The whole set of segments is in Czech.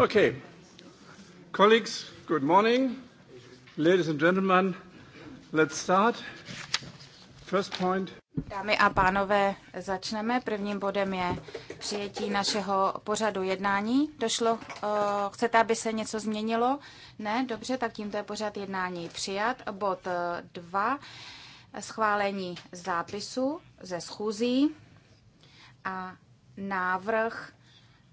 Okay. Colleagues, good morning. Ladies and gentlemen, let's start. First point. Dámy a pánové, začneme. Prvním bodem je přijetí našeho pořadu jednání. Došlo, uh, chcete, aby se něco změnilo? Ne, dobře, tak tímto je pořad jednání přijat. Bod 2, eh, schválení zápisu ze schůzí a návrh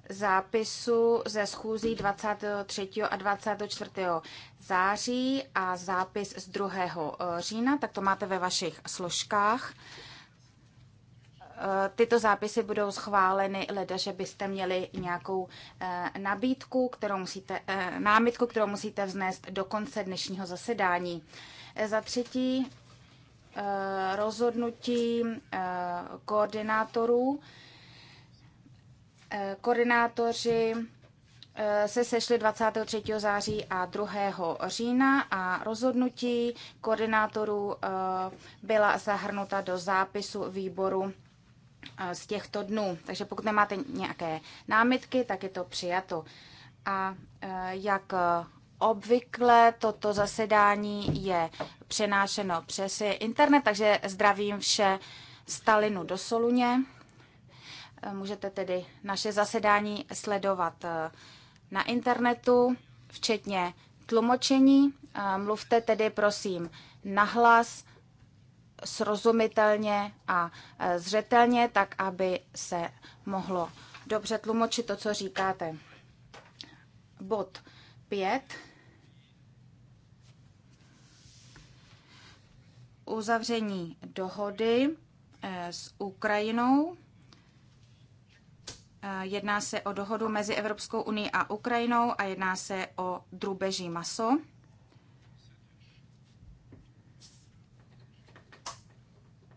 zápisu ze schůzí 23. a 24. září a zápis z 2. Eh, října, tak to máte ve vašich složkách. Eh, tyto zápisy budou schváleny, leda, že byste měli nějakou eh, nabídku, kterou musíte, námitku, kterou musíte vznést do konce dnešního zasedání. Za třetí rozhodnutí koordinátorů Eh, koordinátoři eh, se sešli 23. září a 2. října a rozhodnutí koordinátorů eh, byla zahrnuta do zápisu výboru z těchto dnů. Takže pokud nemáte nějaké námitky, tak je to přijato. A jak obvykle toto zasedání je přenášeno přes internet, takže zdravím vše Stalinu do Soluně. Eh, můžete tedy naše zasedání sledovat eh, na internetu, včetně tlumočení. Eh, mluvte tedy prosím nahlas, srozumitelně a zřetelně, tak aby se mohlo dobře tlumočit to, co říkáte. Bod 5. Uzavření dohody s Ukrajinou Eh, jedná se o dohodu mezi Evropskou unii a Ukrajinou a jedná se o drubeží maso.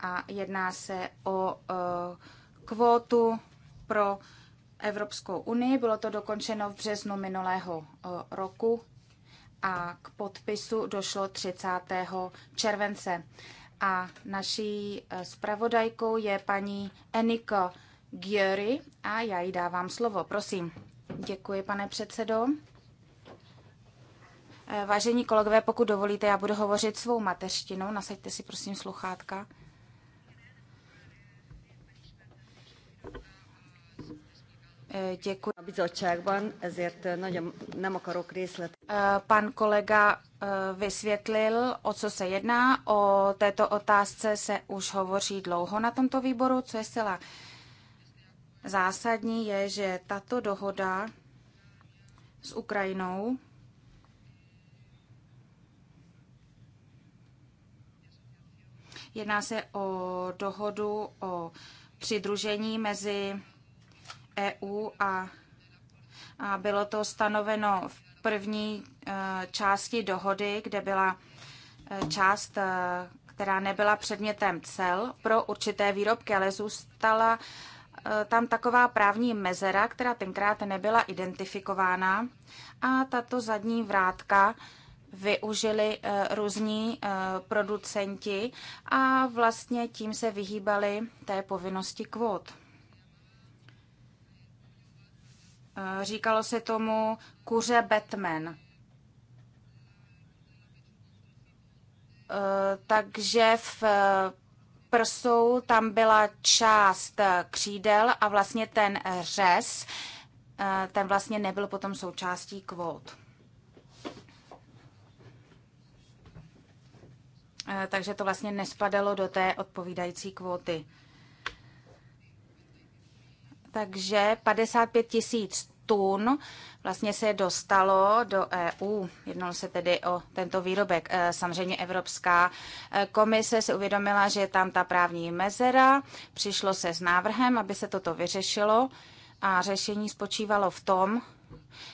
A jedná se o eh, kvótu pro Evropskou unii. Bylo to dokončeno v březnu minulého eh, roku a k podpisu došlo 30. července. A naší zpravodajkou je paní Eniko Giory a já jí dávám slovo. Prosím. Děkuji, pane předsedo. Eh, vážení kolegové, pokud dovolíte, já budu hovořit svou mateřštinou. Nasaďte si prosím sluchátka. Eh, děkuji. Eh, pan kolega vysvětlil, o co se jedná. O této otázce se už hovoří dlouho na tomto výboru, co je zcela Zásadní je, že tato dohoda s Ukrajinou jedná se o dohodu o přidružení mezi EU a, a bylo to stanoveno v první e, části dohody, kde byla e, část, e, která nebyla předmětem cel pro určité výrobky, ale zůstala Eh, tam taková právní mezera, která tenkrát nebyla identifikována a tato zadní vrátka využili eh, různí eh, producenti a vlastně tím se vyhýbali té povinnosti kvót. Říkalo se tomu kuře Batman. takže v prsou tam byla část eh, křídel a vlastně ten řez, eh, ten vlastně nebyl potom součástí kvót. Eh, takže to vlastně nespadalo do té odpovídající kvóty. Takže 55 tisíc tun vlastně se dostalo do EU. Jednalo se tedy o tento výrobek. E, samozřejmě Evropská e, komise se uvědomila, že je tam ta právní mezera, přišlo se s návrhem, aby se toto vyřešilo a řešení spočívalo v tom,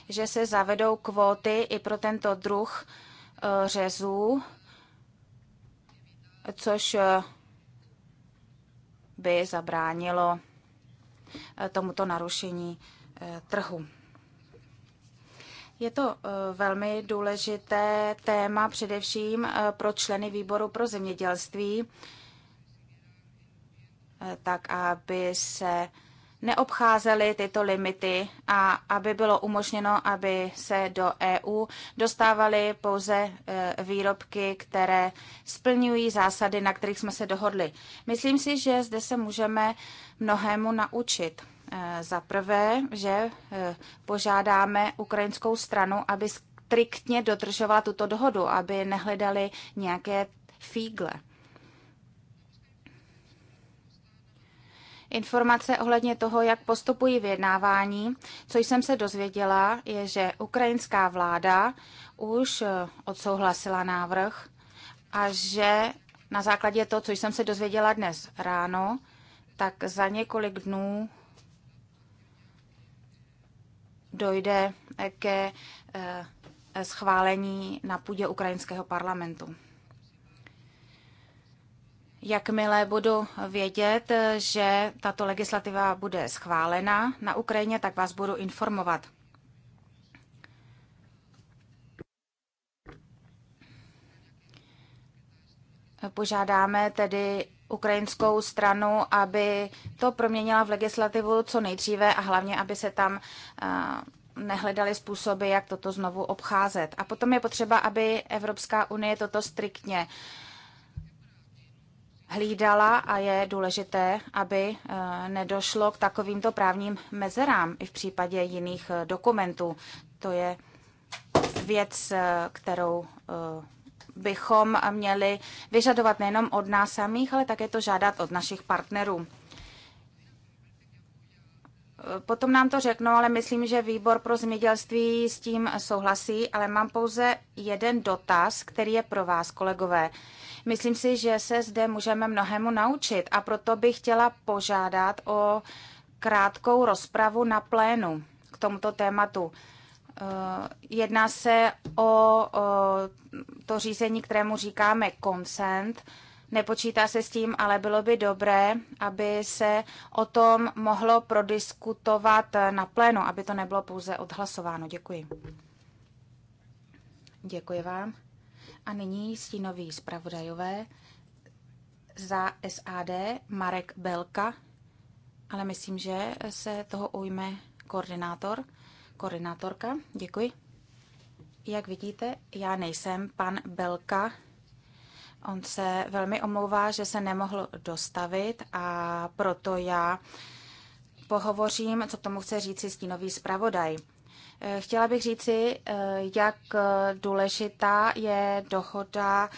že se zavedou kvóty i pro tento druh e, řezů, což by zabránilo tomuto narušení trhu. Je to eh, velmi důležité téma především eh, pro členy výboru pro zemědělství, eh, tak aby se neobcházely tyto limity a aby bylo umožněno, aby se do EU dostávaly pouze výrobky, které splňují zásady, na kterých jsme se dohodli. Myslím si, že zde se můžeme mnohému naučit. Eh, za prvé, že eh, požádáme ukrajinskou stranu, aby striktně dodržovala tuto dohodu, aby nehledali nějaké fígle. Informace ohledně toho, jak postupují vyjednávání, co jsem se dozvěděla, je, že ukrajinská vláda už eh, odsouhlasila návrh a že na základě toho, co jsem se dozvěděla dnes ráno, tak za několik dnů dojde ke eh, schválení na půdě ukrajinského parlamentu. Jakmile budu vědět, že tato legislativa bude schválena na Ukrajině, tak vás budu informovat. Požádáme tedy ukrajinskou stranu, aby to proměnila v legislativu co nejdříve a hlavně, aby se tam eh, nehledali způsoby, jak toto znovu obcházet. A potom je potřeba, aby Evropská unie toto striktně hlídala a je důležité, aby eh, nedošlo k takovýmto právním mezerám i v případě jiných eh, dokumentů. To je věc, kterou bychom měli vyžadovat nejenom od nás samých, ale také to žádat od našich partnerů. Potom nám to řeknou, ale myslím, že výbor pro zemědělství s tím souhlasí, ale mám pouze jeden dotaz, který je pro vás, kolegové. Myslím si, že se zde můžeme mnohému naučit a proto bych chtěla požádat o krátkou rozpravu na plénu k tomuto tématu. Eh, jedná se o to řízení, kterému říkáme consent. Nepočítá se s tím, ale bylo by dobré, aby se o tom mohlo prodiskutovat na plénu, aby to nebylo pouze odhlasováno. Děkuji. Děkuji vám. A nyní stínový zpravodajové za SAD Marek Belka, ale myslím, že se toho ujme koordinátor. Koordinátorka, děkuji. Jak vidíte, já nejsem pan Belka. On se velmi omlouvá, že se nemohl dostavit a proto já pohovořím, co tomu chce říci stínový zpravodaj. Chtěla bych říci, eh, jak eh, důležitá je dohoda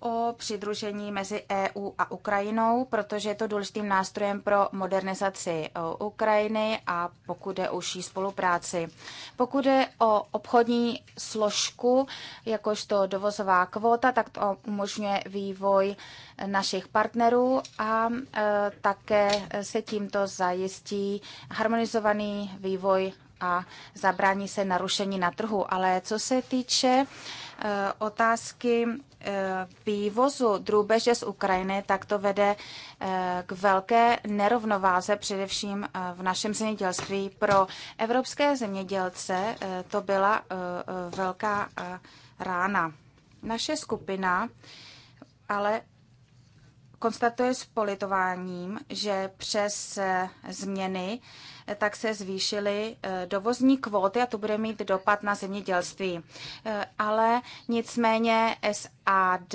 o přidružení mezi EU a Ukrajinou, protože je to důležitým nástrojem pro modernizaci e, Ukrajiny a pokud je o užší spolupráci. Pokud je o obchodní složku, jakožto dovozová kvota, tak to umožňuje vývoj našich partnerů a e, také se tímto zajistí harmonizovaný vývoj a zabrání se narušení na trhu. Ale co se týče e, otázky vývozu drůbeže z Ukrajiny, tak to vede eh, k velké nerovnováze, především eh, v našem zemědělství. Pro evropské zemědělce eh, to byla velká rána. Naše skupina ale konstatuje s politováním, že přes eh, změny eh, tak se zvýšily eh, dovozní kvóty a to bude mít dopad na zemědělství. Ale nicméně SAD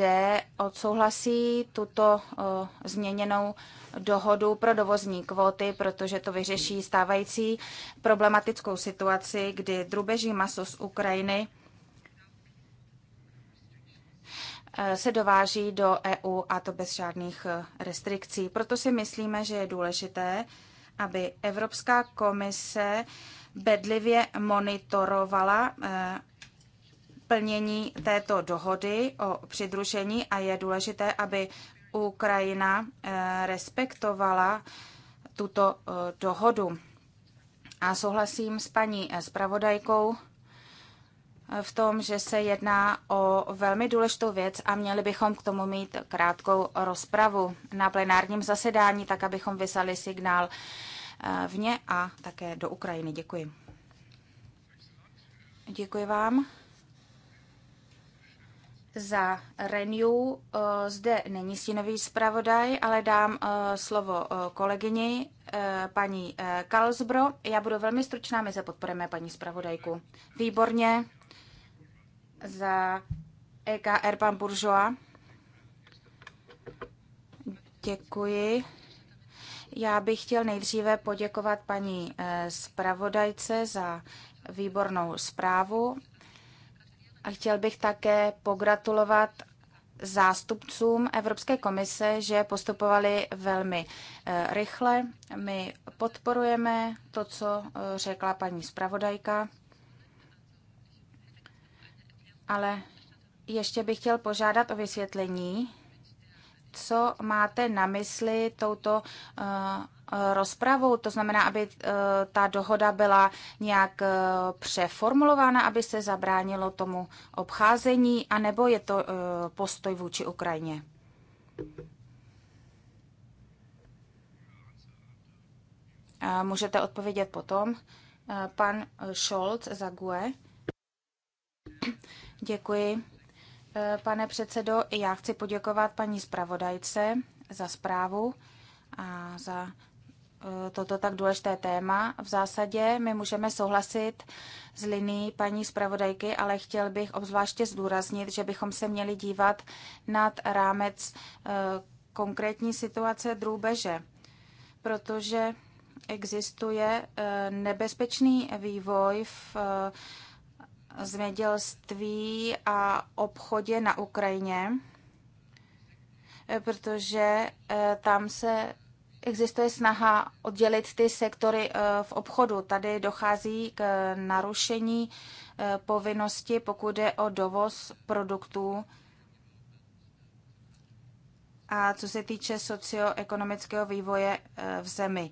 odsouhlasí tuto změněnou dohodu pro dovozní kvóty, protože to vyřeší stávající problematickou situaci, kdy drubeží maso z Ukrajiny Eh, se dováží do EU a to bez žádných eh, restrikcí. Proto si myslíme, že je důležité, aby Evropská komise bedlivě monitorovala eh, plnění této dohody o přidružení a je důležité, aby Ukrajina respektovala tuto dohodu. A souhlasím s paní zpravodajkou, v tom, že se jedná o velmi důležitou věc a měli bychom k tomu mít krátkou rozpravu na plenárním zasedání, tak abychom vyslali signál eh, vně a také do Ukrajiny. Děkuji. Děkuji vám. Za Renew eh, zde není stínový zpravodaj, ale dám eh, slovo kolegyni paní Kalsbro. Já budu velmi stručná, my se podporujeme paní zpravodajku. Výborně, za EKR pan Buržoa. Děkuji. Já bych chtěl nejdříve poděkovat paní eh, zpravodajce za výbornou zprávu a chtěl bych také pogratulovat zástupcům Evropské komise, že postupovali velmi eh, rychle. My podporujeme to, co eh, řekla paní zpravodajka ale ještě bych chtěl požádat o vysvětlení, co máte na mysli touto uh, rozpravou, to znamená, aby uh, ta dohoda byla nějak uh, přeformulována, aby se zabránilo tomu obcházení, anebo je to postoj vůči Ukrajině? Můžete odpovědět potom. Pan Scholz za GUE. Děkuji. E, pane předsedo, já chci poděkovat paní zpravodajce za zprávu a za e, toto tak důležité téma. V zásadě my můžeme souhlasit s linií paní zpravodajky, ale chtěl bych obzvláště zdůraznit, že bychom se měli dívat nad rámec e, konkrétní situace drůbeže, protože existuje nebezpečný vývoj v zemědělství a obchodě na Ukrajině, protože eh, tam se existuje snaha oddělit ty sektory eh, v obchodu. Tady dochází k eh, narušení povinnosti, pokud je o dovoz produktů. A co se týče socioekonomického vývoje v zemi.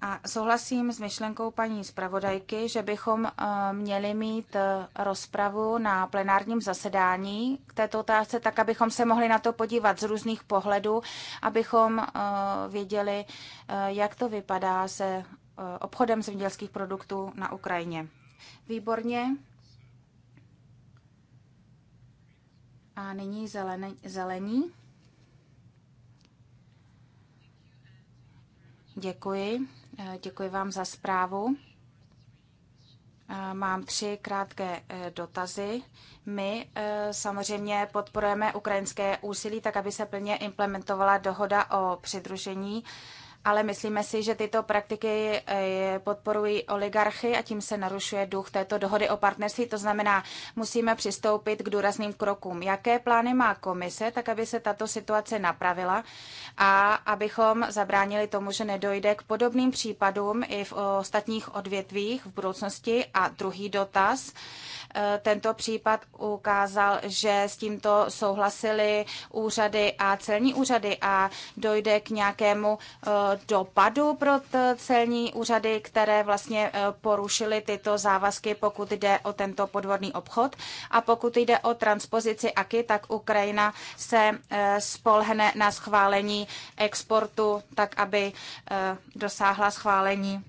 A souhlasím s myšlenkou paní zpravodajky, že bychom eh, měli mít eh, rozpravu na plenárním zasedání k této otázce, tak abychom se mohli na to podívat z různých pohledů, abychom eh, věděli, jak to vypadá se obchodem zemědělských produktů na Ukrajině. Výborně. A nyní zelení. zelení. Děkuji. Eh, děkuji vám za zprávu. Eh, mám tři krátké eh, dotazy. My samozřejmě podporujeme ukrajinské úsilí tak, aby se plně implementovala dohoda o přidružení ale myslíme si, že tyto praktiky eh, podporují oligarchy a tím se narušuje duch této dohody o partnerství. To znamená, musíme přistoupit k důrazným krokům. Jaké plány má komise, tak aby se tato situace napravila a abychom zabránili tomu, že nedojde k podobným případům i v ostatních odvětvích v budoucnosti. A druhý dotaz. Eh, tento případ ukázal, že s tímto souhlasili úřady a celní úřady a dojde k nějakému eh, dopadu pro celní úřady, které vlastně e, porušily tyto závazky, pokud jde o tento podvodný obchod. A pokud jde o transpozici AKY, tak Ukrajina se e, spolhne na schválení exportu, tak aby e, dosáhla schválení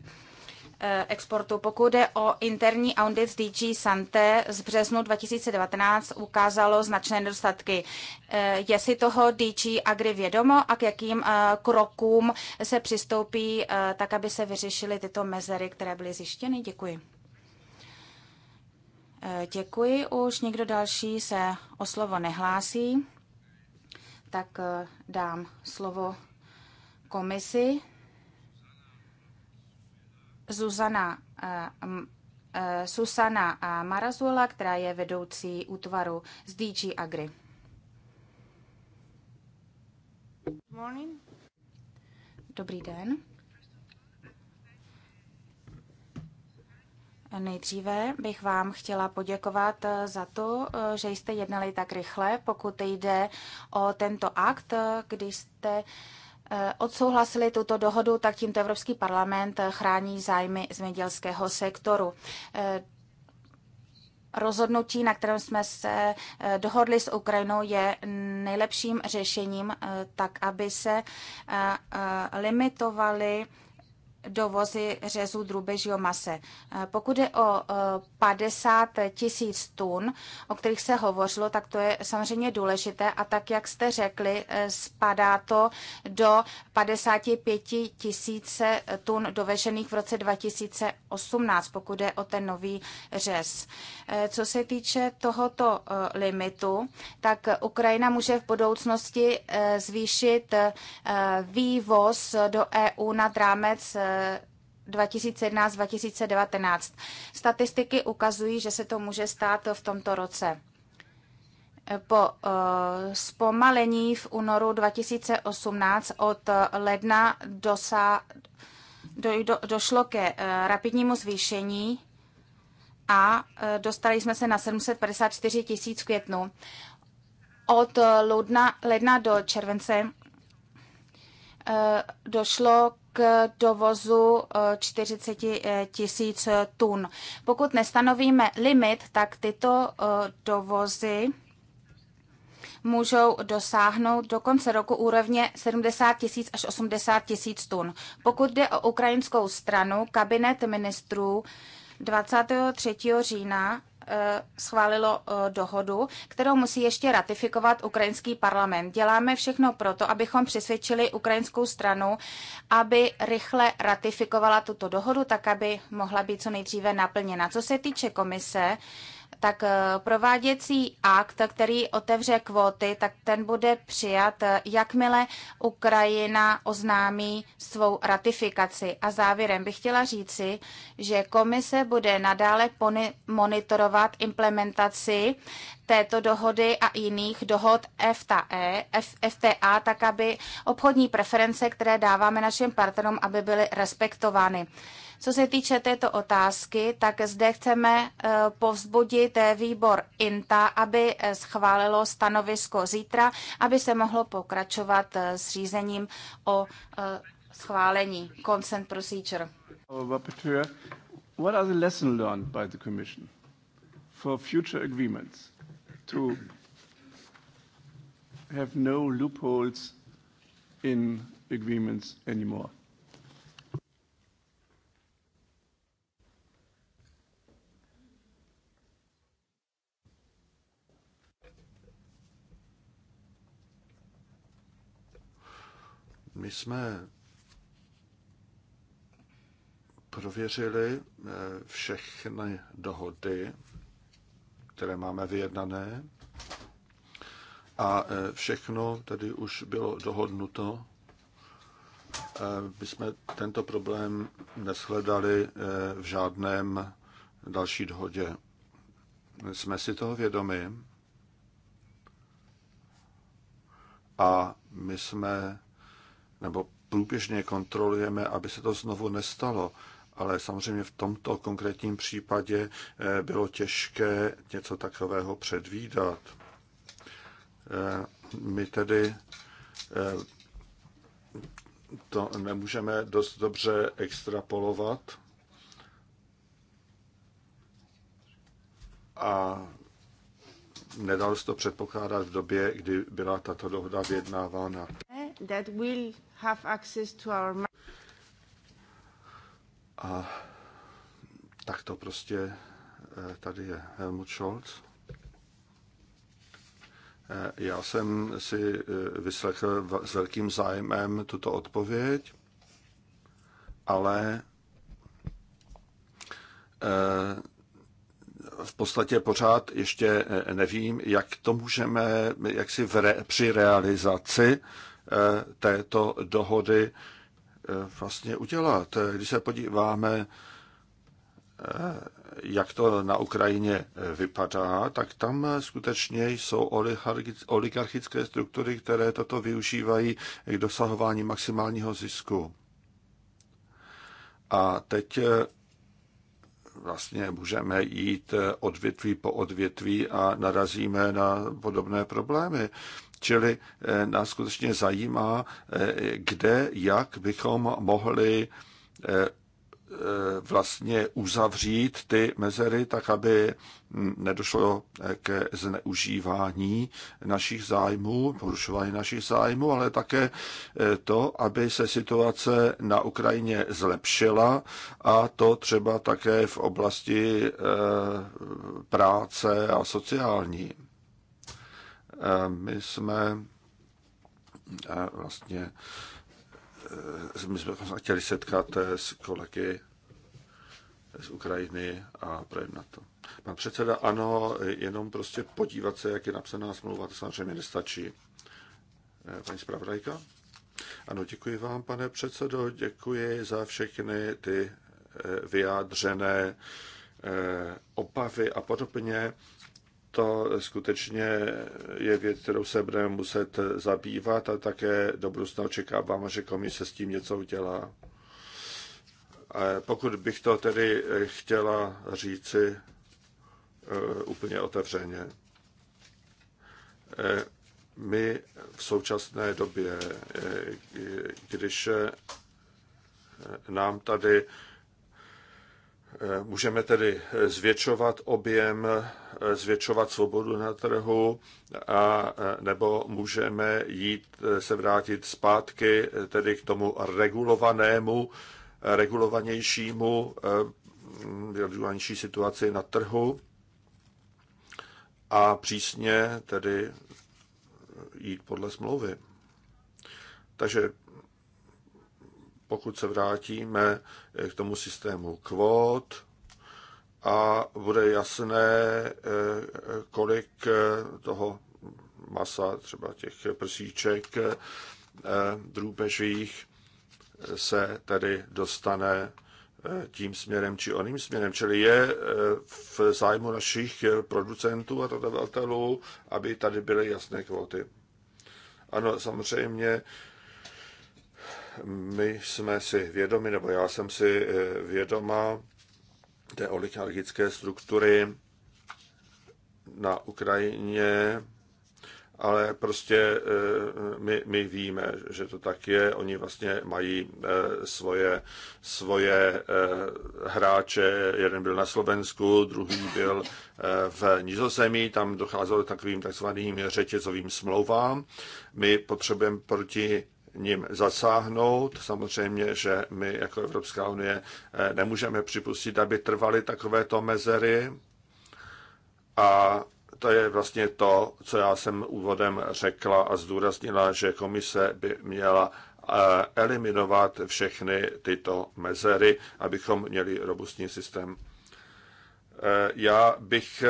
Eh, exportu. Pokud jde o interní audit DG Santé z březnu 2019 ukázalo značné nedostatky. Eh, je si toho DG Agri vědomo a k jakým eh, krokům se přistoupí tak, aby se vyřešily tyto mezery, které byly zjištěny? Děkuji. Děkuji. Už někdo další se o slovo nehlásí, tak dám slovo komisi. Zuzana eh, eh, Susana eh, Marazula, která je vedoucí útvaru z DG Agri. Morning. Dobrý den. Nejdříve bych vám chtěla poděkovat za to, že jste jednali tak rychle, pokud jde o tento akt, když jste uh, Eh, odsouhlasili tuto dohodu, tak tímto Evropský parlament eh, chrání zájmy zemědělského sektoru eh, rozhodnutí, na kterém jsme se dohodli s Ukrajinou, je nejlepším řešením, tak aby se limitovaly dovozy řezů drůbežího mase. Eh, pokud je o 50 eh, tisíc tun, o kterých se hovořilo, tak to je samozřejmě důležité a tak, jak jste řekli, eh, spadá to do 55 tisíc tun dovežených v roce 2018, pokud je o ten nový řez. Co se týče tohoto limitu, tak Ukrajina může v budoucnosti zvýšit vývoz do EU nad rámec 2017-2019. Eh, Statistiky ukazují, že se to může stát v tomto roce. Po eh, zpomalení v únoru 2018 od ledna dosa, do, do, došlo ke eh, rapidnímu zvýšení a dostali jsme se na 754 tisíc květnu. Od ledna, ledna do července došlo k dovozu 40 eh, eh, tisíc eh, tun. Pokud nestanovíme limit, tak tyto dovozy můžou dosáhnout do konce roku úrovně 70 tisíc až 80 tisíc tun. Pokud jde o ukrajinskou stranu, kabinet ministrů 23. října Eh, schválilo eh, dohodu, kterou musí ještě ratifikovat ukrajinský parlament. Děláme všechno proto, abychom přesvědčili ukrajinskou stranu, aby rychle ratifikovala tuto dohodu, tak aby mohla být co nejdříve naplněna. Co se týče komise, tak eh, prováděcí akt, který otevře kvóty, tak ten bude přijat, eh, jakmile Ukrajina oznámí svou ratifikaci. A závěrem bych chtěla říci, že komise bude nadále monitorovat implementaci této dohody a jiných dohod FTA, e, FTA, tak aby obchodní preference, které dáváme našim partnerům, aby byly respektovány. Co se týče této otázky, tak zde chceme eh, povzbudit eh, výbor INTA, aby eh, schválilo stanovisko zítra, aby se mohlo pokračovat s řízením o schválení consent procedure. What are the lessons learned by the Commission for future agreements to have no loopholes in agreements anymore? My jsme prověřili eh, všechny dohody, které máme vyjednané a eh, všechno tady už bylo dohodnuto. Eh, my jsme tento problém neshledali v žádném další dohodě. Jsme si toho vědomi a my jsme nebo průběžně kontrolujeme, aby se to znovu nestalo. Ale samozřejmě v tomto konkrétním případě eh, bylo těžké něco takového předvídat. Eh, my tedy eh, to nemůžeme dost dobře extrapolovat. A nedalo se to předpokládat v době, kdy byla tato dohoda vyjednávána. That will have access to our... A tak to prostě eh, tady je Helmut Scholz. Eh, já jsem si eh, vyslechl s velkým zájmem tuto odpověď, ale v podstatě pořád ještě nevím, jak to můžeme jak si re, při realizaci Eh, této dohody eh, vlastně udělat. Když se podíváme, eh, jak to na Ukrajině vypadá, tak tam skutečně jsou oligarchické struktury, které toto využívají k dosahování maximálního zisku. A teď vlastně můžeme jít odvětví po odvětví a narazíme na podobné problémy. Čili eh, nás skutečně zajímá, eh, kde, jak bychom mohli eh, vlastně uzavřít ty mezery, tak aby hm, nedošlo ke zneužívání našich zájmů, porušování našich zájmů, ale také to, aby se situace na Ukrajině zlepšila a to třeba také v oblasti práce a sociální. My jsme vlastně e, my jsme chtěli setkat s kolegy z Ukrajiny a projednat to. Pan předseda, ano, jenom prostě podívat se, jak je napsaná smlouva, to samozřejmě nestačí. E, paní zpravodajka? Ano, děkuji vám, pane předsedo, děkuji za všechny ty e, vyjádřené obavy a podobně to skutečně je věc, kterou se budeme muset zabývat a také do budoucna očekávám, že komise s tím něco udělá. A pokud bych to tedy chtěla říci eh, úplně otevřeně, eh, my v současné době, eh, když nám tady Můžeme tedy zvětšovat objem, zvětšovat svobodu na trhu, a, nebo můžeme jít se vrátit zpátky tedy k tomu regulovanému, regulovanějšímu, eh, regulovanější situaci na trhu a přísně tedy jít podle smlouvy. Takže pokud se vrátíme k tomu systému kvót a bude jasné, kolik toho masa, třeba těch prsíček drůbežích, se tedy dostane tím směrem či oným směrem. Čili je v zájmu našich producentů a dodavatelů, aby tady byly jasné kvóty. Ano, samozřejmě my jsme si vědomi, nebo já jsem si eh, vědoma té oligarchické struktury na Ukrajině, ale prostě eh, my, my víme, že to tak je. Oni vlastně mají eh, svoje, svoje hráče. Jeden byl na Slovensku, druhý byl v Nizozemí. Tam docházelo k takovým takzvaným řetězovým smlouvám. My potřebujeme proti ním zasáhnout. Samozřejmě, že my jako Evropská unie eh, nemůžeme připustit, aby trvaly takovéto mezery. A to je vlastně to, co já jsem úvodem řekla a zdůraznila, že komise by měla eh, eliminovat všechny tyto mezery, abychom měli robustní systém. Eh, já bych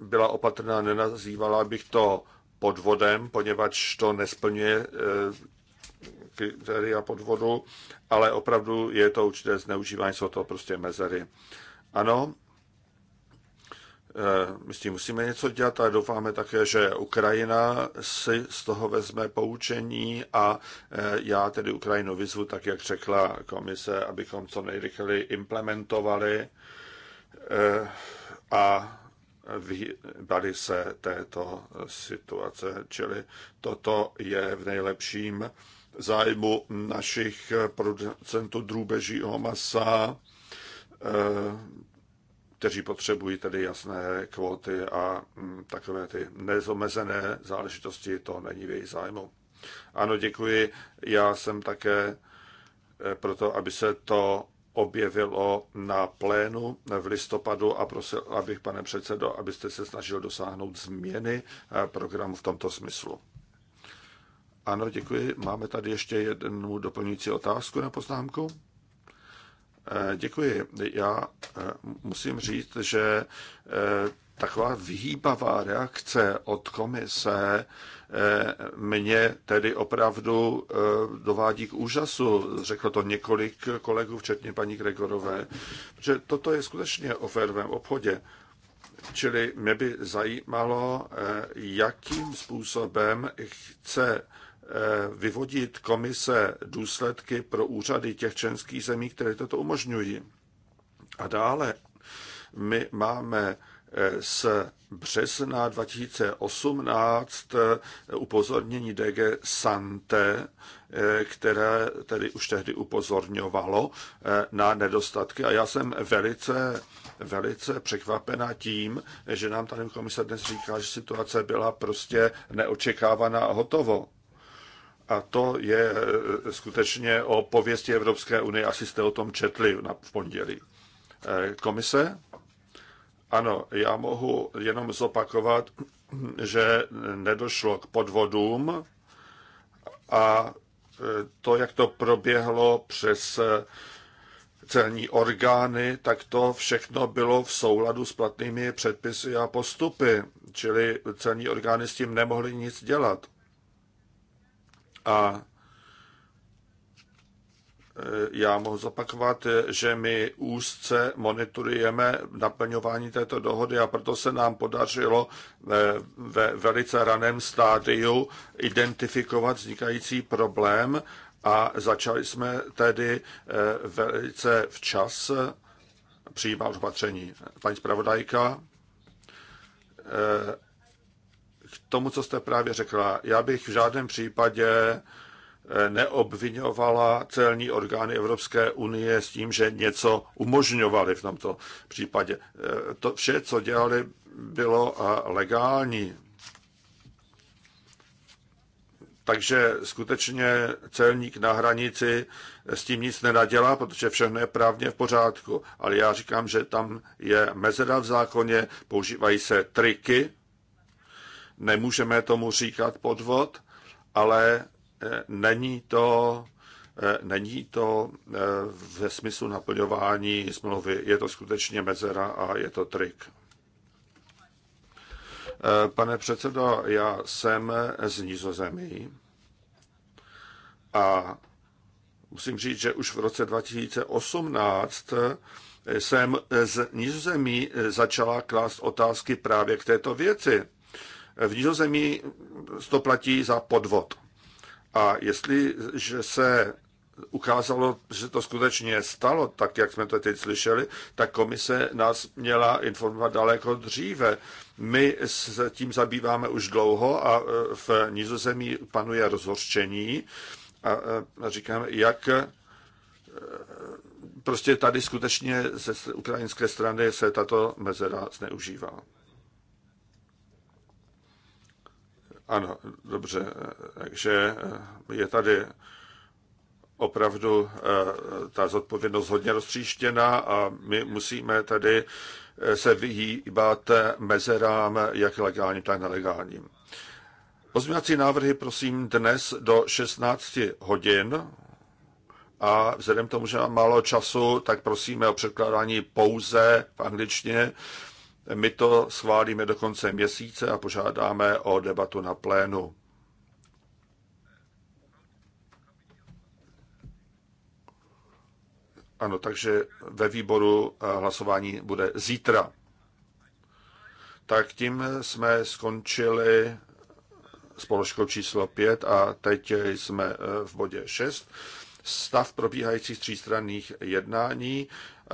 byla opatrná, nenazývala bych to podvodem, poněvadž to nesplňuje kritéria podvodu, ale opravdu je to určité zneužívání, jsou to prostě mezery. Ano, eh, my s tím musíme něco dělat ale doufáme také, že Ukrajina si z toho vezme poučení a eh, já tedy Ukrajinu vyzvu, tak jak řekla komise, abychom co nejrychleji implementovali eh, a vyhýbali se této situace. Čili toto je v nejlepším zájmu našich producentů drůbežího masa, eh, kteří potřebují tedy jasné kvóty a mm, takové ty nezomezené záležitosti, to není v jejich zájmu. Ano, děkuji. Já jsem také eh, proto, aby se to objevilo na plénu v listopadu a prosil, abych, pane předsedo, abyste se snažil dosáhnout změny eh, programu v tomto smyslu. Ano, děkuji. Máme tady ještě jednu doplňující otázku na poznámku. Eh, děkuji. Já eh, musím říct, že eh, taková vyhýbavá reakce od komise mě tedy opravdu dovádí k úžasu. Řeklo to několik kolegů, včetně paní Gregorové, že toto je skutečně o férovém obchodě. Čili mě by zajímalo, jakým způsobem chce Eh, vyvodit komise důsledky pro úřady těch členských zemí, které toto umožňují. A dále my máme eh, z března 2018 eh, upozornění DG Sante, které tedy už tehdy upozorňovalo na nedostatky. A já jsem velice, velice překvapena tím, že nám tady komise dnes říká, že situace byla prostě neočekávaná a hotovo. A to je e, e, skutečně o pověsti Evropské unie, asi jste o tom četli na, v pondělí. E, komise? Ano, já mohu jenom zopakovat, že nedošlo k podvodům a to, jak to proběhlo přes celní orgány, tak to všechno bylo v souladu s platnými předpisy a postupy, čili celní orgány s tím nemohly nic dělat. A e, já mohu zopakovat, že my úzce monitorujeme naplňování této dohody a proto se nám podařilo ve velice raném stádiu identifikovat vznikající problém a začali jsme tedy e, velice včas přijímat opatření. Paní zpravodajka e, tomu, co jste právě řekla. Já bych v žádném případě eh, neobvinovala celní orgány Evropské unie s tím, že něco umožňovali v tomto případě. Eh, to vše, co dělali, bylo eh, legální. Takže skutečně celník na hranici s tím nic nenadělá, protože všechno je právně v pořádku. Ale já říkám, že tam je mezera v zákoně, používají se triky, Nemůžeme tomu říkat podvod, ale e, není to, e, není to e, ve smyslu naplňování smlouvy. Je to skutečně mezera a je to trik. Pane předsedo, já jsem z Nizozemí a musím říct, že už v roce 2018 jsem z Nizozemí začala klást otázky právě k této věci. V Nizozemí to platí za podvod. A jestliže se ukázalo, že to skutečně stalo, tak jak jsme to teď slyšeli, tak komise nás měla informovat daleko dříve. My se tím zabýváme už dlouho a e, v Nizozemí panuje rozhořčení a e, říkáme, jak e, prostě tady skutečně ze ukrajinské strany se tato mezera zneužívala. Ano, dobře, takže eh, je tady opravdu eh, ta zodpovědnost hodně roztříštěná a my musíme tedy eh, se vyhýbat mezerám, jak legálním, tak nelegálním. Pozměňovací návrhy prosím dnes do 16 hodin a vzhledem k tomu, že mám málo času, tak prosíme o překládání pouze v angličtině my to schválíme do konce měsíce a požádáme o debatu na plénu. Ano, takže ve výboru eh, hlasování bude zítra. Tak tím jsme skončili s položkou číslo 5 a teď jsme eh, v bodě 6. Stav probíhajících třístranných jednání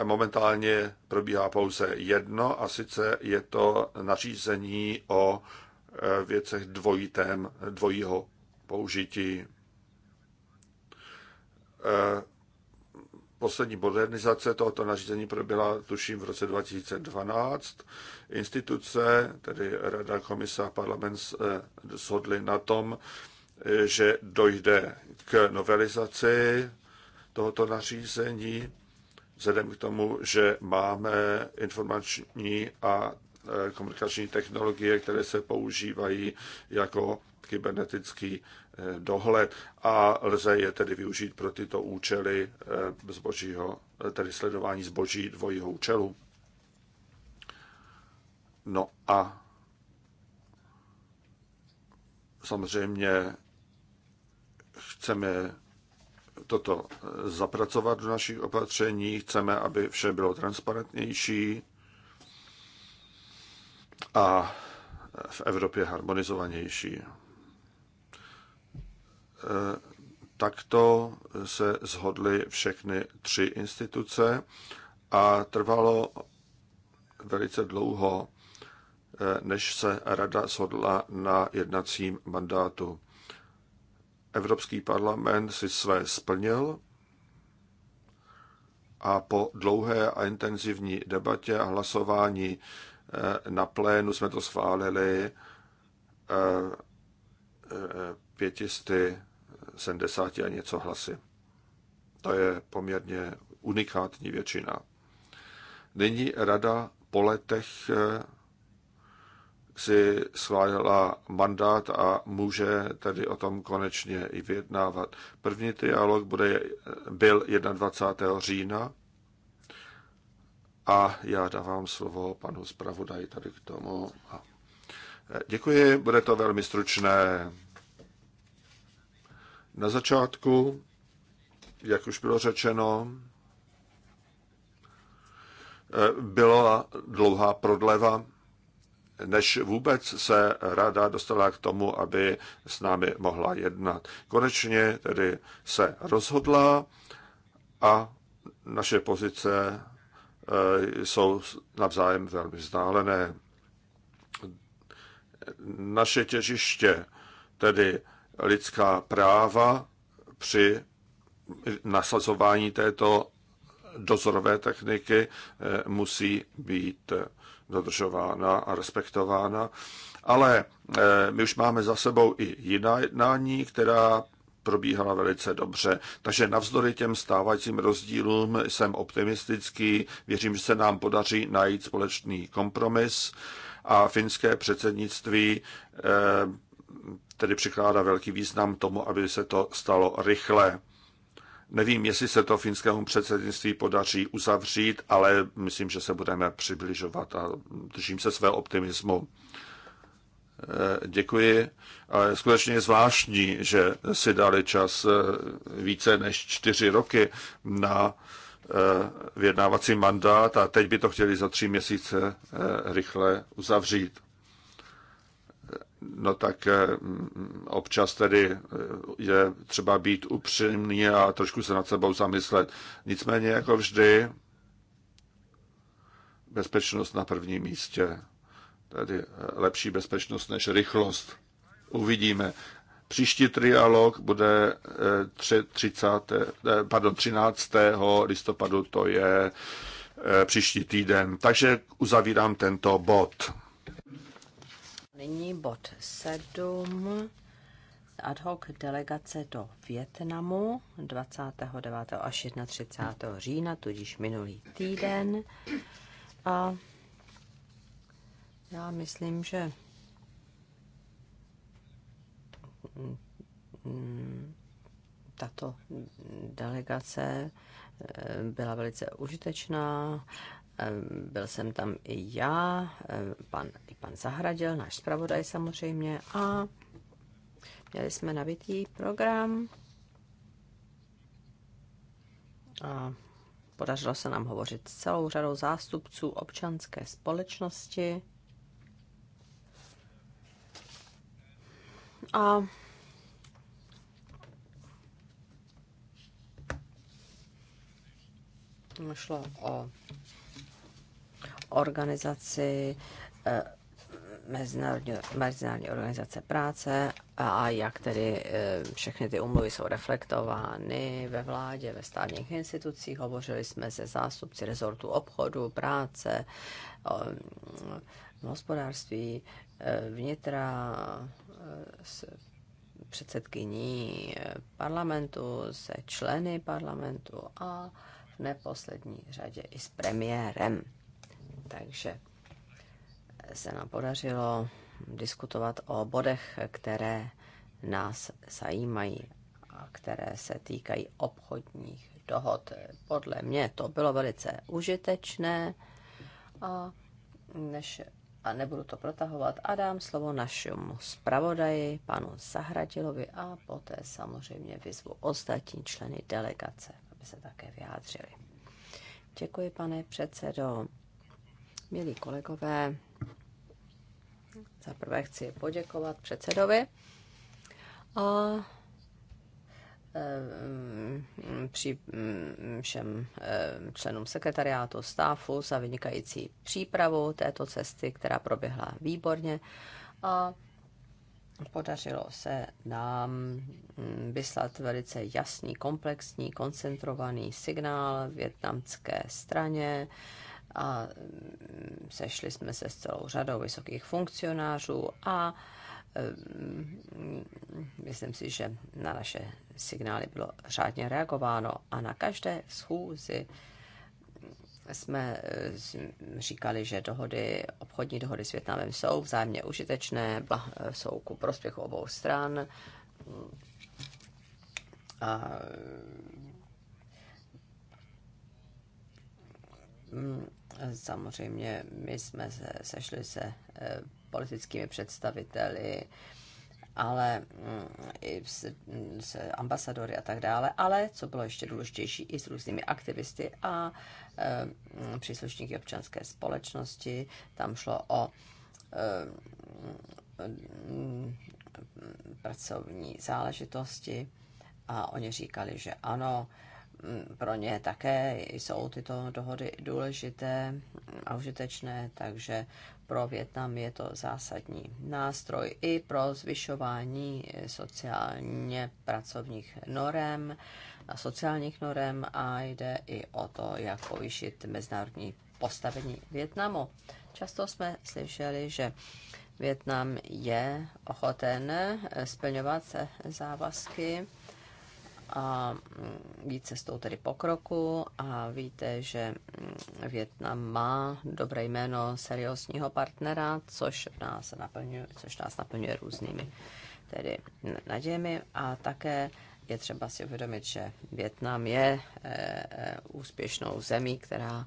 Momentálně probíhá pouze jedno a sice je to nařízení o e, věcech dvojitém, dvojího použití. E, poslední modernizace tohoto nařízení proběhla tuším v roce 2012. Instituce, tedy Rada, Komise a parlament e, shodly na tom, že dojde k novelizaci tohoto nařízení vzhledem k tomu, že máme informační a e, komunikační technologie, které se používají jako kybernetický e, dohled a lze je tedy využít pro tyto účely e, zbožího, tedy sledování zboží dvojího účelu. No a samozřejmě chceme toto eh, zapracovat do našich opatření. Chceme, aby vše bylo transparentnější a eh, v Evropě harmonizovanější. Eh, takto se zhodly všechny tři instituce a trvalo velice dlouho, než se rada shodla na jednacím mandátu. Evropský parlament si své splnil a po dlouhé a intenzivní debatě a hlasování eh, na plénu jsme to schválili 570 eh, eh, a něco hlasy. To je poměrně unikátní většina. Nyní rada po letech si schválila mandát a může tedy o tom konečně i vyjednávat. První trialog bude, byl 21. října a já dávám slovo panu zpravodaji tady k tomu. Eh, děkuji, bude to velmi stručné. Na začátku, jak už bylo řečeno, eh, byla dlouhá prodleva než vůbec se rada dostala k tomu, aby s námi mohla jednat. Konečně tedy se rozhodla a naše pozice eh, jsou navzájem velmi vzdálené. Naše těžiště, tedy lidská práva při nasazování této dozorové techniky eh, musí být dodržována a respektována. Ale eh, my už máme za sebou i jiná jednání, která probíhala velice dobře. Takže navzdory těm stávajícím rozdílům jsem optimistický, věřím, že se nám podaří najít společný kompromis a finské předsednictví eh, tedy přikládá velký význam tomu, aby se to stalo rychle. Nevím, jestli se to finskému předsednictví podaří uzavřít, ale myslím, že se budeme přibližovat a držím se své optimismu. Eh, děkuji. Ale skutečně je zvláštní, že si dali čas eh, více než čtyři roky na eh, vyjednávací mandát a teď by to chtěli za tři měsíce rychle uzavřít no tak eh, občas tedy eh, je třeba být upřímný a trošku se nad sebou zamyslet. Nicméně jako vždy bezpečnost na prvním místě. Tedy eh, lepší bezpečnost než rychlost. Uvidíme. Příští trialog bude 30, pardon, 13. listopadu, to je příští týden. Takže uzavírám tento bod nyní bod 7. Ad hoc delegace do Větnamu 29. až 31. října, tudíž minulý týden. A já myslím, že tato delegace eh, byla velice užitečná byl jsem tam i já, pan, i pan Zahradil, náš zpravodaj samozřejmě, a měli jsme nabitý program a podařilo se nám hovořit s celou řadou zástupců občanské společnosti a šlo o organizaci eh, Mezinárodní, Mezinárodní organizace práce a jak tedy eh, všechny ty umluvy jsou reflektovány ve vládě, ve státních institucích. Hovořili jsme se zástupci rezortu obchodu, práce, mm, hospodářství, eh, vnitra, s předsedkyní parlamentu, se členy parlamentu a v neposlední řadě i s premiérem. Takže se nám podařilo diskutovat o bodech, které nás zajímají a které se týkají obchodních dohod. Podle mě to bylo velice užitečné a, než, a nebudu to protahovat a dám slovo našemu zpravodaji, panu Zahradilovi a poté samozřejmě vyzvu ostatní členy delegace, aby se také vyjádřili. Děkuji, pane předsedo. Milí kolegové, za prvé chci poděkovat předsedovi a při všem členům sekretariátu stáfu za vynikající přípravu této cesty, která proběhla výborně a podařilo se nám vyslat velice jasný, komplexní, koncentrovaný signál větnamské straně, a mm, sešli jsme se s celou řadou vysokých funkcionářů a mm, myslím si, že na naše signály bylo řádně reagováno a na každé schůzi jsme mm, říkali, že dohody, obchodní dohody s Větnamem jsou vzájemně užitečné, jsou ku prospěchu obou stran a Mm, samozřejmě my jsme se, sešli se eh, politickými představiteli, ale mm, i s, mm, s ambasadory a tak dále, ale co bylo ještě důležitější, i s různými aktivisty a e, příslušníky občanské společnosti. Tam šlo o e, pracovní záležitosti a oni říkali, že ano, e, pro ně také jsou tyto dohody důležité a užitečné, takže pro Větnam je to zásadní nástroj i pro zvyšování sociálně pracovních norem a sociálních norem a jde i o to, jak povýšit mezinárodní postavení Větnamu. Často jsme slyšeli, že Větnam je ochoten splňovat závazky a jít cestou tedy pokroku a víte, že Větnam má dobré jméno seriózního partnera, což nás naplňuje, což nás naplňuje různými tedy nadějemi a také je třeba si uvědomit, že Větnam je e, úspěšnou zemí, která,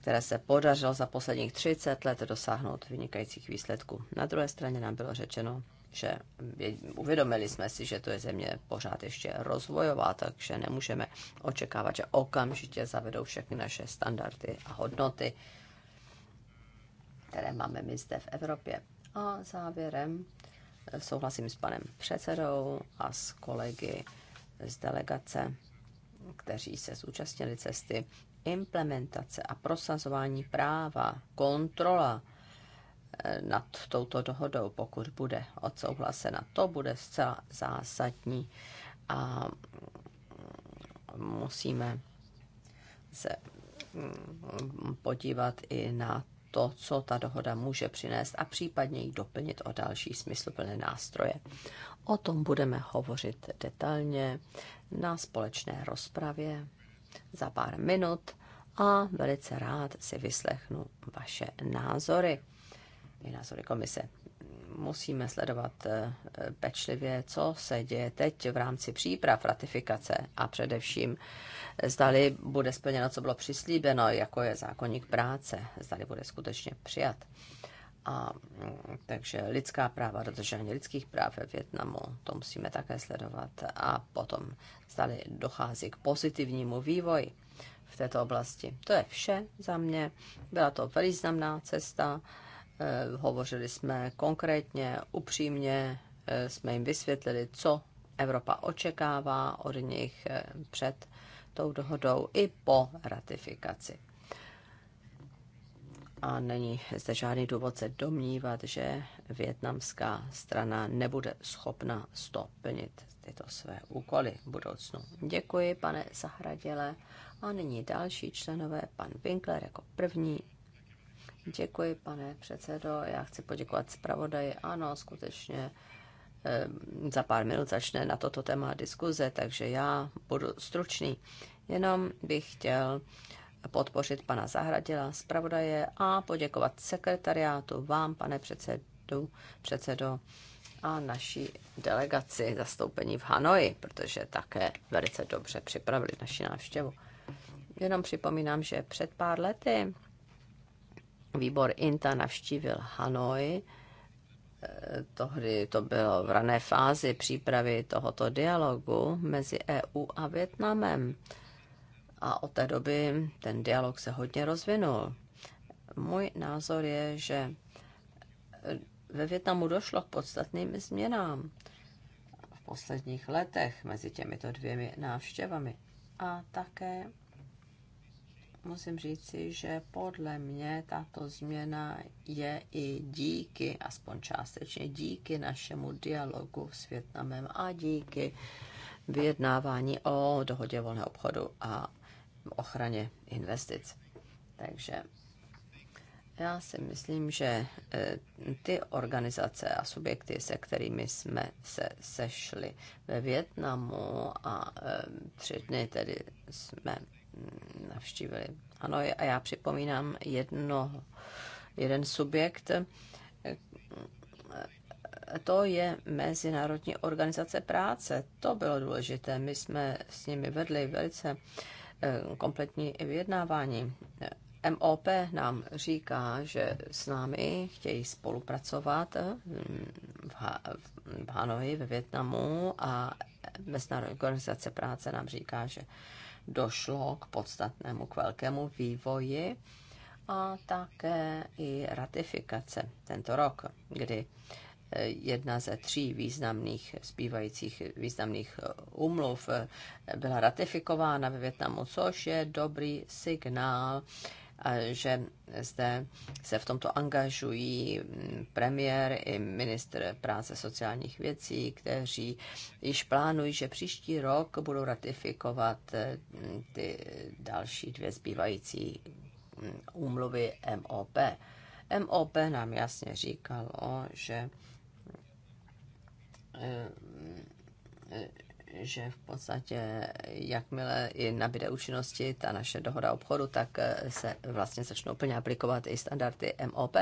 které se podařilo za posledních 30 let dosáhnout vynikajících výsledků. Na druhé straně nám bylo řečeno, že uvědomili jsme si, že to je země pořád ještě rozvojová, takže nemůžeme očekávat, že okamžitě zavedou všechny naše standardy a hodnoty, které máme my zde v Evropě. A závěrem eh, souhlasím s panem předsedou a s kolegy z delegace, kteří se zúčastnili cesty implementace a prosazování práva, kontrola Eh, nad touto dohodou, pokud bude odsouhlasena. To bude zcela zásadní a musíme se mm, podívat i na to, co ta dohoda může přinést a případně ji doplnit o další smysluplné nástroje. O tom budeme hovořit detailně na společné rozpravě za pár minut a velice rád si vyslechnu vaše názory i názory komise. Musíme sledovat eh, pečlivě, co se děje teď v rámci příprav ratifikace a především eh, zdali bude splněno, co bylo přislíbeno, jako je zákonník práce, zdali bude skutečně přijat. A, mm, takže lidská práva, dodržování lidských práv ve Větnamu, to musíme také sledovat. A potom zdali dochází k pozitivnímu vývoji v této oblasti. To je vše za mě. Byla to významná cesta. Eh, hovořili jsme konkrétně, upřímně, eh, jsme jim vysvětlili, co Evropa očekává od nich eh, před tou dohodou i po ratifikaci. A není zde žádný důvod se domnívat, že větnamská strana nebude schopna stoplnit tyto své úkoly v budoucnu. Děkuji, pane Zahraděle. A nyní další členové, pan Winkler jako první. Děkuji, pane předsedo. Já chci poděkovat zpravodaji. Ano, skutečně za pár minut začne na toto téma diskuze, takže já budu stručný. Jenom bych chtěl podpořit pana Zahradila, zpravodaje a poděkovat sekretariátu, vám, pane předsedu, předsedo a naší delegaci zastoupení v Hanoji, protože také velice dobře připravili naši návštěvu. Jenom připomínám, že před pár lety Výbor INTA navštívil Hanoj, e, tohdy to bylo v rané fázi přípravy tohoto dialogu mezi EU a Větnamem. A od té doby ten dialog se hodně rozvinul. Můj názor je, že ve Větnamu došlo k podstatným změnám v posledních letech mezi těmito dvěmi návštěvami. A také musím říci, že podle mě tato změna je i díky, aspoň částečně díky našemu dialogu s Větnamem a díky vyjednávání o dohodě volného obchodu a ochraně investic. Takže já si myslím, že eh, ty organizace a subjekty, se kterými jsme se sešli ve Větnamu a eh, tři dny tedy jsme navštívili. Ano, a já připomínám jedno, jeden subjekt, to je Mezinárodní organizace práce. To bylo důležité. My jsme s nimi vedli velice eh, kompletní vyjednávání. MOP nám říká, že s námi chtějí spolupracovat hm, v, Hanoji, ve Větnamu a Mezinárodní organizace práce nám říká, že došlo k podstatnému, k velkému vývoji a také i ratifikace tento rok, kdy eh, jedna ze tří významných zbývajících významných umluv eh, eh, byla ratifikována ve Větnamu, což je dobrý signál že zde se v tomto angažují mm, premiér i ministr práce sociálních věcí, kteří již plánují, že příští rok budou ratifikovat eh, ty další dvě zbývající mm, úmluvy MOP. MOP nám jasně říkalo, že eh, že v podstatě jakmile i nabíde účinnosti ta naše dohoda obchodu, tak eh, se vlastně začnou plně aplikovat i standardy MOP.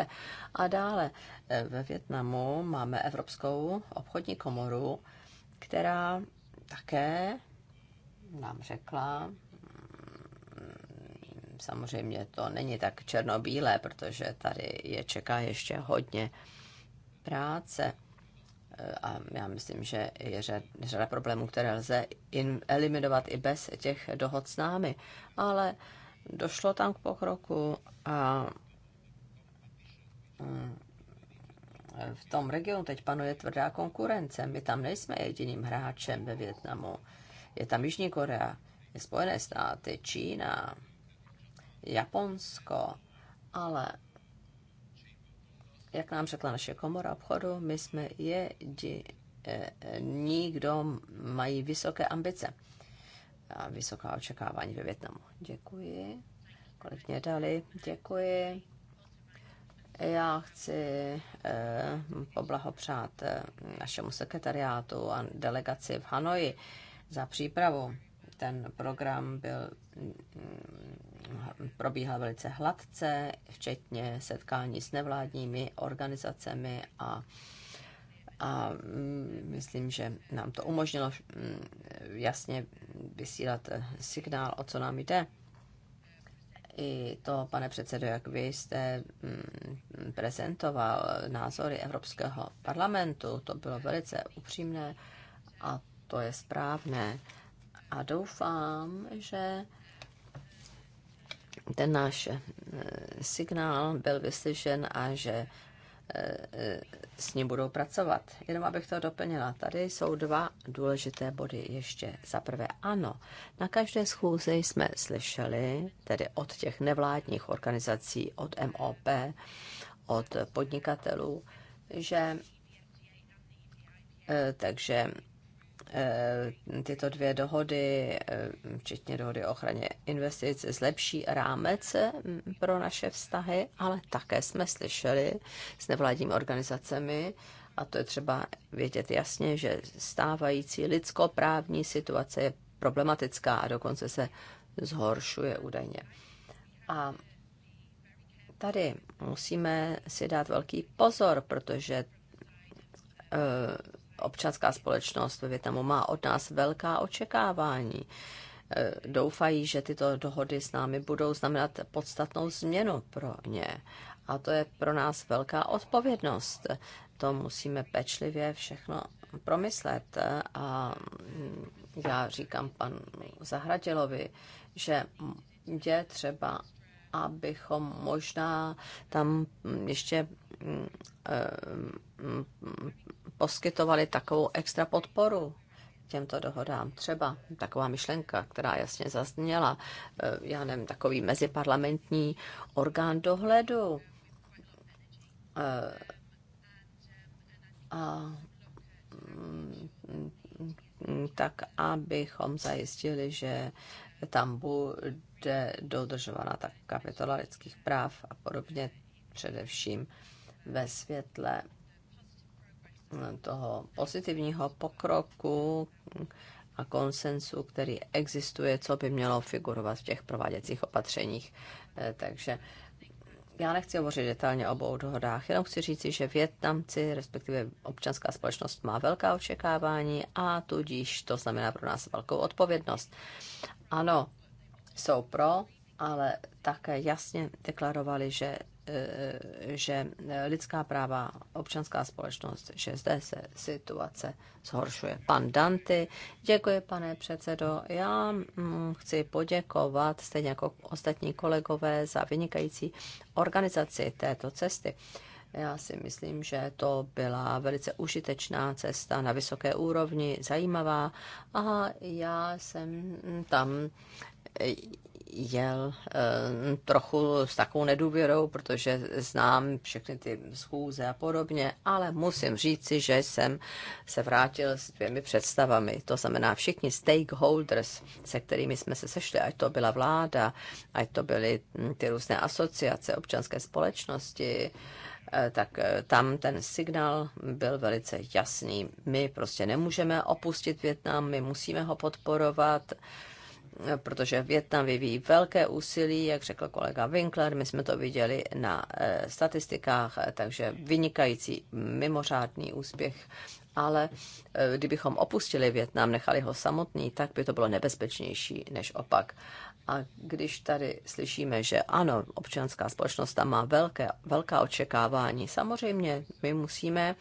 A dále eh, ve Větnamu máme Evropskou obchodní komoru, která také nám řekla, mm, samozřejmě to není tak černobílé, protože tady je čeká ještě hodně práce a já myslím, že je řada problémů, které lze in, eliminovat i bez těch dohod s námi. Ale došlo tam k pokroku a eh, v tom regionu teď panuje tvrdá konkurence. My tam nejsme jediným hráčem ve Větnamu. Je tam Jižní Korea, je Spojené státy, Čína, Japonsko, ale jak nám řekla naše komora obchodu, my jsme jediní, kdo mají vysoké ambice a vysoká očekávání ve Větnamu. Děkuji. Kolik mě dali? Děkuji. Já chci eh, poblahopřát eh, našemu sekretariátu a delegaci v Hanoji za přípravu. Ten program byl mm, probíhá velice hladce, včetně setkání s nevládními organizacemi a a mm, myslím, že nám to umožnilo mm, jasně vysílat eh, signál, o co nám jde. I to, pane předsedo, jak vy jste mm, prezentoval názory Evropského parlamentu, to bylo velice upřímné a to je správné. A doufám, že ten náš eh, signál byl vyslyšen a že eh, eh, s ním budou pracovat. Jenom abych to doplnila, tady jsou dva důležité body ještě. Za prvé, ano, na každé schůzi jsme slyšeli, tedy od těch nevládních organizací, od MOP, od podnikatelů, že takže Eh, tyto dvě dohody, eh, včetně dohody o ochraně investic, zlepší rámec mm, pro naše vztahy, ale také jsme slyšeli s nevládními organizacemi, a to je třeba vědět jasně, že stávající lidskoprávní situace je problematická a dokonce se zhoršuje údajně. A tady musíme si dát velký pozor, protože eh, občanská společnost ve Větnamu má od nás velká očekávání. E, doufají, že tyto dohody s námi budou znamenat podstatnou změnu pro ně. A to je pro nás velká odpovědnost. To musíme pečlivě všechno promyslet. E, a mm, já říkám panu Zahradilovi, že je třeba, abychom možná tam ještě mm, e, mm, poskytovali takovou extra podporu těmto dohodám. Třeba taková myšlenka, která jasně zazněla, e, já nevím, takový meziparlamentní orgán dohledu. E, a mm, tak, abychom zajistili, že tam bude dodržována tak kapitola lidských práv a podobně především ve světle toho pozitivního pokroku a konsensu, který existuje, co by mělo figurovat v těch prováděcích opatřeních. Eh, takže já nechci hovořit detailně o obou dohodách, jenom chci říci, že Větnamci, respektive občanská společnost, má velká očekávání a tudíž to znamená pro nás velkou odpovědnost. Ano, jsou pro, ale také jasně deklarovali, že Eh, že eh, lidská práva, občanská společnost, že zde se situace zhoršuje. Pan Danty, děkuji pane předsedo. Já mm, chci poděkovat, stejně jako ostatní kolegové, za vynikající organizaci této cesty. Já si myslím, že to byla velice užitečná cesta na vysoké úrovni, zajímavá a já jsem tam eh, jel eh, trochu s takovou nedůvěrou, protože znám všechny ty schůze a podobně, ale musím říci, že jsem se vrátil s dvěmi představami. To znamená všichni stakeholders, se kterými jsme se sešli, ať to byla vláda, ať to byly hm, ty různé asociace občanské společnosti, eh, tak eh, tam ten signál byl velice jasný. My prostě nemůžeme opustit Větnam, my musíme ho podporovat protože Větnam vyvíjí velké úsilí, jak řekl kolega Winkler, my jsme to viděli na eh, statistikách, eh, takže vynikající, mimořádný úspěch. Ale eh, kdybychom opustili Větnam, nechali ho samotný, tak by to bylo nebezpečnější než opak. A když tady slyšíme, že ano, občanská společnost tam má velké, velká očekávání, samozřejmě my musíme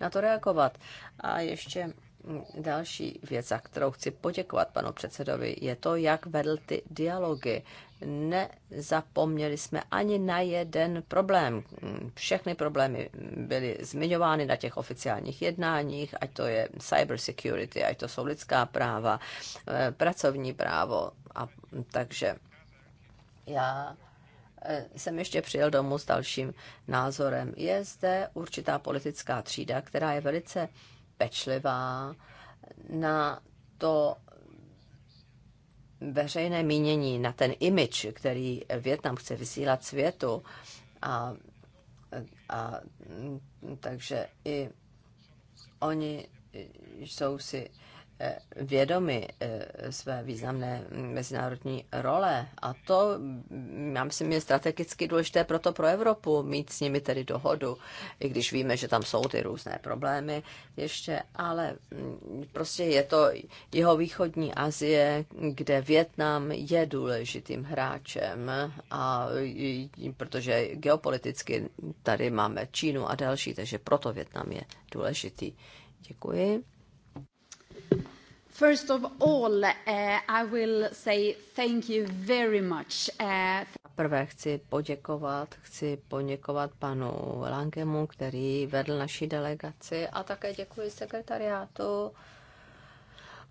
na to reagovat. A ještě Další věc, za kterou chci poděkovat panu předsedovi, je to, jak vedl ty dialogy. Nezapomněli jsme ani na jeden problém. Všechny problémy byly zmiňovány na těch oficiálních jednáních, ať to je cyber security, ať to jsou lidská práva, eh, pracovní právo. A, takže já eh, jsem ještě přijel domů s dalším názorem. Je zde určitá politická třída, která je velice pečlivá na to veřejné mínění, na ten image, který Větnam chce vysílat světu. A, a takže i oni jsou si vědomi eh, své významné mezinárodní role. A to, já myslím, je strategicky důležité proto pro Evropu mít s nimi tedy dohodu, i když víme, že tam jsou ty různé problémy ještě, ale mm, prostě je to jeho východní Azie, kde Větnam je důležitým hráčem, a, protože geopoliticky tady máme Čínu a další, takže proto Větnam je důležitý. Děkuji. First of all, uh, I will say thank you very much. Uh, Prvé chci poděkovat, chci poděkovat panu Langemu, který vedl naši delegaci a také děkuji sekretariátu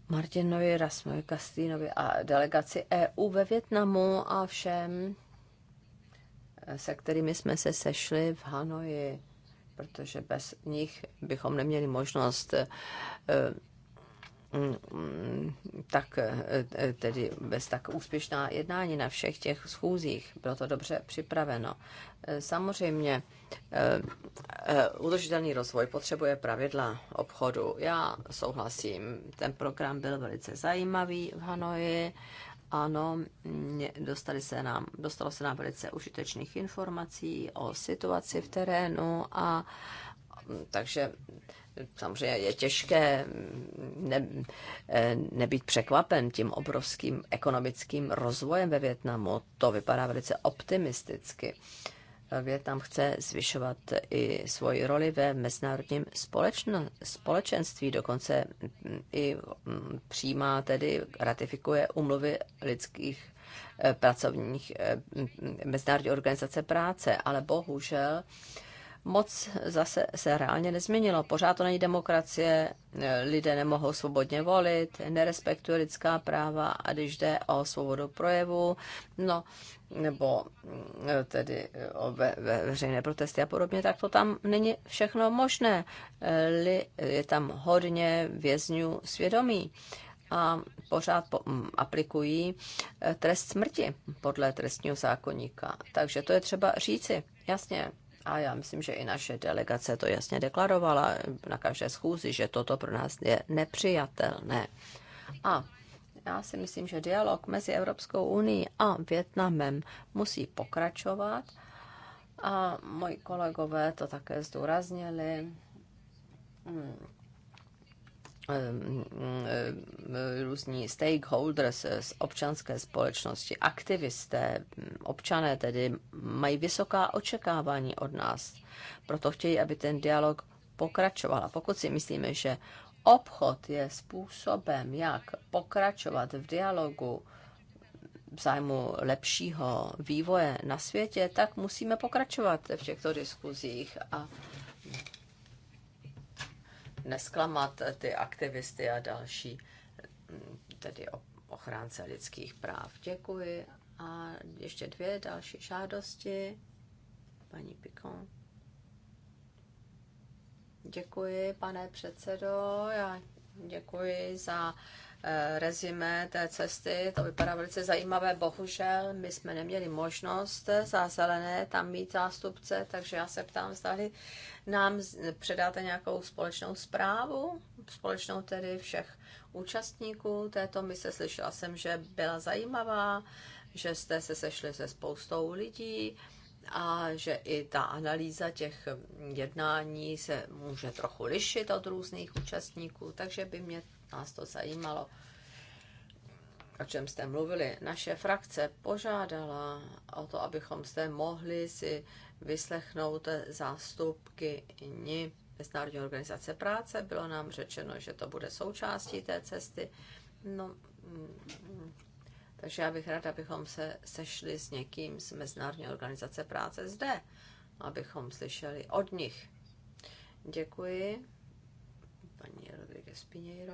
Martinovi Rasmovi Kastýnovi a delegaci EU ve Větnamu a všem, eh, se kterými jsme se sešli v Hanoji, protože bez nich bychom neměli možnost uh, tak eh, tedy bez tak úspěšná jednání na všech těch schůzích. Bylo to dobře připraveno. Eh, samozřejmě eh, udržitelný rozvoj potřebuje pravidla obchodu. Já souhlasím, ten program byl velice zajímavý v Hanoji. Ano, dostali se nám, dostalo se nám velice užitečných informací o situaci v terénu a takže samozřejmě je těžké ne, eh, nebýt překvapen tím obrovským ekonomickým rozvojem ve Větnamu. To vypadá velice optimisticky. Větnam chce zvyšovat i svoji roli ve mezinárodním společno, společenství, dokonce i mm, přijímá, tedy ratifikuje umluvy lidských eh, pracovních eh, Mezinárodní organizace práce, ale bohužel moc zase se reálně nezměnilo. Pořád to není demokracie, lidé nemohou svobodně volit, nerespektuje lidská práva a když jde o svobodu projevu, no, nebo mm, tedy o ve, ve, veřejné protesty a podobně, tak to tam není všechno možné. Je tam hodně vězňů svědomí a pořád po, mm, aplikují eh, trest smrti podle trestního zákonníka. Takže to je třeba říci. Jasně, a já myslím, že i naše delegace to jasně deklarovala na každé schůzi, že toto pro nás je nepřijatelné. A já si myslím, že dialog mezi Evropskou unii a Větnamem musí pokračovat. A moji kolegové to také zdůraznili. Hmm různí stakeholders z občanské společnosti, aktivisté, občané tedy mají vysoká očekávání od nás. Proto chtějí, aby ten dialog pokračoval. A pokud si myslíme, že obchod je způsobem, jak pokračovat v dialogu v zájmu lepšího vývoje na světě, tak musíme pokračovat v těchto diskuzích a nesklamat ty aktivisty a další, mm, tedy ochránce lidských práv. Děkuji. A ještě dvě další žádosti. Paní Pikon. Děkuji, pane předsedo. Já děkuji za Eh, rezime té cesty. To vypadá velice zajímavé. Bohužel my jsme neměli možnost za zelené tam mít zástupce, takže já se ptám, zda nám předáte nějakou společnou zprávu, společnou tedy všech účastníků této mise. Slyšela jsem, že byla zajímavá, že jste se sešli se spoustou lidí a že i ta analýza těch jednání se může trochu lišit od různých účastníků, takže by mě nás to zajímalo, o čem jste mluvili. Naše frakce požádala o to, abychom zde mohli si vyslechnout zástupky ní Mezinárodní organizace práce. Bylo nám řečeno, že to bude součástí té cesty. No, mm, takže já bych rád, abychom se sešli s někým z Mezinárodní organizace práce zde, abychom slyšeli od nich. Děkuji. Spinheiro.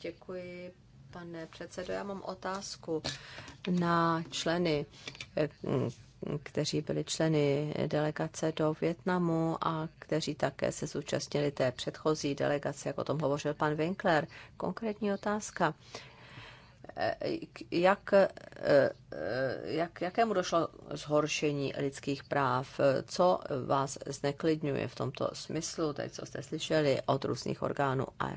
Děkuji, pane předsedo. Já mám otázku na členy eh, kteří byli členy delegace do Větnamu a kteří také se zúčastnili té předchozí delegace, jak o tom hovořil pan Winkler. Konkrétní otázka jak, jak, jakému došlo zhoršení lidských práv? Co vás zneklidňuje v tomto smyslu, teď co jste slyšeli od různých orgánů? A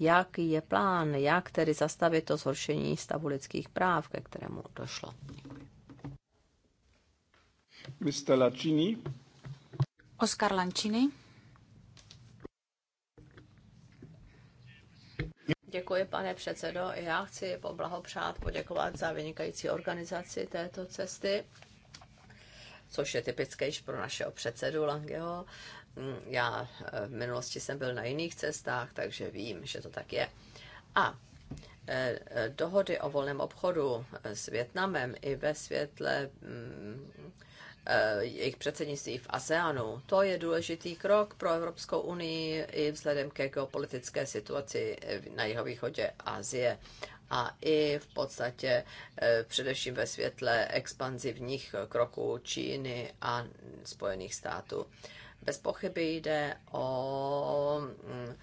jak je plán, jak tedy zastavit to zhoršení stavu lidských práv, ke kterému došlo? Mr. Lancini. Oscar Lancini. Děkuji, pane předsedo. Já chci poblahopřát, poděkovat za vynikající organizaci této cesty, což je typické již pro našeho předsedu Langeho. Já eh, v minulosti jsem byl na jiných cestách, takže vím, že to tak je. A eh, dohody o volném obchodu s Větnamem i ve světle mm, Eh, jejich předsednictví v ASEANu. To je důležitý krok pro Evropskou unii i vzhledem ke geopolitické situaci na jihovýchodě Asie a i v podstatě eh, především ve světle expanzivních kroků Číny a Spojených států. Bez pochyby jde o mm,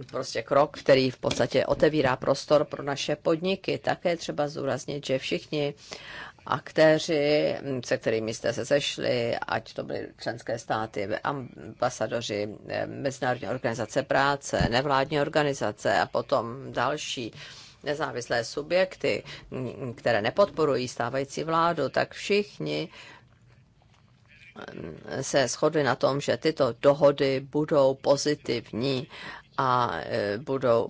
eh, prostě krok, který v podstatě otevírá prostor pro naše podniky. Také třeba zúraznit, že všichni aktéři, se kterými jste se sešli, ať to byly členské státy, ambasadoři, Mezinárodní organizace práce, nevládní organizace a potom další nezávislé subjekty, které nepodporují stávající vládu, tak všichni se shodli na tom, že tyto dohody budou pozitivní a e, budou,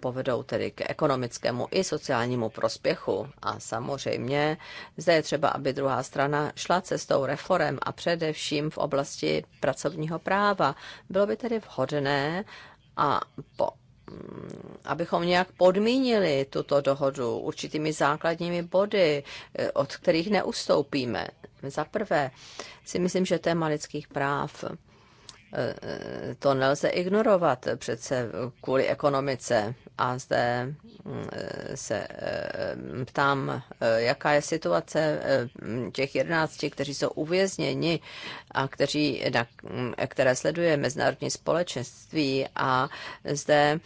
povedou tedy k ekonomickému i sociálnímu prospěchu. A samozřejmě zde je třeba, aby druhá strana šla cestou reform a především v oblasti pracovního práva. Bylo by tedy vhodné a po, mm, abychom nějak podmínili tuto dohodu určitými základními body, e, od kterých neustoupíme. Za prvé si myslím, že téma lidských práv Eh, to nelze ignorovat přece kvůli ekonomice. A zde mm, eh, se eh, ptám, jaká je situace těch jedenácti, kteří jsou uvězněni a kteří, na, mm, které sleduje mezinárodní společenství. A zde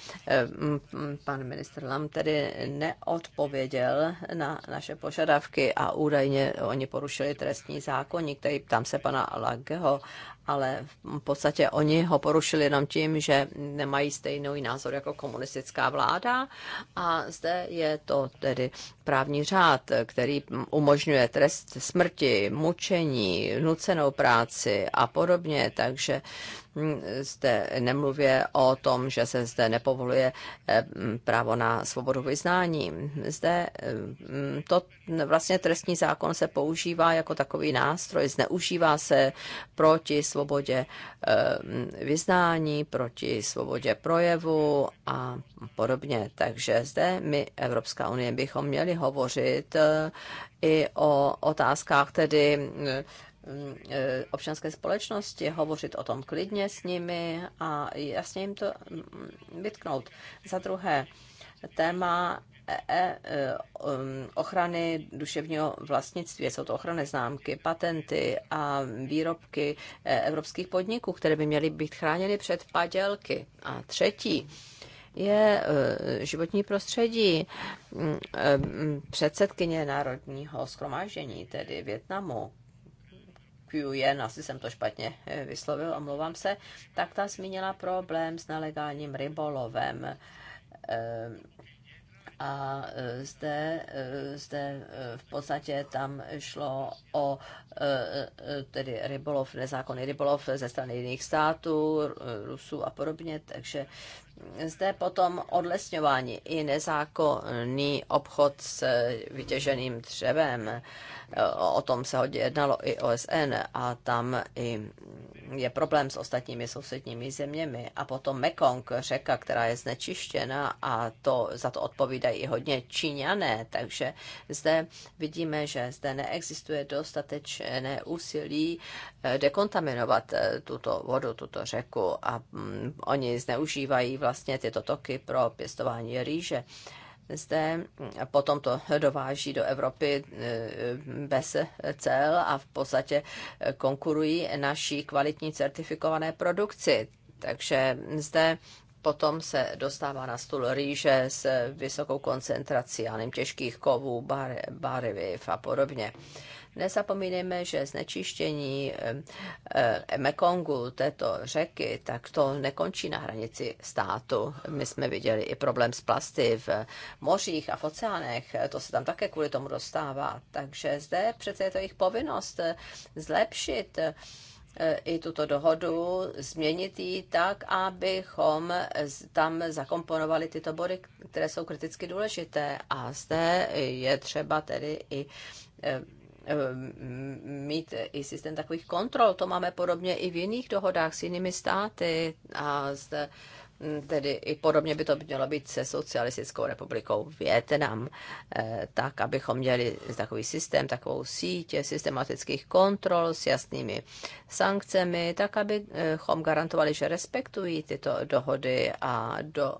pan ministr Lam tedy neodpověděl na naše požadavky a údajně oni porušili trestní zákonník, který ptám se pana Lageho ale v podstatě oni ho porušili jenom tím, že nemají stejný názor jako komunistická vláda a zde je to tedy právní řád, který umožňuje trest smrti, mučení, nucenou práci a podobně, takže mm, zde nemluvě o tom, že se zde nepovoluje eh, mm, právo na svobodu vyznání. Zde eh, mm, to vlastně trestní zákon se používá jako takový nástroj, zneužívá se proti svobodě eh, vyznání, proti svobodě projevu a podobně. Takže zde my, Evropská unie, bychom měli měli hovořit e, i o otázkách tedy e, občanské společnosti, hovořit o tom klidně s nimi a jasně jim to vytknout. Za druhé, téma e, ochrany duševního vlastnictví, jsou to ochranné známky, patenty a výrobky evropských podniků, které by měly být chráněny před padělky. A třetí, je eh, životní prostředí mm, eh, předsedkyně Národního schromáždění, tedy Větnamu, Jen, asi jsem to špatně eh, vyslovil, omlouvám se, tak ta zmínila problém s nelegálním rybolovem. A zde, zde v podstatě tam šlo o tedy rybolov, nezákonný rybolov ze strany jiných států, Rusů a podobně, takže zde potom odlesňování i nezákonný obchod s vytěženým dřevem. O tom se hodně jednalo i OSN a tam i je problém s ostatními sousedními zeměmi. A potom Mekong, řeka, která je znečištěna a to za to odpovídají i hodně Číňané. Takže zde vidíme, že zde neexistuje dostatečné úsilí dekontaminovat eh, tuto vodu, tuto řeku a mm, oni zneužívají vlastně tyto toky pro pěstování rýže zde mm, potom to dováží do Evropy eh, bez cel a v podstatě eh, konkurují naší kvalitní certifikované produkci. Takže zde potom se dostává na stůl rýže s vysokou koncentrací, já těžkých kovů, bar, barviv a podobně. Nezapomínejme, že znečištění eh, eh, Mekongu, této řeky, tak to nekončí na hranici státu. My jsme viděli i problém s plasty v mořích a v oceánech. To se tam také kvůli tomu dostává. Takže zde přece je to jejich povinnost eh, zlepšit i tuto dohodu, změnit ji tak, abychom tam zakomponovali tyto body, které jsou kriticky důležité. A zde je třeba tedy i Eh, mít i systém takových kontrol. To máme podobně i v jiných dohodách s jinými státy a zde hm, tedy i podobně by to mělo být se socialistickou republikou Větnam, eh, tak, abychom měli takový systém, takovou síť systematických kontrol s jasnými sankcemi, tak, abychom garantovali, že respektují tyto dohody a do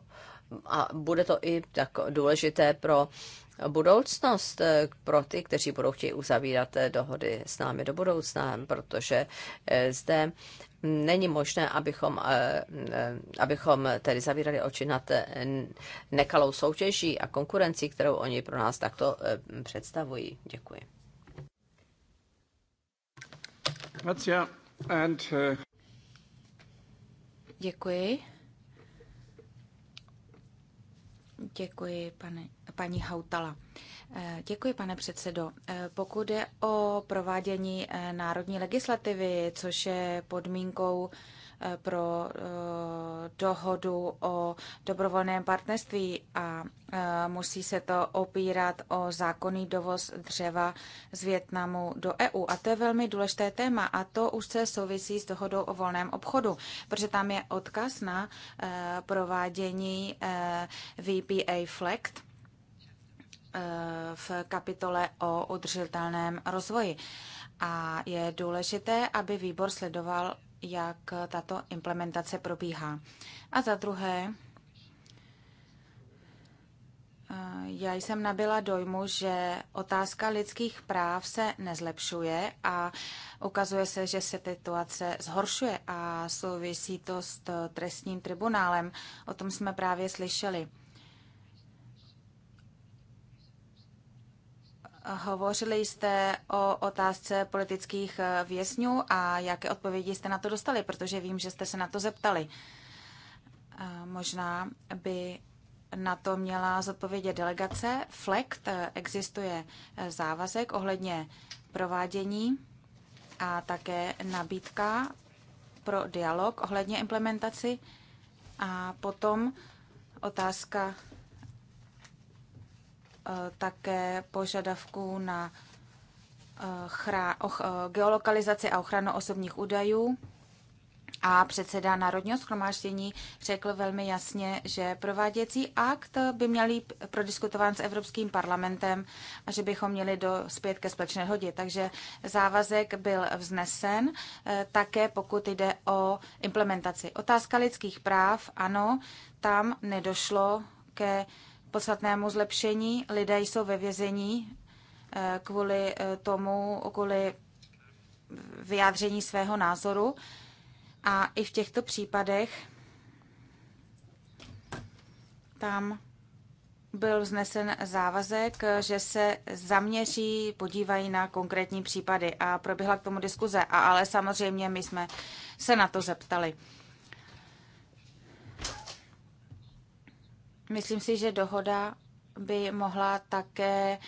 a bude to i tak důležité pro budoucnost eh, pro ty, kteří budou chtějí uzavírat eh, dohody s námi do budoucna, protože eh, zde není možné, abychom, abychom tedy zavírali oči nad nekalou soutěží a konkurencí, kterou oni pro nás takto představují. Děkuji. Děkuji. Děkuji, pane, paní Hautala. Eh, děkuji, pane předsedo. Eh, pokud je o provádění eh, národní legislativy, což je podmínkou pro eh, dohodu o dobrovolném partnerství a eh, musí se to opírat o zákonný dovoz dřeva z Větnamu do EU. A to je velmi důležité téma a to už se souvisí s dohodou o volném obchodu, protože tam je odkaz na eh, provádění VPA FLECT v kapitole o udržitelném rozvoji. A je důležité, aby výbor sledoval jak tato implementace probíhá. A za druhé, eh, já jsem nabila dojmu, že otázka lidských práv se nezlepšuje a ukazuje se, že se situace zhoršuje a souvisí to s trestním tribunálem. O tom jsme právě slyšeli. Hovořili jste o otázce politických eh, vězňů a jaké odpovědi jste na to dostali, protože vím, že jste se na to zeptali. Eh, možná by na to měla zodpovědět delegace. FLECT eh, existuje závazek ohledně provádění a také nabídka pro dialog ohledně implementaci a potom otázka Eh, také požadavků na eh, eh, geolokalizaci a ochranu osobních údajů. A předseda Národního schromáždění řekl velmi jasně, že prováděcí akt by měl být prodiskutován s Evropským parlamentem a že bychom měli dospět ke společné hodě. Takže závazek byl vznesen také pokud jde o implementaci. Otázka lidských práv, ano, tam nedošlo ke podstatnému zlepšení. Lidé jsou ve vězení eh, kvůli eh, tomu, kvůli vyjádření svého názoru. A i v těchto případech tam byl vznesen závazek, že se zaměří, podívají na konkrétní případy a proběhla k tomu diskuze. A ale samozřejmě my jsme se na to zeptali. Myslím si, že dohoda by mohla také eh,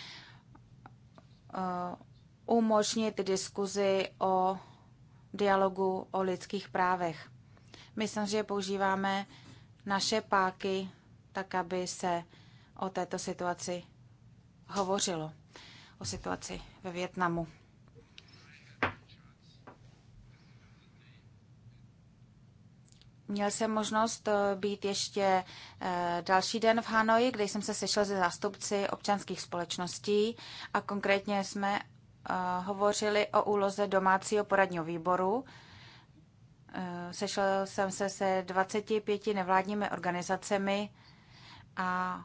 umožnit diskuzi o dialogu o lidských právech. My samozřejmě používáme naše páky tak, aby se o této situaci hovořilo, o situaci ve Větnamu. Měl jsem možnost eh, být ještě eh, další den v Hanoji, kde jsem se sešel se zástupci občanských společností a konkrétně jsme eh, hovořili o úloze domácího poradního výboru. Sešel jsem se se 25 nevládními organizacemi a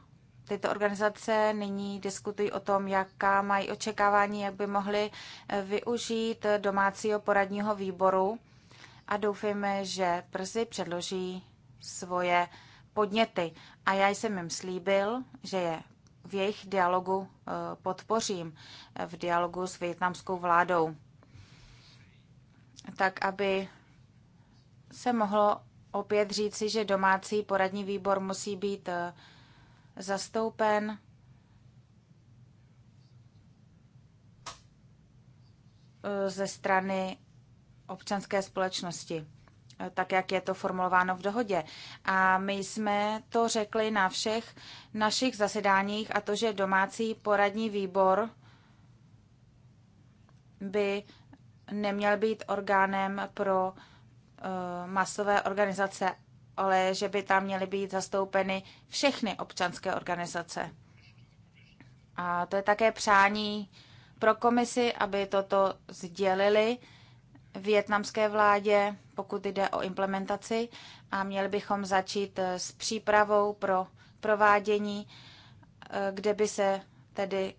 tyto organizace nyní diskutují o tom, jaká mají očekávání, jak by mohly využít domácího poradního výboru a doufejme, že brzy předloží svoje podněty. A já jsem jim slíbil, že je v jejich dialogu e, podpořím, e, v dialogu s větnamskou vládou, tak aby se mohlo opět říci, že domácí poradní výbor musí být e, zastoupen. ze strany občanské společnosti eh, tak jak je to formulováno v dohodě. A my jsme to řekli na všech našich zasedáních a to, že domácí poradní výbor by neměl být orgánem pro uh, masové organizace, ale že by tam měly být zastoupeny všechny občanské organizace. A to je také přání pro komisi, aby toto sdělili větnamské vládě, pokud jde o implementaci a měli bychom začít eh, s přípravou pro provádění, eh, kde by se tedy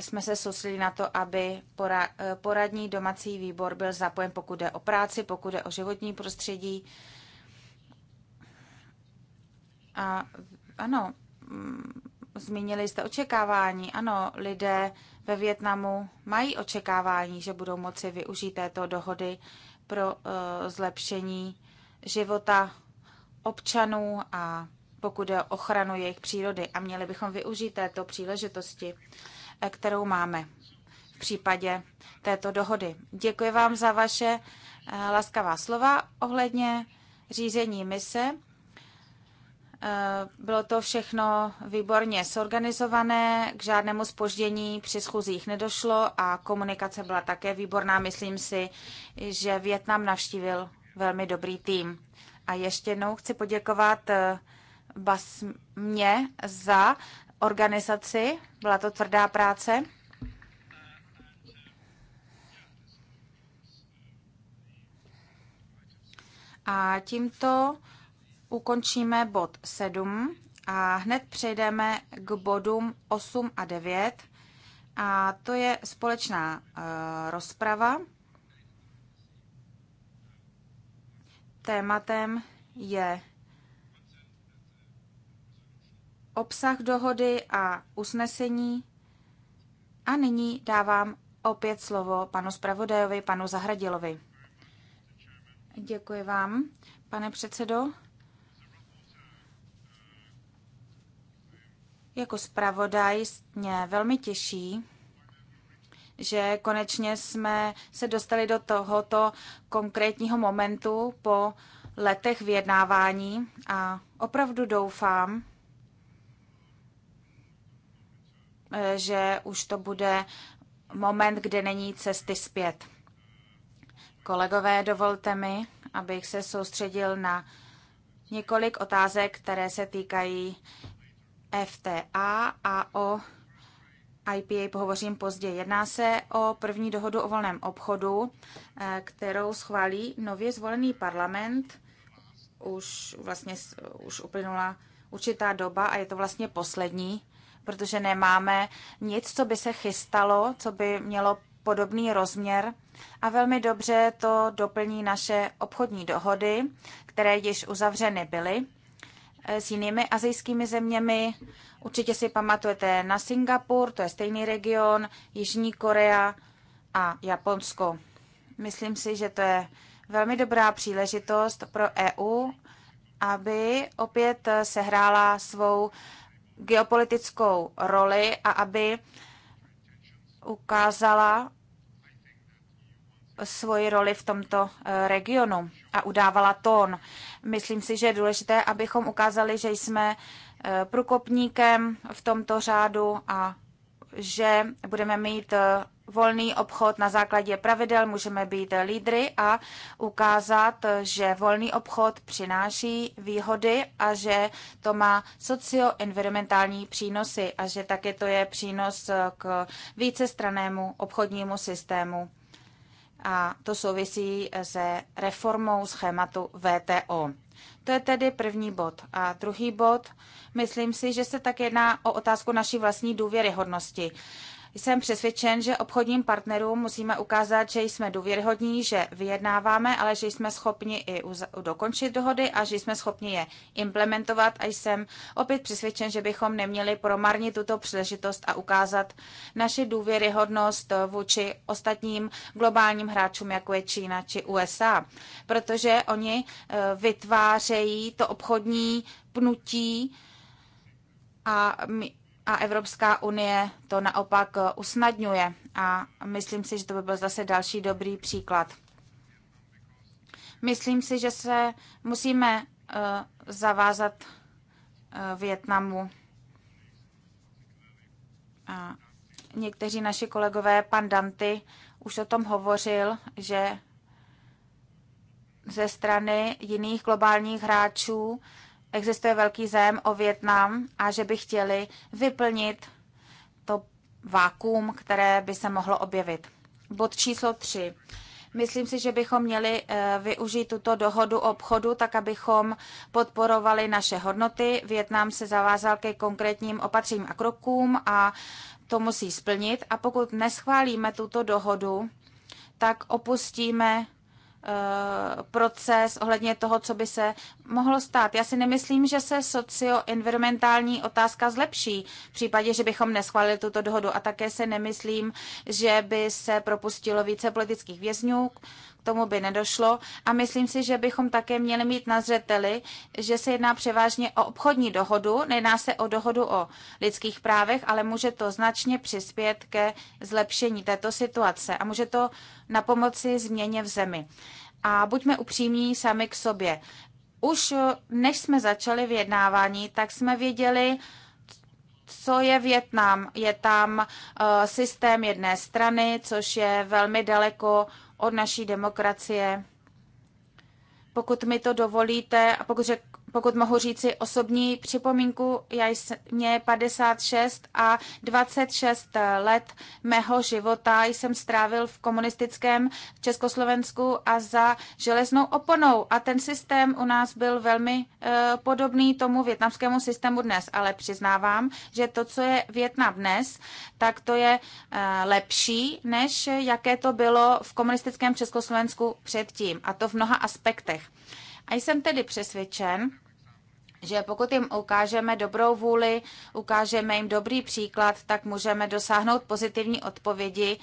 jsme se soustředili na to, aby eh, poradní domací výbor byl zapojen, pokud jde o práci, pokud jde o životní prostředí. A ano, mm, Zmínili jste očekávání. Ano, lidé ve Větnamu mají očekávání, že budou moci využít této dohody pro eh, zlepšení života občanů a pokud je o ochranu jejich přírody. A měli bychom využít této příležitosti, eh, kterou máme v případě této dohody. Děkuji vám za vaše eh, laskavá slova ohledně řízení mise Eh, bylo to všechno výborně sorganizované, k žádnému spoždění při schůzích nedošlo a komunikace byla také výborná. Myslím si, že Větnam navštívil velmi dobrý tým. A ještě jednou chci poděkovat eh, Basmě za organizaci. Byla to tvrdá práce. A tímto ukončíme bod 7 a hned přejdeme k bodům 8 a 9. A to je společná uh, rozprava. Tématem je obsah dohody a usnesení. A nyní dávám opět slovo panu zpravodajovi, panu Zahradilovi. Děkuji vám, pane předsedo. Jako zpravodaj mě velmi těší, že konečně jsme se dostali do tohoto konkrétního momentu po letech vyjednávání a opravdu doufám, že už to bude moment, kde není cesty zpět. Kolegové, dovolte mi, abych se soustředil na několik otázek, které se týkají FTA a o IPA pohovořím později. Jedná se o první dohodu o volném obchodu, eh, kterou schválí nově zvolený parlament. Už vlastně už uplynula určitá doba a je to vlastně poslední, protože nemáme nic, co by se chystalo, co by mělo podobný rozměr a velmi dobře to doplní naše obchodní dohody, které již uzavřeny byly s jinými azijskými zeměmi. Určitě si pamatujete na Singapur, to je stejný region, Jižní Korea a Japonsko. Myslím si, že to je velmi dobrá příležitost pro EU, aby opět sehrála svou geopolitickou roli a aby ukázala svoji roli v tomto eh, regionu a udávala tón. Myslím si, že je důležité, abychom ukázali, že jsme eh, průkopníkem v tomto řádu a že budeme mít eh, volný obchod na základě pravidel, můžeme být lídry a ukázat, že volný obchod přináší výhody a že to má socioenvironmentální přínosy a že také to je přínos k vícestranému obchodnímu systému a to souvisí se reformou schématu VTO. To je tedy první bod. A druhý bod, myslím si, že se tak jedná o otázku naší vlastní důvěryhodnosti. Jsem přesvědčen, že obchodním partnerům musíme ukázat, že jsme důvěryhodní, že vyjednáváme, ale že jsme schopni i dokončit dohody a že jsme schopni je implementovat. A jsem opět přesvědčen, že bychom neměli promarnit tuto příležitost a ukázat naši důvěryhodnost vůči ostatním globálním hráčům, jako je Čína či USA, protože oni eh, vytvářejí to obchodní pnutí, a my, a Evropská unie to naopak eh, usnadňuje a myslím si, že to by byl zase další dobrý příklad. Myslím si, že se musíme eh, zavázat eh, Větnamu. A někteří naši kolegové, pan Danty, už o tom hovořil, že ze strany jiných globálních hráčů existuje velký zájem o Větnam a že by chtěli vyplnit to vákuum, které by se mohlo objevit. Bod číslo 3. Myslím si, že bychom měli eh, využít tuto dohodu obchodu, tak abychom podporovali naše hodnoty. Větnam se zavázal ke konkrétním opatřením a krokům a to musí splnit. A pokud neschválíme tuto dohodu, tak opustíme Eh, proces ohledně toho, co by se mohlo stát. Já si nemyslím, že se socioenvironmentální otázka zlepší v případě, že bychom neschválili tuto dohodu. A také se nemyslím, že by se propustilo více politických vězňů, tomu by nedošlo a myslím si, že bychom také měli mít na zřeteli, že se jedná převážně o obchodní dohodu, nejedná se o dohodu o lidských právech, ale může to značně přispět ke zlepšení této situace a může to na pomoci změně v zemi. A buďme upřímní sami k sobě. Už eh, než jsme začali vyjednávání, tak jsme věděli, co je Větnam. Je tam eh, systém jedné strany, což je velmi daleko od naší demokracie. Pokud mi to dovolíte a pokud řek, pokud mohu říci osobní připomínku, já jsem, mě 56 a 26 let mého života jsem strávil v komunistickém Československu a za železnou oponou. A ten systém u nás byl velmi e, podobný tomu větnamskému systému dnes, ale přiznávám, že to, co je Větnam dnes, tak to je e, lepší, než jaké to bylo v komunistickém Československu předtím. A to v mnoha aspektech. A jsem tedy přesvědčen, že pokud jim ukážeme dobrou vůli, ukážeme jim dobrý příklad, tak můžeme dosáhnout pozitivní odpovědi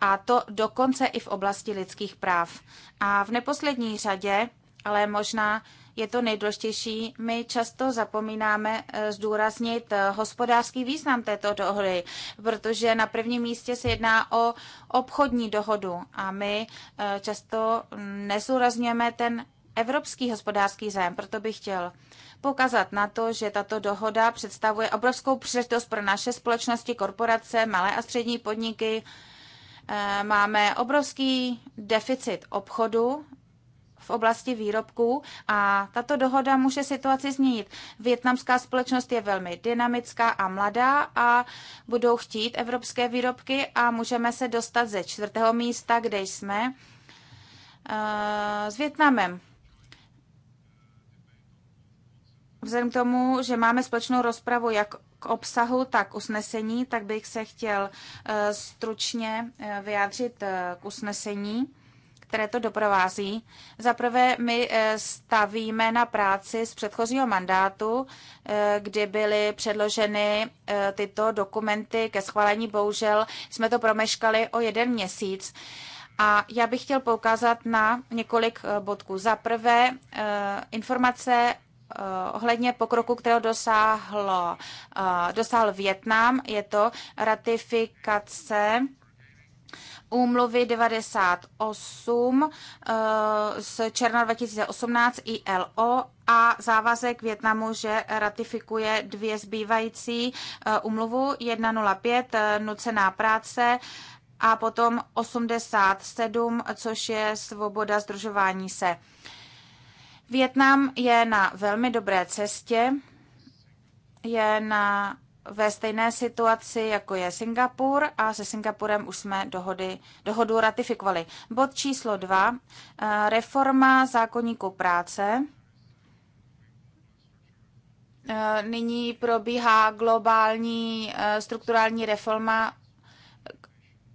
a to dokonce i v oblasti lidských práv. A v neposlední řadě, ale možná je to nejdůležitější, my často zapomínáme eh, zdůraznit eh, hospodářský význam této dohody, protože na prvním místě se jedná o obchodní dohodu a my eh, často nezúrazněme ten evropský hospodářský zájem. Proto bych chtěl pokazat na to, že tato dohoda představuje obrovskou příležitost pro naše společnosti, korporace, malé a střední podniky. Eh, máme obrovský deficit obchodu v oblasti výrobků a tato dohoda může situaci změnit. Větnamská společnost je velmi dynamická a mladá a budou chtít evropské výrobky a můžeme se dostat ze čtvrtého místa, kde jsme, eh, s Větnamem Vzhledem k tomu, že máme společnou rozpravu jak k obsahu, tak k usnesení, tak bych se chtěl e, stručně e, vyjádřit e, k usnesení které to doprovází. Zaprvé my stavíme na práci z předchozího mandátu, kdy byly předloženy tyto dokumenty ke schválení. Bohužel jsme to promeškali o jeden měsíc. A já bych chtěl poukázat na několik bodků. Za prvé, informace Eh, ohledně pokroku, kterého dosáhlo, eh, dosáhl Větnam, je to ratifikace úmluvy 98 eh, z června 2018 ILO a závazek Větnamu, že ratifikuje dvě zbývající umluvu 105 nucená práce a potom 87, což je svoboda združování se. Uh, Větnam je na velmi dobré cestě, je na, ve stejné situaci, jako je Singapur a se Singapurem už jsme dohody, dohodu ratifikovali. Bod číslo dva, eh, reforma zákonníku práce. Eh, nyní probíhá globální eh, strukturální reforma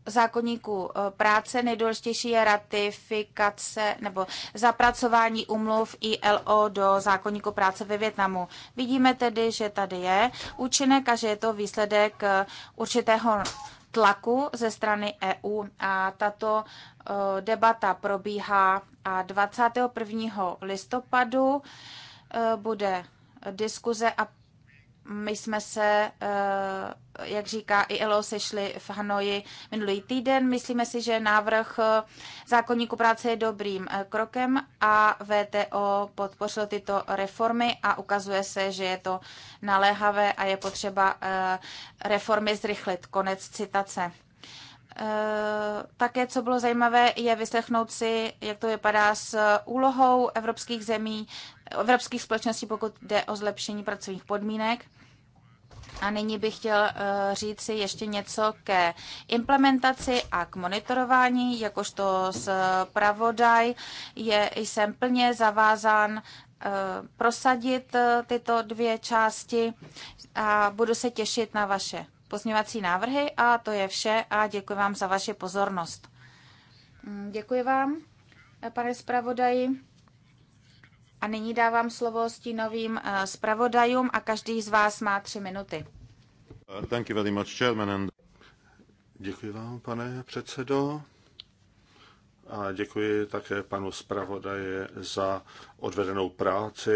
zákonníku eh, práce nejdůležitější je ratifikace nebo zapracování umluv ILO do zákonníku práce ve Větnamu. Vidíme tedy, že tady je účinek a že je to výsledek eh, určitého tlaku ze strany EU a tato eh, debata probíhá a 21. listopadu bude diskuze a my jsme se, eh, jak říká i Elo, sešli v Hanoji minulý týden. Myslíme si, že návrh eh, zákonníku práce je dobrým eh, krokem a VTO podpořilo tyto reformy a ukazuje se, že je to naléhavé a je potřeba reformy zrychlit. Konec citace také, co bylo zajímavé, je vyslechnout si, jak to vypadá s úlohou evropských zemí, evropských společností, pokud jde o zlepšení pracovních podmínek. A nyní bych chtěl eh, říct si ještě něco ke implementaci a k monitorování. Jakožto zpravodaj je, jsem plně zavázán eh, prosadit eh, tyto dvě části a budu se těšit na vaše pozměvací návrhy a to je vše a děkuji vám za vaši pozornost. Mm, děkuji vám, pane zpravodaji. A nyní dávám slovo stínovým eh, zpravodajům a každý z vás má tři minuty. Thank you very much, chairman, and... Děkuji vám, pane předsedo. A děkuji také panu zpravodaji za odvedenou práci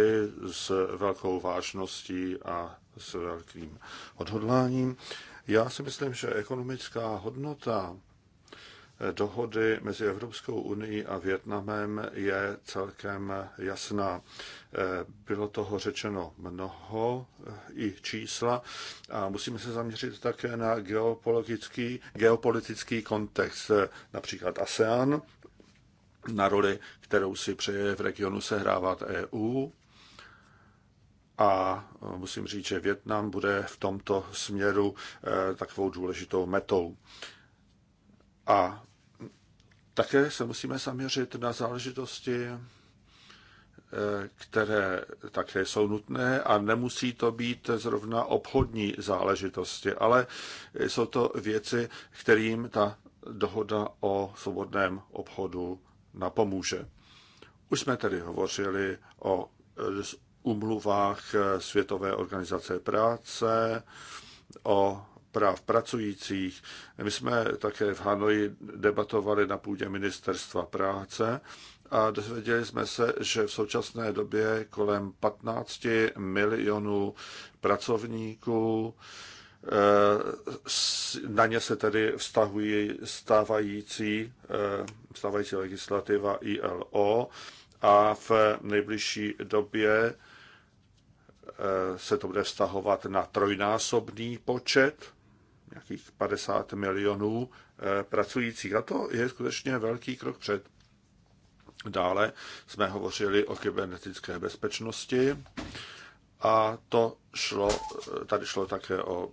s velkou vážností a s velkým odhodláním. Já si myslím, že ekonomická hodnota dohody mezi Evropskou unii a Větnamem je celkem jasná. Eh, bylo toho řečeno mnoho eh, i čísla a musíme se zaměřit také na geopolitický, geopolitický kontext, eh, například ASEAN, na roli, kterou si přeje v regionu sehrávat EU. A musím říct, že Větnam bude v tomto směru takovou důležitou metou. A také se musíme zaměřit na záležitosti, eh, které také jsou nutné a nemusí to být zrovna obchodní záležitosti, ale jsou to věci, kterým ta dohoda o svobodném obchodu napomůže. Už jsme tedy hovořili o umluvách Světové organizace práce, o práv pracujících. My jsme také v Hanoji debatovali na půdě ministerstva práce a dozvěděli jsme se, že v současné době kolem 15 milionů pracovníků eh, na ně se tedy vztahují stávající, eh, stávající legislativa ILO a v nejbližší době eh, se to bude vztahovat na trojnásobný počet nějakých 50 milionů eh, pracujících. A to je skutečně velký krok před. Dále jsme hovořili o kybernetické bezpečnosti a to šlo, eh, tady šlo také o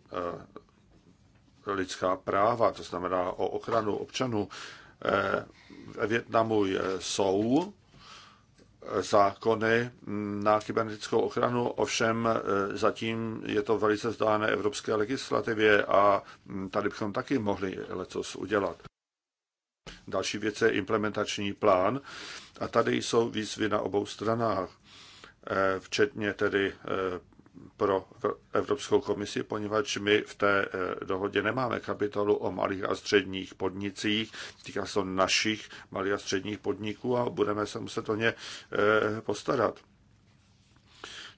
eh, lidská práva, to znamená o ochranu občanů. Ve Větnamu jsou zákony na kybernetickou ochranu, ovšem e, zatím je to velice vzdálené evropské legislativě a tady bychom taky mohli lecos udělat. Další věc je implementační plán a tady jsou výzvy na obou stranách, e, včetně tedy e, pro Evropskou komisi, poněvadž my v té eh, dohodě nemáme kapitolu o malých a středních podnicích, týká se to našich malých a středních podniků a budeme se muset o ně eh, postarat.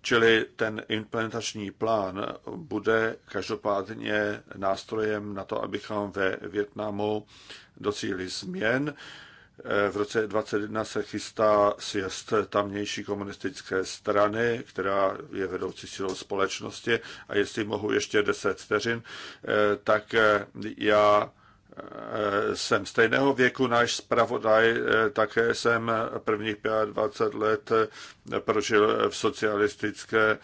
Čili ten implementační plán bude každopádně nástrojem na to, abychom ve Větnamu docílili změn Eh, v roce 2021 se chystá sjezd tamnější komunistické strany, která je vedoucí silou společnosti. A jestli mohu ještě 10 vteřin, eh, tak eh, já jsem stejného věku náš zpravodaj, také jsem prvních 25 let prožil v socialistické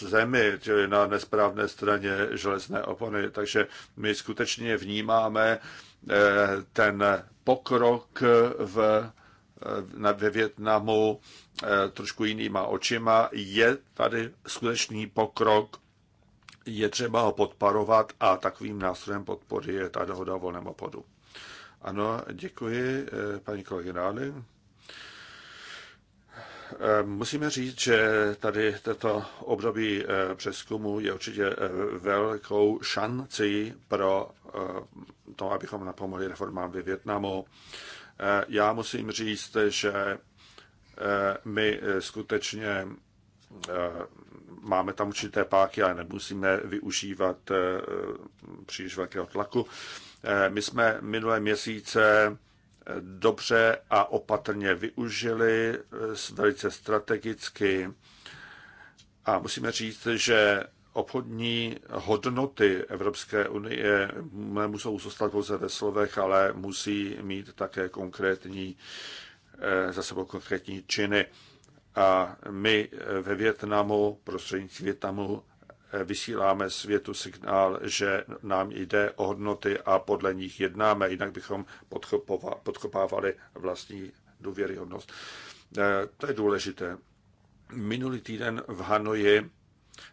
zemi, čili na nesprávné straně železné opony. Takže my skutečně vnímáme Eh, ten pokrok v, eh, ve Větnamu eh, trošku jinýma očima. Je tady skutečný pokrok, je třeba ho podporovat a takovým nástrojem podpory je ta dohoda o volném obchodu. Ano, děkuji, paní kolegy Ráli. Eh, musíme říct, že tady toto období eh, přeskumu je určitě eh, velkou šancí pro to, abychom napomohli reformám ve Větnamu. Já musím říct, že my skutečně máme tam určité páky, ale nemusíme využívat příliš velkého tlaku. My jsme minulé měsíce dobře a opatrně využili, eh, velice strategicky. A musíme říct, že obchodní hodnoty Evropské unie nemusou zůstat pouze ve slovech, ale musí mít také konkrétní, eh, za sebou konkrétní činy. A my eh, ve Větnamu, prostřednictvím Větnamu, vysíláme světu signál, že nám jde o hodnoty a podle nich jednáme, jinak bychom podkopávali vlastní důvěryhodnost. Eh, to je důležité. Minulý týden v Hanoji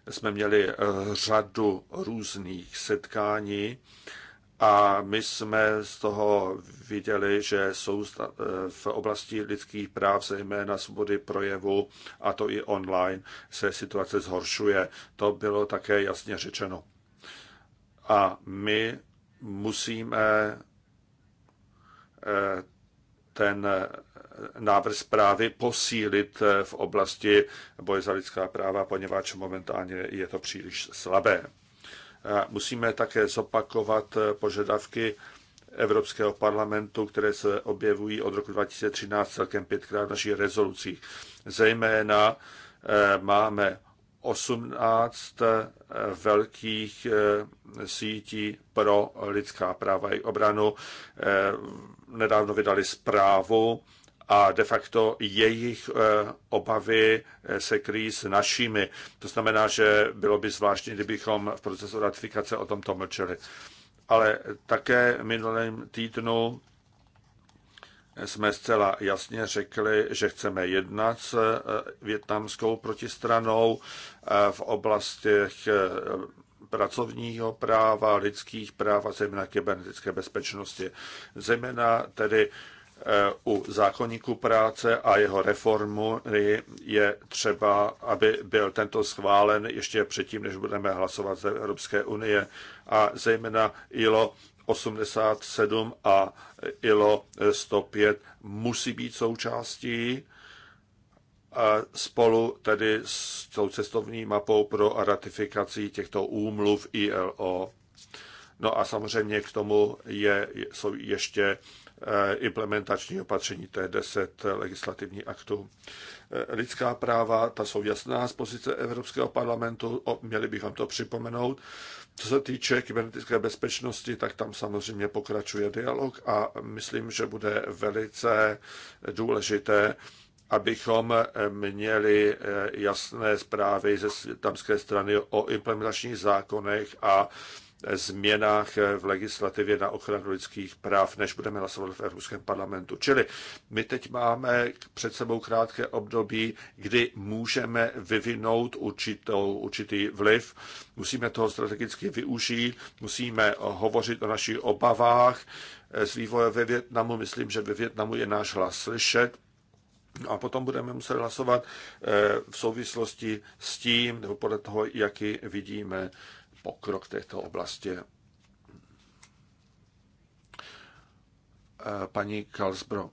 jsme měli eh, řadu různých setkání a my jsme z toho viděli, že jsou eh, v oblasti lidských práv, zejména svobody projevu, a to i online, se situace zhoršuje. To bylo také jasně řečeno. A my musíme eh, ten eh, návrh zprávy posílit v oblasti boje za lidská práva, poněvadž momentálně je to příliš slabé. Musíme také zopakovat eh, požadavky Evropského parlamentu, které se objevují od roku 2013 celkem pětkrát v našich rezolucích. Zejména eh, máme 18 eh, velkých sítí pro lidská práva i obranu. Nedávno vydali zprávu a de facto jejich eh, obavy eh, se kryjí s našimi. To znamená, že bylo by zvláštní, kdybychom v procesu ratifikace o tomto mlčeli. Ale také minulém týdnu eh, jsme zcela jasně řekli, že chceme jednat s větnamskou protistranou v oblastech pracovního práva, lidských práv a zejména kybernetické bezpečnosti. Zejména tedy u zákonníku práce a jeho reformu je třeba, aby byl tento schválen ještě předtím, než budeme hlasovat z Evropské unie a zejména ILO 87 a ILO 105 musí být součástí spolu tedy s tou cestovní mapou pro ratifikaci těchto úmluv ILO. No a samozřejmě k tomu je, jsou ještě Eh, implementační opatření, to je 10 legislativních aktů. Eh, lidská práva, ta jsou jasná z pozice Evropského parlamentu, měli bychom to připomenout. Co se týče kybernetické bezpečnosti, tak tam samozřejmě pokračuje dialog a myslím, že bude velice důležité, abychom měli eh, jasné zprávy ze tamské strany o implementačních zákonech a změnách eh, v legislativě na ochranu lidských práv, než budeme hlasovat v Evropském parlamentu. Čili my teď máme před sebou krátké období, kdy můžeme vyvinout určitou, určitý vliv, musíme toho strategicky využít, musíme hovořit o našich obavách eh, z vývoje ve Větnamu. Myslím, že ve Větnamu je náš hlas slyšet, a potom budeme muset hlasovat eh, v souvislosti s tím, nebo podle toho, jaký vidíme pokrok v této oblasti. Eh, paní Kalsbro,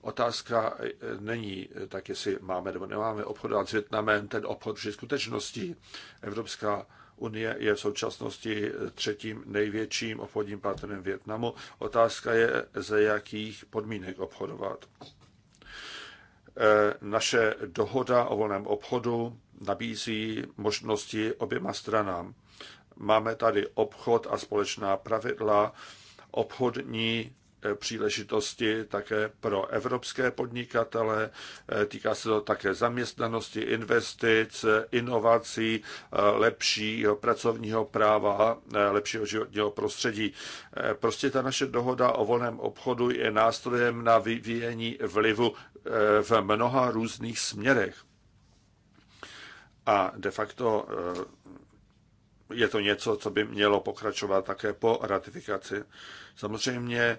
otázka eh, není tak, jestli máme nebo nemáme obchodovat s Větnamem, ten obchod při skutečnosti. Evropská Unie je v současnosti eh, třetím největším obchodním partnerem Větnamu. Otázka je, ze jakých podmínek obchodovat. Naše dohoda o volném obchodu nabízí možnosti oběma stranám. Máme tady obchod a společná pravidla, obchodní eh, příležitosti také pro evropské podnikatele. Eh, týká se to také zaměstnanosti, investic, eh, inovací, lepšího pracovního práva, lepšího životního prostředí. Prostě ta naše dohoda o volném obchodu je nástrojem na vyvíjení vlivu v mnoha různých směrech. A de facto je to něco, co by mělo pokračovat také po ratifikaci. Samozřejmě eh,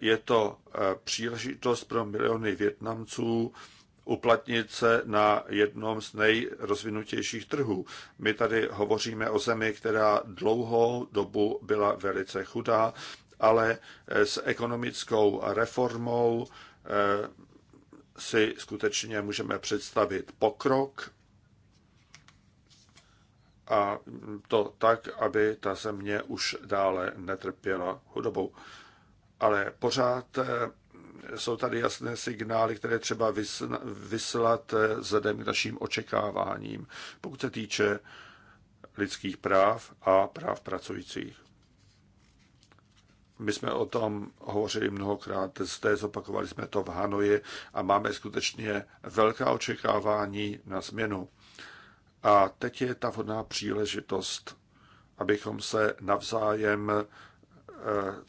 je to eh, příležitost pro miliony Větnamců uplatnit se na jednom z nejrozvinutějších trhů. My tady hovoříme o zemi, která dlouhou dobu byla velice chudá, ale eh, s ekonomickou reformou si skutečně můžeme představit pokrok a to tak, aby ta země už dále netrpěla hudobou. Ale pořád eh, jsou tady jasné signály, které třeba vyslat eh, vzhledem k našim očekáváním, pokud se týče lidských práv a práv pracujících. My jsme o tom hovořili mnohokrát zde, zopakovali jsme to v Hanoji a máme skutečně velká očekávání na změnu. A teď je ta vhodná příležitost, abychom se navzájem eh,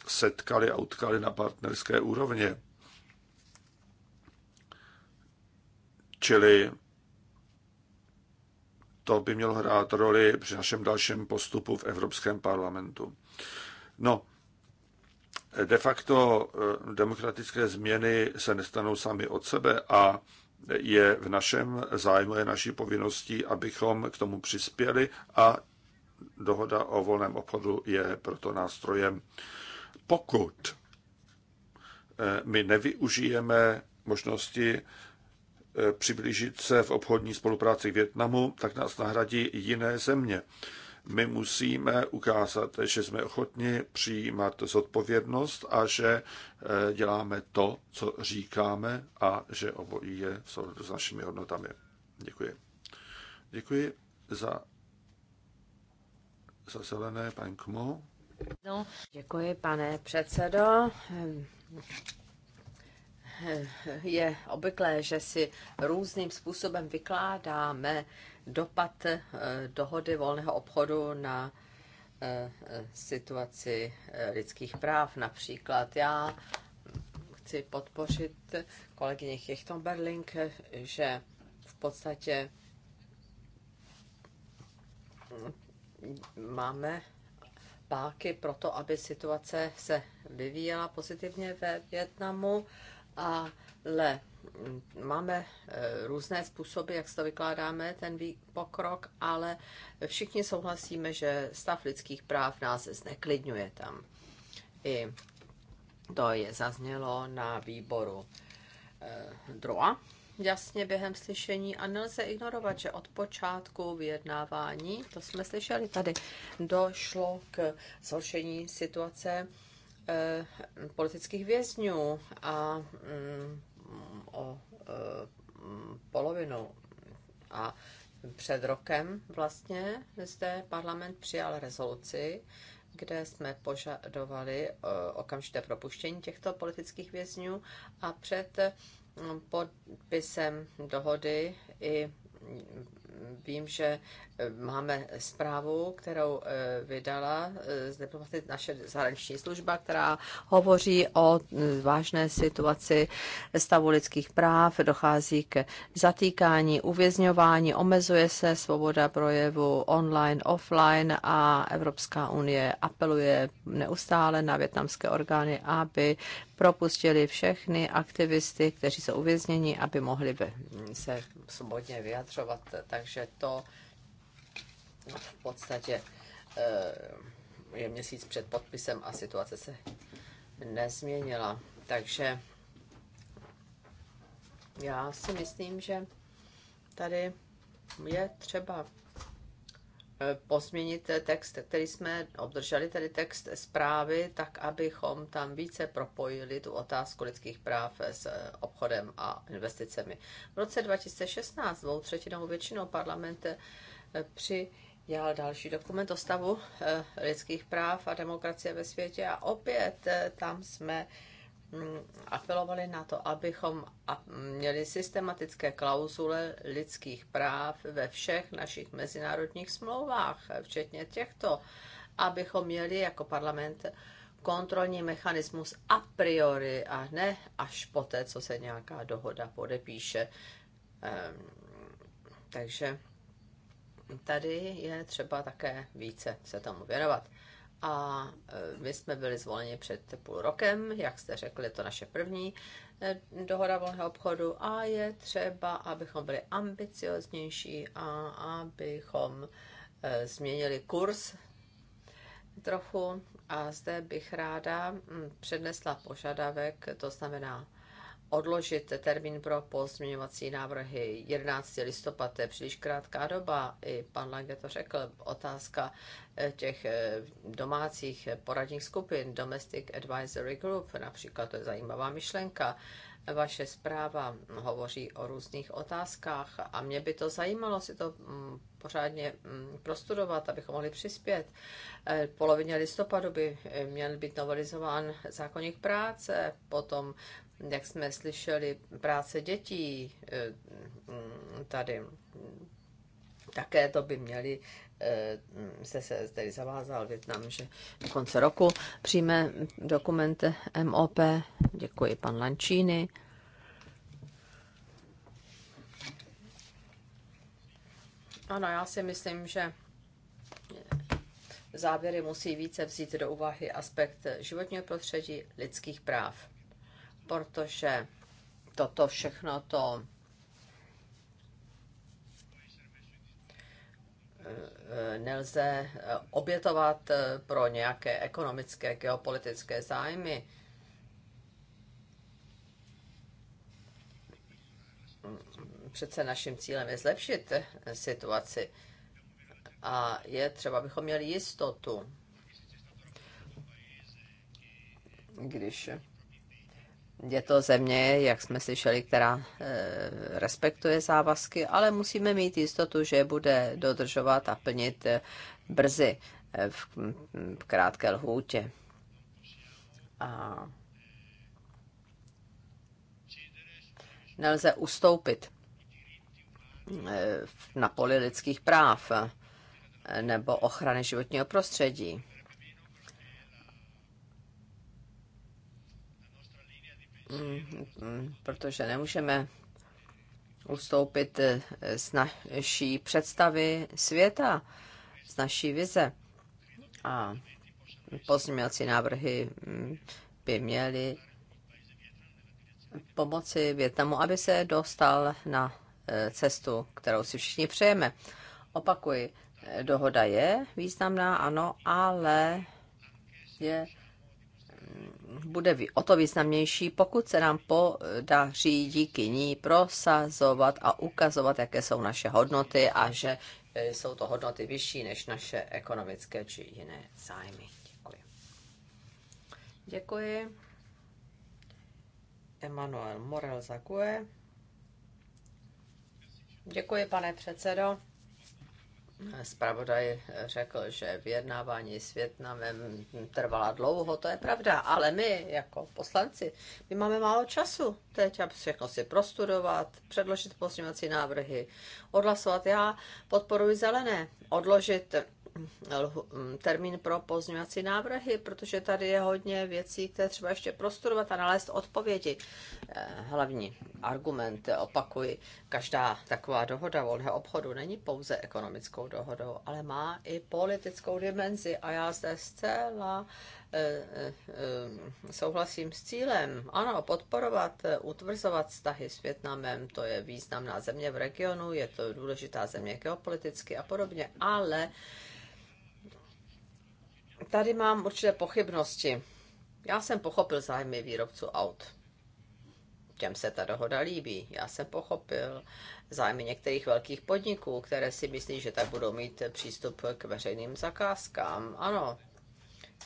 setkali a utkali na partnerské úrovně. Čili to by mělo hrát roli při našem dalším postupu v Evropském parlamentu. No, de facto eh, demokratické změny se nestanou sami od sebe a je v našem zájmu, je naší povinností, abychom k tomu přispěli a dohoda o volném obchodu je proto nástrojem. Pokud eh, my nevyužijeme možnosti eh, přiblížit se v obchodní spolupráci k Větnamu, tak nás nahradí jiné země. My musíme ukázat, že jsme ochotni přijímat zodpovědnost a že eh, děláme to, co říkáme a že obojí je v souladu s našimi hodnotami. Děkuji. Děkuji za, za zelené, pan Kmo. No, děkuji, pane předsedo. Je obvyklé, že si různým způsobem vykládáme dopad eh, dohody volného obchodu na eh, situaci eh, lidských práv. Například já chci podpořit kolegyně Kirchton Berling, že v podstatě máme páky pro to, aby situace se vyvíjela pozitivně ve Větnamu ale mm, máme e, různé způsoby, jak to vykládáme, ten pokrok, ale všichni souhlasíme, že stav lidských práv nás zneklidňuje tam. I to je zaznělo na výboru e, DROA, jasně během slyšení a nelze ignorovat, že od počátku vyjednávání, to jsme slyšeli tady, došlo k zhoršení situace Eh, politických vězňů a mm, o eh, polovinu. A před rokem vlastně zde parlament přijal rezoluci, kde jsme požadovali eh, okamžité propuštění těchto politických vězňů a před mm, podpisem dohody i vím, že eh, máme zprávu, kterou eh, vydala eh, z naše zahraniční služba, která hovoří o vážné situaci stavu lidských práv, dochází k zatýkání, uvězňování, omezuje se svoboda projevu online, offline a Evropská unie apeluje neustále na větnamské orgány, aby propustili všechny aktivisty, kteří jsou uvězněni, aby mohli se svobodně vyjadřovat. Tak takže to no, v podstatě eh, je měsíc před podpisem a situace se nezměnila. Takže já si myslím, že tady je třeba Eh, pozměnit text, který jsme obdrželi, tedy text zprávy, tak abychom tam více propojili tu otázku lidských práv s obchodem a investicemi. V roce 2016 dvou třetinou většinou parlament eh, při dělal další dokument o stavu eh, lidských práv a demokracie ve světě a opět tam jsme Mm, apelovali na to, abychom měli systematické klauzule lidských práv ve všech našich mezinárodních smlouvách, včetně těchto, abychom měli jako parlament kontrolní mechanismus a priori a ne až poté, co se nějaká dohoda podepíše. Ehm, takže tady je třeba také více se tomu věnovat a e, my jsme byli zvoleni před půl rokem, jak jste řekli, je to naše první e, dohoda volného obchodu a je třeba, abychom byli ambicioznější a abychom e, změnili kurz trochu a zde bych ráda přednesla požadavek, to znamená odložit termín pro pozměňovací návrhy 11. listopad, to je příliš krátká doba, i pan Lange to řekl, otázka eh, těch eh, domácích poradních skupin, Domestic Advisory Group, například, to je zajímavá myšlenka, vaše zpráva hovoří o různých otázkách a mě by to zajímalo si to mm, pořádně mm, prostudovat, abychom mohli přispět. Eh, polovině listopadu by měl být novelizován zákonník práce, potom jak jsme slyšeli, práce dětí eh, mm, tady. Také to by měli, eh, se, se tedy zavázal Větnam, že do konce roku přijme dokument MOP. Děkuji pan Lančíny. Ano, já si myslím, že závěry musí více vzít do úvahy aspekt životního prostředí, lidských práv protože toto všechno to e, e, nelze e, obětovat pro nějaké ekonomické, geopolitické zájmy. Přece naším cílem je zlepšit situaci a je třeba, abychom měli jistotu, když je to země, jak jsme slyšeli, která eh, respektuje závazky, ale musíme mít jistotu, že bude dodržovat a plnit eh, brzy eh, v, v krátké lhůtě. A nelze ustoupit na poli lidských práv nebo ochrany životního prostředí. Mm, protože nemůžeme ustoupit eh, z naší představy světa, z naší vize. A pozměňovací návrhy mm, by měly pomoci Větnamu, aby se dostal na eh, cestu, kterou si všichni přejeme. Opakuji, eh, dohoda je významná, ano, ale je bude o to významnější, pokud se nám podaří díky ní prosazovat a ukazovat, jaké jsou naše hodnoty a že e, jsou to hodnoty vyšší než naše ekonomické či jiné zájmy. Děkuji. Děkuji. Emanuel Morel Zakue. Děkuji, pane předsedo. Eh, zpravodaj eh, řekl, že vyjednávání s Větnamem trvala dlouho, to je pravda, ale my jako poslanci, my máme málo času teď, aby všechno jako si prostudovat, předložit pozměňovací návrhy, odhlasovat. Já podporuji zelené, odložit Mm, termín pro pozměňovací návrhy, protože tady je hodně věcí, které třeba ještě prostudovat a nalézt odpovědi. Eh, hlavní argument, opakuji, každá taková dohoda volného obchodu není pouze ekonomickou dohodou, ale má i politickou dimenzi a já zde zcela eh, eh, souhlasím s cílem. Ano, podporovat, utvrzovat vztahy s Větnamem, to je významná země v regionu, je to důležitá země geopoliticky a podobně, ale tady mám určité pochybnosti. Já jsem pochopil zájmy výrobců aut. Těm se ta dohoda líbí. Já jsem pochopil zájmy některých velkých podniků, které si myslí, že tak budou mít přístup k veřejným zakázkám. Ano,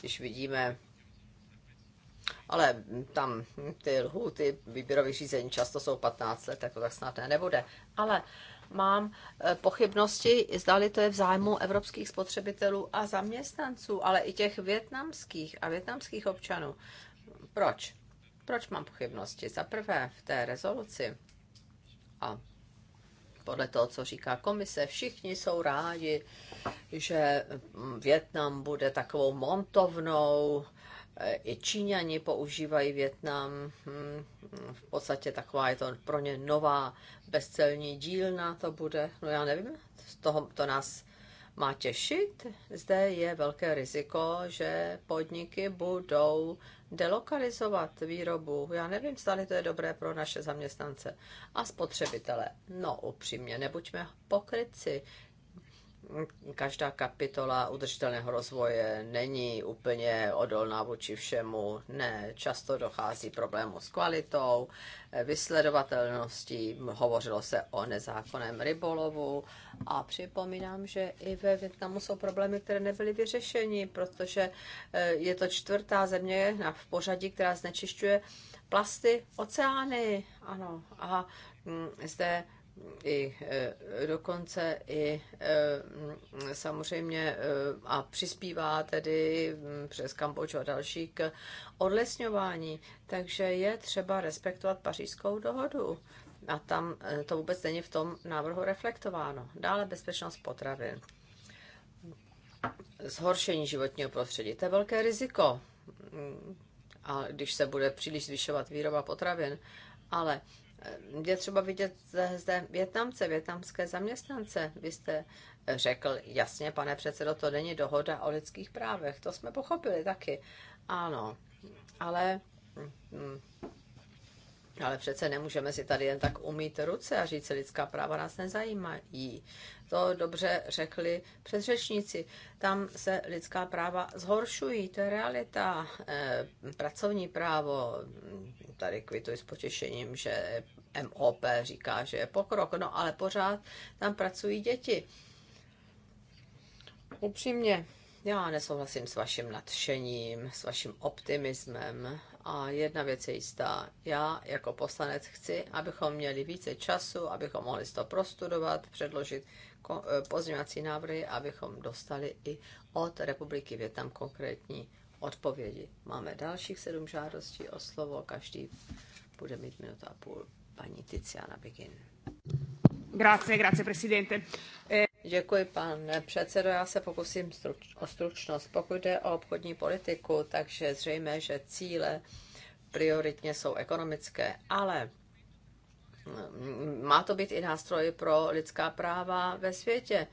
když vidíme ale tam ty lhuty výběrových řízení často jsou 15 let, tak to tak snad ne, nebude. Ale mám eh, pochybnosti, zdali to je v zájmu evropských spotřebitelů a zaměstnanců, ale i těch větnamských a větnamských občanů. Proč? Proč mám pochybnosti? Za prvé v té rezoluci a podle toho, co říká komise, všichni jsou rádi, že Větnam bude takovou montovnou i Číňani používají Větnam. Hm, v podstatě taková je to pro ně nová bezcelní dílna to bude. No já nevím, z toho to nás má těšit. Zde je velké riziko, že podniky budou delokalizovat výrobu. Já nevím, stále to je dobré pro naše zaměstnance a spotřebitele. No upřímně, nebuďme pokryci každá kapitola udržitelného rozvoje není úplně odolná vůči všemu. Ne, často dochází problému s kvalitou, vysledovatelností, hovořilo se o nezákonném rybolovu a připomínám, že i ve Větnamu jsou problémy, které nebyly vyřešeny, protože eh, je to čtvrtá země v pořadí, která znečišťuje plasty oceány. Ano, a mm, zde i eh, dokonce i eh, samozřejmě eh, a přispívá tedy hm, přes Kambodžu a další k odlesňování. Takže je třeba respektovat pařížskou dohodu. A tam to vůbec není v tom návrhu reflektováno. Dále bezpečnost potravin. Zhoršení životního prostředí. To je velké riziko, a když se bude příliš zvyšovat výroba potravin. Ale je třeba vidět zde Větnamce, větnamské zaměstnance. Vy jste řekl, jasně, pane předsedo, to není dohoda o lidských právech, to jsme pochopili taky. Ano, ale mm, ale přece nemůžeme si tady jen tak umít ruce a říct, lidská práva nás nezajímají. To dobře řekli předřečníci. Tam se lidská práva zhoršují, to je realita. Eh, pracovní právo, tady kvituji s potěšením, že MOP říká, že je pokrok, no ale pořád tam pracují děti. Upřímně, já nesouhlasím s vaším nadšením, s vaším optimismem a jedna věc je jistá. Já jako poslanec chci, abychom měli více času, abychom mohli to prostudovat, předložit eh, pozměňovací návrhy, abychom dostali i od Republiky Větnam konkrétní odpovědi. Máme dalších sedm žádostí o slovo, každý bude mít minutu a půl. Paní Tiziana Begin. Grazie, grazie, presidente. Eh... Děkuji, pane předsedo. Já se pokusím struč, o stručnost. Pokud jde o obchodní politiku, takže zřejmé, že cíle prioritně jsou ekonomické, ale mm, má to být i nástroj pro lidská práva ve světě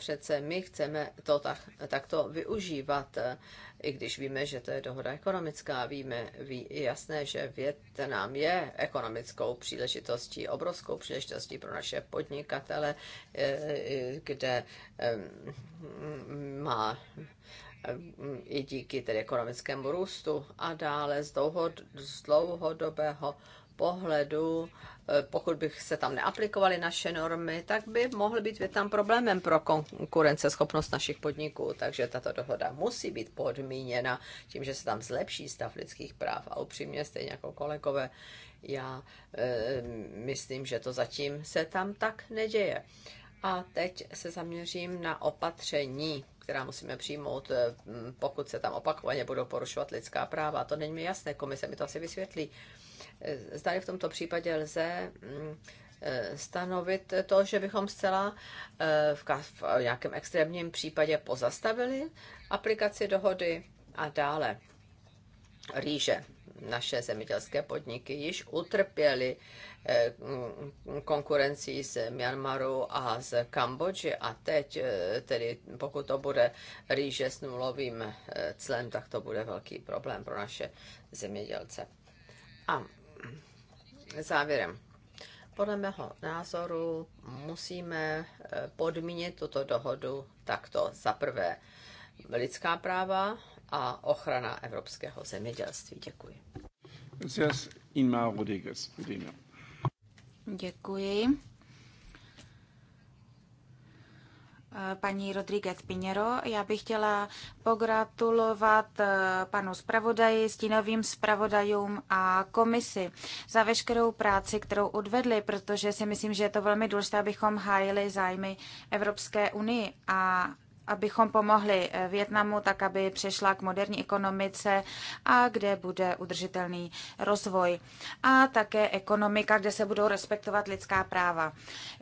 přece my chceme to tak, takto využívat, eh, i když víme, že to je dohoda ekonomická, víme ví, jasné, že Větnam je ekonomickou příležitostí, obrovskou příležitostí pro naše podnikatele, eh, kde eh, má i díky tedy ekonomickému růstu a dále z, dlouhod, z dlouhodobého pohledu, eh, pokud bych se tam neaplikovaly naše normy, tak by mohl být Větnam problémem pro konkurenceschopnost našich podniků. Takže tato dohoda musí být podmíněna tím, že se tam zlepší stav lidských práv. A upřímně, stejně jako kolegové, já e, myslím, že to zatím se tam tak neděje. A teď se zaměřím na opatření, která musíme přijmout, eh, pokud se tam opakovaně budou porušovat lidská práva. To není mi jasné, komise mi to asi vysvětlí zda v tomto případě lze mm, eh, stanovit to, že bychom zcela eh, v, v nějakém extrémním případě pozastavili aplikaci dohody a dále rýže. Naše zemědělské podniky již utrpěly eh, mm, konkurencí z Myanmaru a z Kambodži a teď, tedy pokud to bude rýže s nulovým clem, tak to bude velký problém pro naše zemědělce. A závěrem. Podle mého názoru musíme eh, podmínit tuto dohodu takto. Za prvé lidská práva a ochrana evropského zemědělství. Děkuji. Děkuji. paní Rodríguez Piněro. Já bych chtěla pogratulovat eh, panu zpravodaji, stínovým zpravodajům a komisi za veškerou práci, kterou odvedli, protože si myslím, že je to velmi důležité, abychom hájili zájmy Evropské unii a abychom pomohli eh, Větnamu tak, aby přešla k moderní ekonomice a kde bude udržitelný rozvoj. A také ekonomika, kde se budou respektovat lidská práva.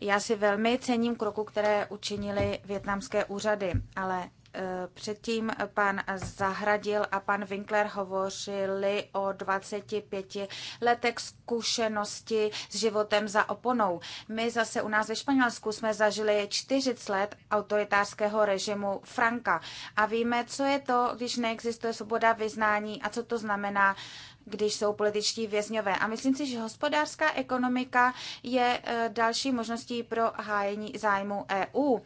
Já si velmi cením kroku, které učinili větnamské úřady, ale Předtím pan Zahradil a pan Winkler hovořili o 25 letech zkušenosti s životem za oponou. My zase u nás ve Španělsku jsme zažili 40 let autoritářského režimu Franka a víme, co je to, když neexistuje svoboda vyznání a co to znamená když jsou političtí vězňové. A myslím si, že hospodářská ekonomika je eh, další možností pro hájení zájmu EU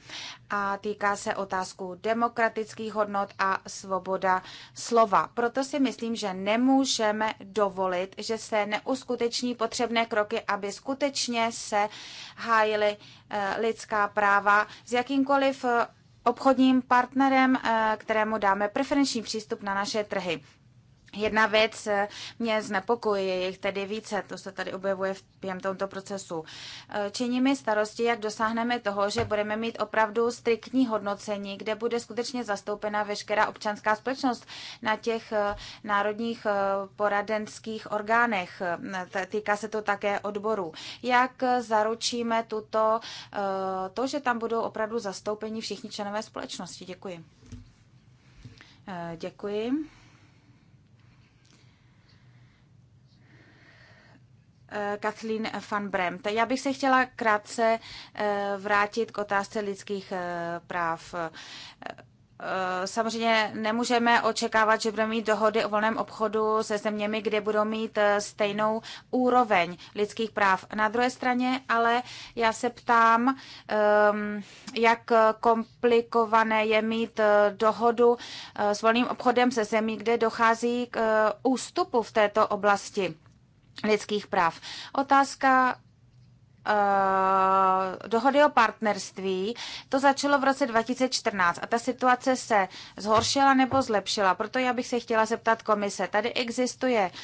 a týká se otázku demokratických hodnot a svoboda slova. Proto si myslím, že nemůžeme dovolit, že se neuskuteční potřebné kroky, aby skutečně se hájily eh, lidská práva s jakýmkoliv eh, obchodním partnerem, kterému dáme preferenční přístup na naše trhy. Jedna věc eh, mě znepokojuje, jich tedy více, to se tady objevuje v během tomto procesu. Eh, činí mi starosti, jak dosáhneme toho, že budeme mít opravdu striktní hodnocení, kde bude skutečně zastoupena veškerá občanská společnost na těch eh, národních poradenských orgánech. Týká se to také odborů. Jak zaručíme tuto, to, že tam budou opravdu zastoupeni všichni členové společnosti? Děkuji. Děkuji. Eh, Kathleen van Bremt. Já bych se chtěla krátce eh, vrátit k otázce lidských eh, práv. Samozřejmě nemůžeme očekávat, že budeme mít dohody o volném obchodu se zeměmi, kde budou mít stejnou úroveň lidských práv. Na druhé straně, ale já se ptám, ehm, jak komplikované je mít dohodu s volným obchodem se zemí, kde dochází k ústupu v této oblasti lidských práv. Otázka uh, dohody o partnerství, to začalo v roce 2014 a ta situace se zhoršila nebo zlepšila. Proto já bych se chtěla zeptat komise. Tady existuje uh,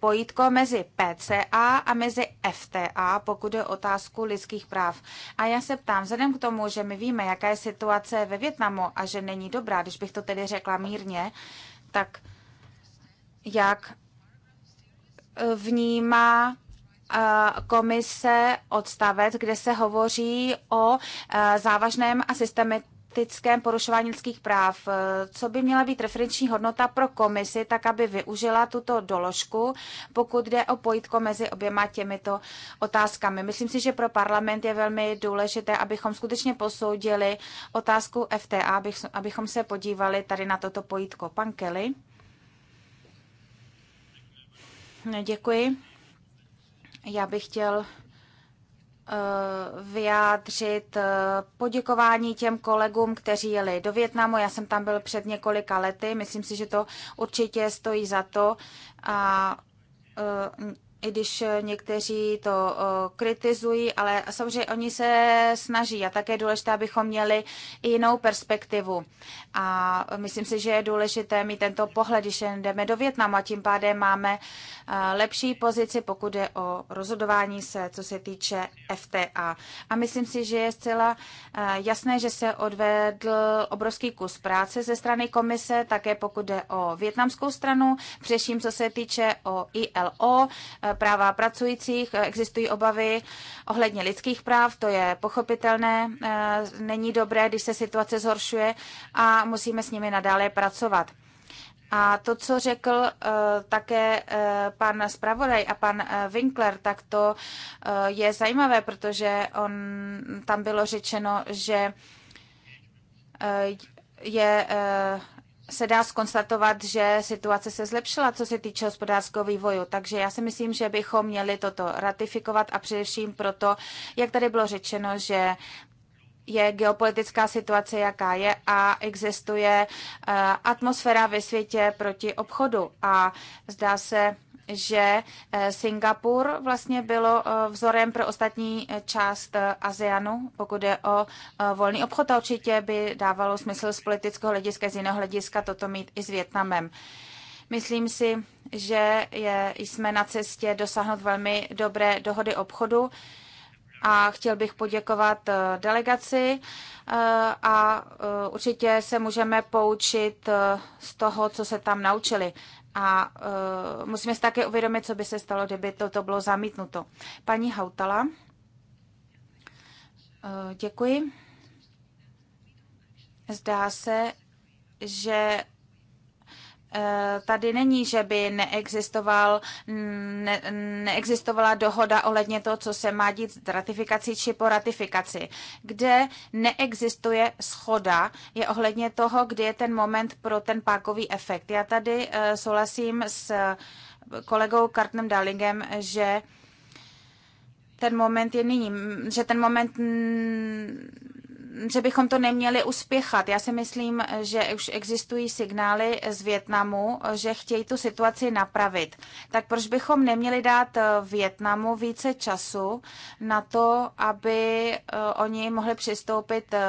pojítko mezi PCA a mezi FTA, pokud je otázku lidských práv. A já se ptám, vzhledem k tomu, že my víme, jaká je situace ve Větnamu a že není dobrá, když bych to tedy řekla mírně, tak jak vnímá eh, komise odstavec, kde se hovoří o eh, závažném a systematickém porušování lidských práv. Eh, co by měla být referenční hodnota pro komisi, tak aby využila tuto doložku, pokud jde o pojitko mezi oběma těmito otázkami. Myslím si, že pro parlament je velmi důležité, abychom skutečně posoudili otázku FTA, abychom se podívali tady na toto pojitko. Pan Kelly. Děkuji. Já bych chtěl eh, vyjádřit eh, poděkování těm kolegům, kteří jeli do Větnamu. Já jsem tam byl před několika lety. Myslím si, že to určitě stojí za to. A eh, i když eh, někteří to eh, kritizují, ale samozřejmě oni se snaží a také je důležité, abychom měli i jinou perspektivu. A myslím si, že je důležité mít tento pohled, když jdeme do Větnamu a tím pádem máme eh, lepší pozici, pokud je o rozhodování se, co se týče FTA. A myslím si, že je zcela jasné, že se odvedl obrovský kus práce ze strany komise, také pokud je o větnamskou stranu, především co se týče o ILO, Eh, práva pracujících, eh, existují obavy ohledně lidských práv, to je pochopitelné, eh, není dobré, když se situace zhoršuje a musíme s nimi nadále pracovat. A to, co řekl uh, také uh, pan Spravodaj a pan uh, Winkler, tak to uh, je zajímavé, protože on, tam bylo řečeno, že uh, je uh, se dá skonstatovat, že situace se zlepšila, co se týče hospodářského vývoju. Takže já si myslím, že bychom měli toto ratifikovat a především proto, jak tady bylo řečeno, že je geopolitická situace, jaká je a existuje eh, atmosféra ve světě proti obchodu. A zdá se, že eh, Singapur vlastně bylo eh, vzorem pro ostatní eh, část ASEANu, pokud je o volný obchod a určitě by dávalo smysl z politického hlediska, z jiného hlediska toto mít i s Větnamem. Myslím si, že je, jsme na cestě dosáhnout velmi dobré dohody obchodu a chtěl bych poděkovat delegaci a určitě se můžeme poučit z toho, co se tam naučili. A uh, musíme si také uvědomit, co by se stalo, kdyby toto bylo zamítnuto. Paní Hautala, uh, děkuji. Zdá se, že Eh, tady není, že by neexistoval, ne, neexistovala dohoda ohledně toho, co se má dít s ratifikací či po ratifikaci. Kde neexistuje schoda, je ohledně toho, kdy je ten moment pro ten pákový efekt. Já tady eh, souhlasím s eh, kolegou Kartnem Dalingem, že ten moment je nyní, že ten moment že bychom to neměli uspěchat. Já si myslím, že už existují signály z Větnamu, že chtějí tu situaci napravit. Tak proč bychom neměli dát eh, Větnamu více času na to, aby eh, oni mohli přistoupit eh,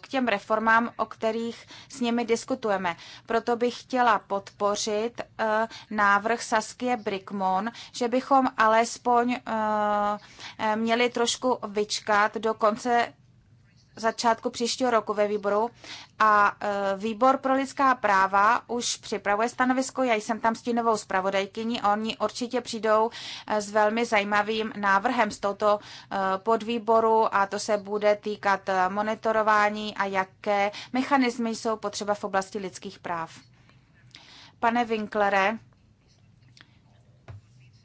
k těm reformám, o kterých s nimi diskutujeme. Proto bych chtěla podpořit návrh Saskie Brickmon, že bychom alespoň měli trošku vyčkat do konce začátku příštího roku ve výboru a e, výbor pro lidská práva už připravuje stanovisko, já jsem tam stínovou zpravodajkyní oni určitě přijdou e, s velmi zajímavým návrhem z tohoto e, podvýboru a to se bude týkat monitorování a jaké mechanismy jsou potřeba v oblasti lidských práv. Pane Winklere,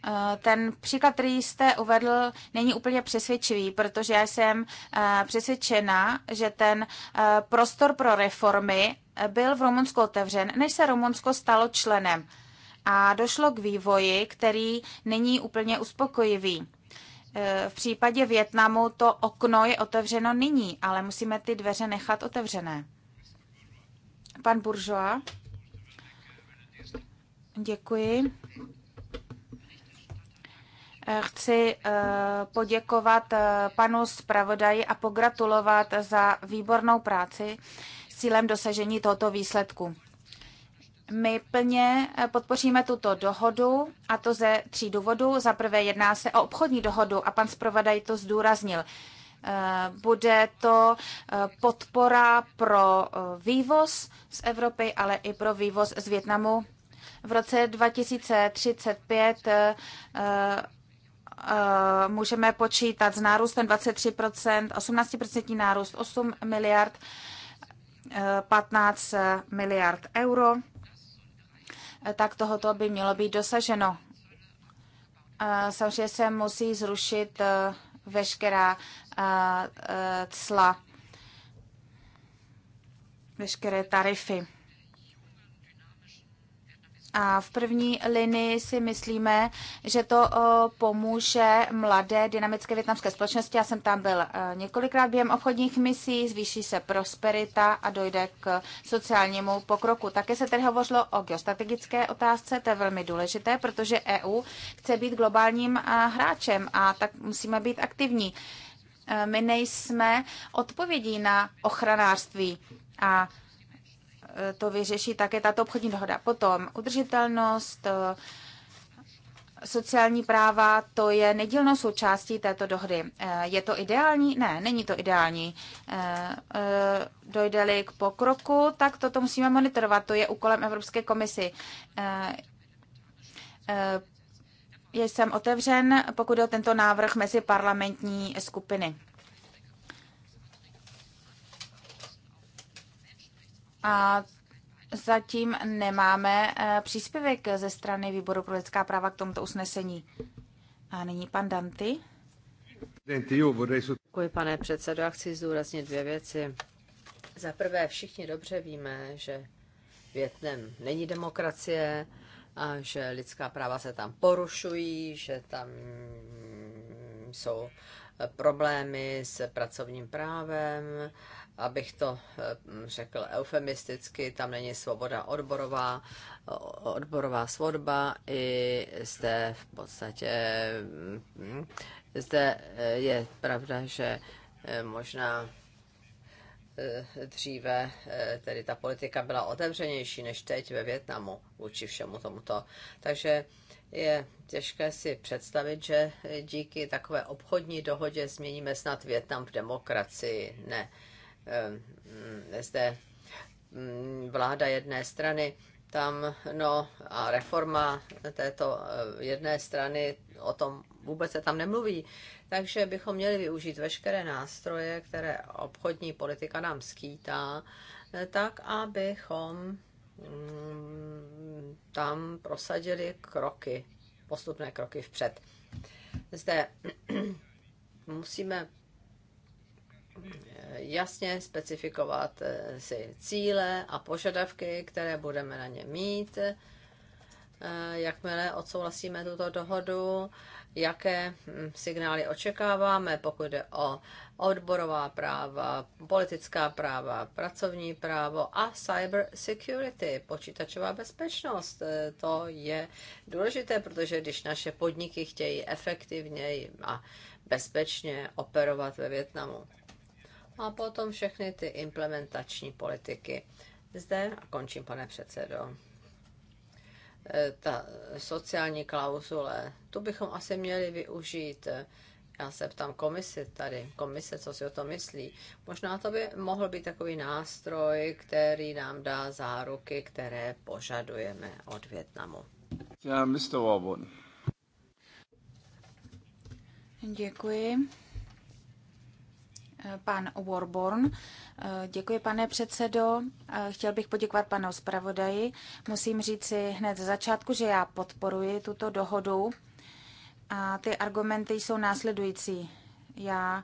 Eh, ten příklad, který jste uvedl, není úplně přesvědčivý, protože já jsem eh, přesvědčena, že ten eh, prostor pro reformy byl v Rumunsku otevřen, než se Rumunsko stalo členem. A došlo k vývoji, který není úplně uspokojivý. V případě Větnamu to okno je otevřeno nyní, ale musíme ty dveře nechat otevřené. Pan Buržoa. Děkuji. Chci eh, poděkovat eh, panu zpravodaji a pogratulovat za výbornou práci s cílem dosažení tohoto výsledku. My plně eh, podpoříme tuto dohodu a to ze tří důvodů. Za prvé jedná se o obchodní dohodu a pan zpravodaj to zdůraznil. Bude to podpora pro vývoz z Evropy, ale i pro vývoz z Větnamu. V roce 2035 Eh, můžeme počítat s nárůstem 23%, 18% nárůst 8 miliard, 15 eh, miliard euro, eh, tak tohoto by mělo být dosaženo. Samozřejmě se musí zrušit veškerá cla, veškeré tarify. A v první linii si myslíme, že to eh, pomůže mladé dynamické větnamské společnosti. Já jsem tam byl eh, několikrát během obchodních misí, zvýší se prosperita a dojde k sociálnímu pokroku. Také se tedy hovořilo o geostrategické otázce, to je velmi důležité, protože EU chce být globálním eh, hráčem a tak musíme být aktivní. My nejsme odpovědí na ochranářství a Eh, to vyřeší také tato obchodní dohoda. Potom udržitelnost, eh, sociální práva, to je nedílnou součástí této dohody. Eh, je to ideální? Ne, není to ideální. Dojde-li k pokroku, tak toto musíme monitorovat. To je úkolem Evropské komisy. Jsem otevřen, pokud je o tento návrh mezi parlamentní skupiny. A zatím nemáme eh, příspěvek ze strany Výboru pro lidská práva k tomuto usnesení. A nyní pan Danty. Děkuji, pane předsedo. Já chci zdůraznit dvě věci. Za prvé, všichni dobře víme, že Větnam není demokracie a že lidská práva se tam porušují, že tam jsou problémy s pracovním právem abych to eh, mm, řekl eufemisticky, tam není svoboda odborová, odborová svodba, i zde v podstatě, mm, zde eh, je pravda, že eh, možná dříve tedy ta politika byla otevřenější než teď ve Větnamu vůči všemu tomuto. Takže je těžké si představit, že díky takové obchodní dohodě změníme snad Větnam v demokracii. Ne. Eh, mm, zde mm, vláda jedné strany tam, no a reforma této eh, jedné strany, o tom vůbec se tam nemluví. Takže bychom měli využít veškeré nástroje, které obchodní politika nám skýtá, eh, tak abychom mm, tam prosadili kroky, postupné kroky vpřed. Zde musíme jasně specifikovat eh, si cíle a požadavky, které budeme na ně mít, eh, jakmile odsouhlasíme tuto dohodu, jaké hm, signály očekáváme, pokud jde o odborová práva, politická práva, pracovní právo a cyber security, počítačová bezpečnost. Eh, to je důležité, protože když naše podniky chtějí efektivněji a bezpečně operovat ve Větnamu a potom všechny ty implementační politiky. Zde, a končím, pane předsedo, eh, ta sociální klauzule, tu bychom asi měli využít. Já se ptám komisi tady, komise, co si o to myslí. Možná to by mohl být takový nástroj, který nám dá záruky, které požadujeme od Větnamu. Já, Mr. Wabon. Děkuji. Pan Warborn. Eh, děkuji, pane předsedo. Eh, chtěl bych poděkovat panu zpravodaji. Musím říci hned z začátku, že já podporuji tuto dohodu. A ty argumenty jsou následující. Já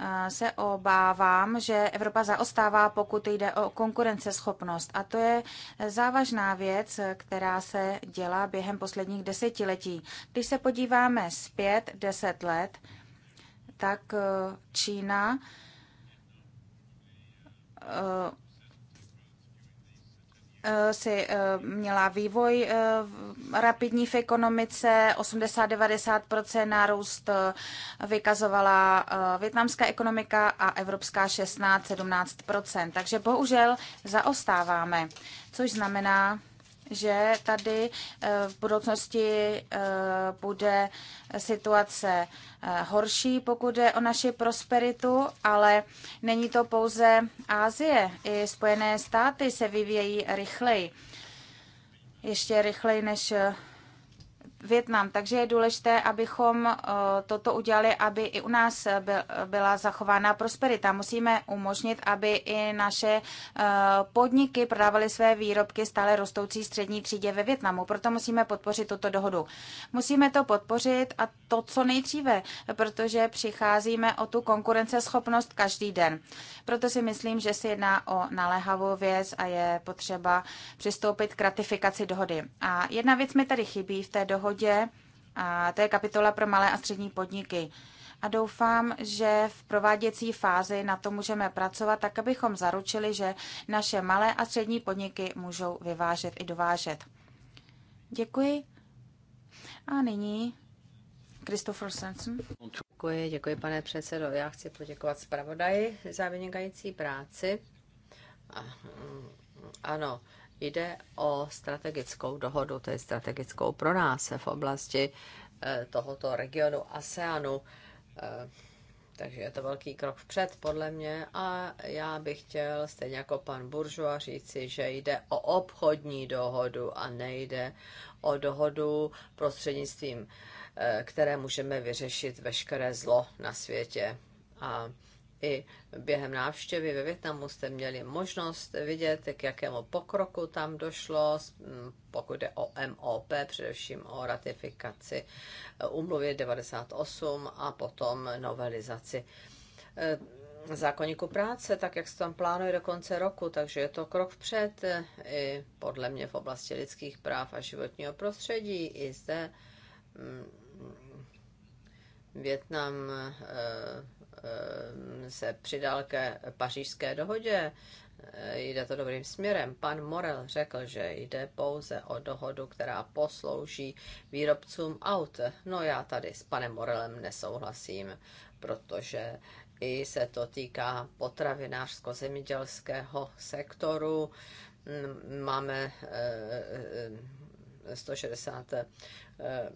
eh, se obávám, že Evropa zaostává, pokud jde o konkurenceschopnost. A to je závažná věc, která se dělá během posledních desetiletí. Když se podíváme zpět deset let, tak eh, Čína eh, eh, se měla vývoj rapidní v ekonomice, 80-90% nárůst vykazovala větnamská ekonomika a evropská 16-17%. Takže bohužel zaostáváme, což znamená, že tady eh, v budoucnosti eh, bude situace eh, horší, pokud je o naši prosperitu, ale není to pouze Ázie. I Spojené státy se vyvíjejí rychleji. Ještě rychleji než Větnam. Takže je důležité, abychom eh, toto udělali, aby i u nás byla zachována prosperita. Musíme umožnit, aby i naše eh, podniky prodávaly své výrobky stále rostoucí střední třídě ve Větnamu. Proto musíme podpořit tuto dohodu. Musíme to podpořit a to co nejdříve, protože přicházíme o tu konkurenceschopnost každý den. Proto si myslím, že se jedná o naléhavou věc a je potřeba přistoupit k ratifikaci dohody. A jedna věc mi tady chybí v té dohodě, dohodě, a to je kapitola pro malé a střední podniky. A doufám, že v prováděcí fázi na to můžeme pracovat, tak abychom zaručili, že naše malé a střední podniky můžou vyvážet i dovážet. Děkuji. A nyní Christopher Sensen. Děkuji, děkuji pane předsedo. Já chci poděkovat zpravodaji za vynikající práci. Mm, ano, jde o strategickou dohodu, to je strategickou pro nás v oblasti eh, tohoto regionu ASEANu. Eh, takže je to velký krok vpřed, podle mě. A já bych chtěl, stejně jako pan Buržua, říci, že jde o obchodní dohodu a nejde o dohodu prostřednictvím, eh, které můžeme vyřešit veškeré zlo na světě. A i během návštěvy ve Větnamu jste měli možnost vidět, k jakému pokroku tam došlo, pokud jde o MOP, především o ratifikaci umluvy e, 98 a potom novelizaci e, zákonníku práce, tak jak se tam plánuje do konce roku, takže je to krok vpřed e, i podle mě v oblasti lidských práv a životního prostředí. I zde Větnam Eh, se přidal ke pařížské dohodě, eh, jde to dobrým směrem. Pan Morel řekl, že jde pouze o dohodu, která poslouží výrobcům aut. No já tady s panem Morelem nesouhlasím, protože i se to týká potravinářsko-zemědělského sektoru. Mm, máme eh, 160 eh, eh,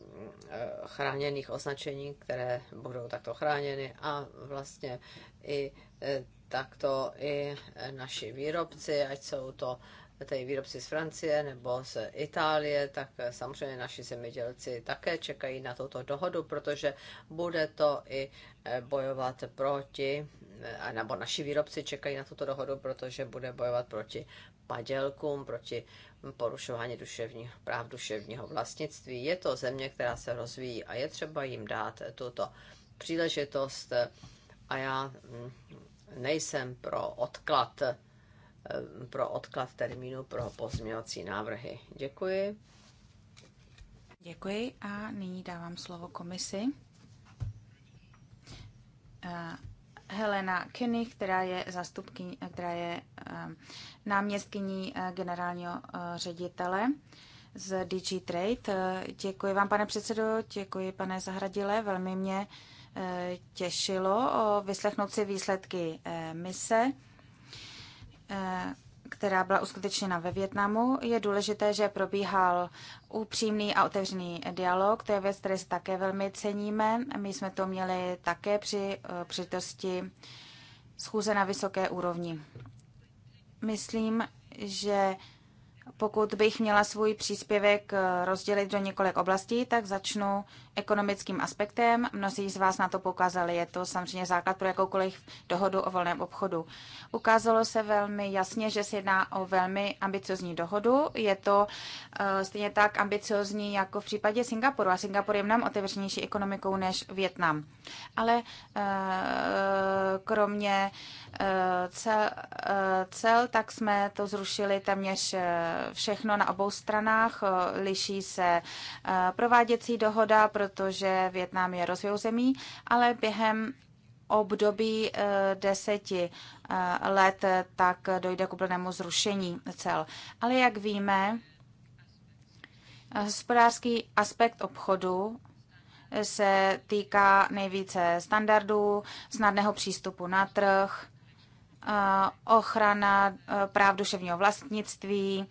chráněných označení, které budou takto chráněny a vlastně i eh, takto i naši výrobci, ať jsou to tedy výrobci z Francie nebo z Itálie, tak samozřejmě naši zemědělci také čekají na tuto dohodu, protože bude to i bojovat proti, nebo naši výrobci čekají na tuto dohodu, protože bude bojovat proti padělkům, proti porušování duševního práv duševního vlastnictví. Je to země, která se rozvíjí a je třeba jim dát tuto příležitost. A já mm, nejsem pro odklad, mm, pro odklad termínu pro pozměňovací návrhy. Děkuji. Děkuji a nyní dávám slovo komisi. Eh, Helena Kenny, která je, zastupkyní, která je eh, náměstkyní eh, generálního eh, ředitele z DG Trade. Děkuji vám, pane předsedo, děkuji, pane Zahradile, velmi mě těšilo vyslechnout si výsledky mise která byla uskutečněna ve Větnamu, je důležité, že probíhal upřímný a otevřený dialog. To je věc, které si také velmi ceníme. My jsme to měli také při eh, přitosti schůze na vysoké úrovni. Myslím, že pokud bych měla svůj příspěvek eh, rozdělit do několik oblastí, tak začnu ekonomickým aspektem. Mnozí z vás na to poukázali, je to samozřejmě základ pro jakoukoliv dohodu o volném obchodu. Ukázalo se velmi jasně, že se jedná o velmi ambiciozní dohodu. Je to uh, stejně tak ambiciozní jako v případě Singapuru a Singapur je mnohem otevřenější ekonomikou než Větnam. Ale uh, kromě uh, cel, uh, cel, tak jsme to zrušili téměř všechno na obou stranách. Liší se prováděcí dohoda, pro protože Větnam je rozvojovou zemí, ale během období eh, deseti eh, let tak dojde k úplnému zrušení cel. Ale jak víme, eh, hospodářský aspekt obchodu se týká nejvíce standardů, snadného přístupu na trh, ochrana práv duševního vlastnictví,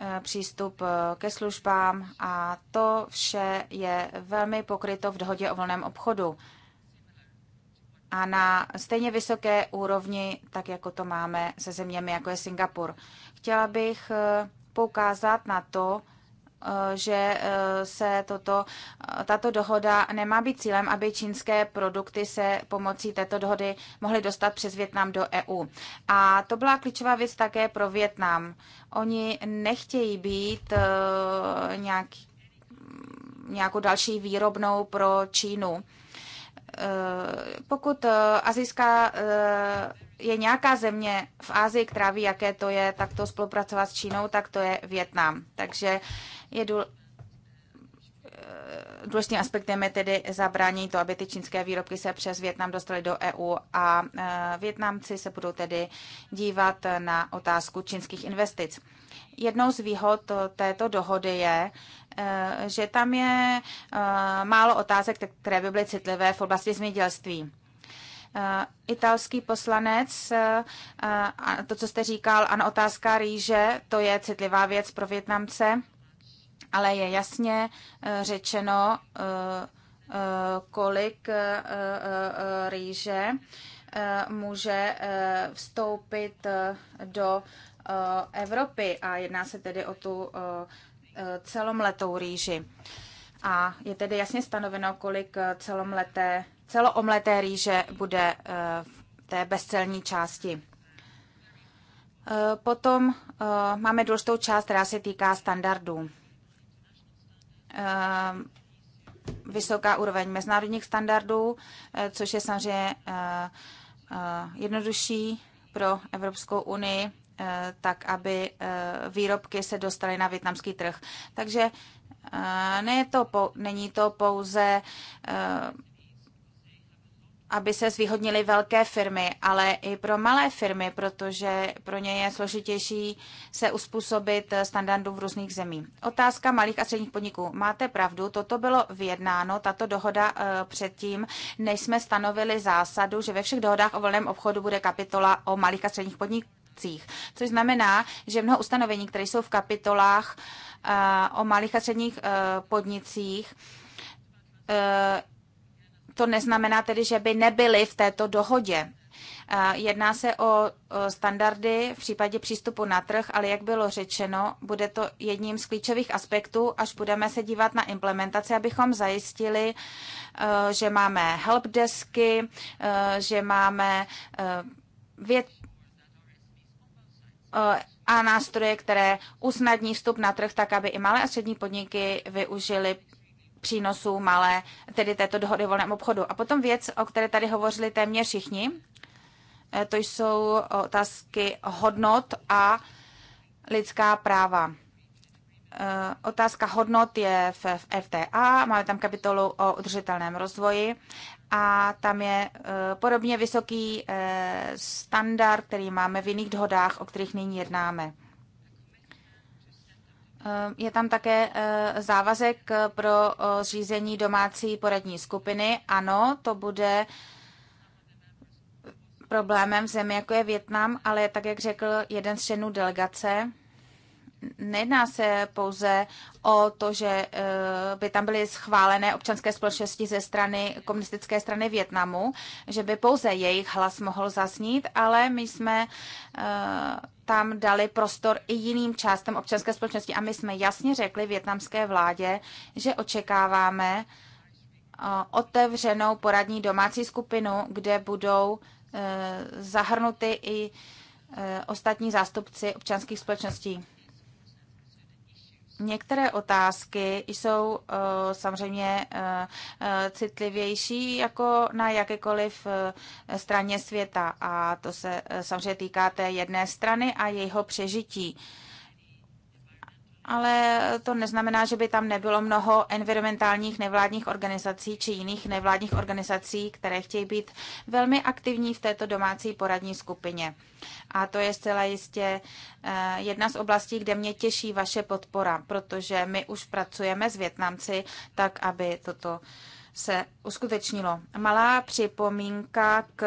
Eh, přístup eh, ke službám a to vše je velmi pokryto v dohodě o volném obchodu. A na stejně vysoké úrovni, tak jako to máme se zeměmi, jako je Singapur. Chtěla bych eh, poukázat na to, Eh, že eh, se toto, eh, tato dohoda nemá být cílem, aby čínské produkty se pomocí této dohody mohly dostat přes Větnam do EU. A to byla klíčová věc také pro Větnam. Oni nechtějí být nějaký, nějakou další výrobnou pro Čínu. Pokud azijská je nějaká země v Ázii, která ví, jaké to je, tak to spolupracovat s Čínou, tak to je Větnam. Takže je důl, eh, důležitým aspektem je tedy zabránění to, aby ty čínské výrobky se přes Větnam dostaly do EU a eh, Větnamci se budou tedy dívat na otázku čínských investic. Jednou z výhod této dohody je, eh, že tam je málo otázek, které by byly citlivé v oblasti zemědělství italský poslanec, to, co jste říkal, ano, otázka rýže, to je citlivá věc pro Větnamce ale je jasně eh, řečeno, eh, eh, kolik rýže může vstoupit do Evropy a jedná se tedy o tu celomletou rýži. A je tedy jasně stanoveno, kolik celomleté, celoomleté rýže bude v té bezcelní části. Potom máme důležitou část, která se týká standardů. Eh, vysoká úroveň mezinárodních standardů, eh, což je samozřejmě eh, jednodušší pro Evropskou unii, tak aby výrobky se dostaly na větnamský trh. Takže ne to, není to pouze aby se zvýhodnily velké firmy, ale i pro malé firmy, protože pro ně je složitější se uspůsobit standardům v různých zemí. Otázka malých a středních podniků. Máte pravdu, toto bylo vyjednáno, tato dohoda eh, předtím, než jsme stanovili zásadu, že ve všech dohodách o volném obchodu bude kapitola o malých a středních podniků. což znamená, že mnoho ustanovení, které jsou v kapitolách eh, o malých a středních eh, podnicích, to neznamená tedy, že by nebyly v této dohodě. Jedná se o standardy v případě přístupu na trh, ale jak bylo řečeno, bude to jedním z klíčových aspektů, až budeme se dívat na implementaci, abychom zajistili, e, že máme helpdesky, e, že máme e, věd a nástroje, které usnadní vstup na trh tak, aby i malé a střední podniky využily přínosů malé, tedy této dohody o volném obchodu. A potom věc, o které tady hovořili téměř všichni, eh, to jsou otázky hodnot a lidská práva. Eh, otázka hodnot je v FTA, máme tam kapitolu o udržitelném rozvoji a tam je eh, podobně vysoký standard, který máme v jiných dohodách, o kterých nyní jednáme. Eh, je tam také eh, závazek eh, pro zřízení domácí poradní skupiny. Ano, to bude problémem v zemi, jako je Větnam, ale tak, jak řekl jeden z členů delegace, nejedná se pouze o to, že by tam byly schválené občanské společnosti ze strany komunistické strany Větnamu, že by pouze jejich hlas mohl zasnít, ale my jsme tam dali prostor i jiným částem občanské společnosti. A my jsme jasně řekli větnamské vládě, že očekáváme eh, otevřenou poradní domácí skupinu, kde budou eh, zahrnuty i eh, ostatní zástupci občanských společností. Některé otázky jsou uh, samozřejmě uh, citlivější jako na jakékoliv uh, straně světa a to se uh, samozřejmě týká té jedné strany a jejího přežití. Uh, ale to neznamená, že by tam nebylo mnoho environmentálních nevládních organizací či jiných nevládních organizací, které chtějí být velmi aktivní v této domácí poradní skupině. A to je zcela jistě eh, jedna z oblastí, kde mě těší vaše podpora, protože my už pracujeme s Větnamci tak, aby toto se uskutečnilo. Malá připomínka k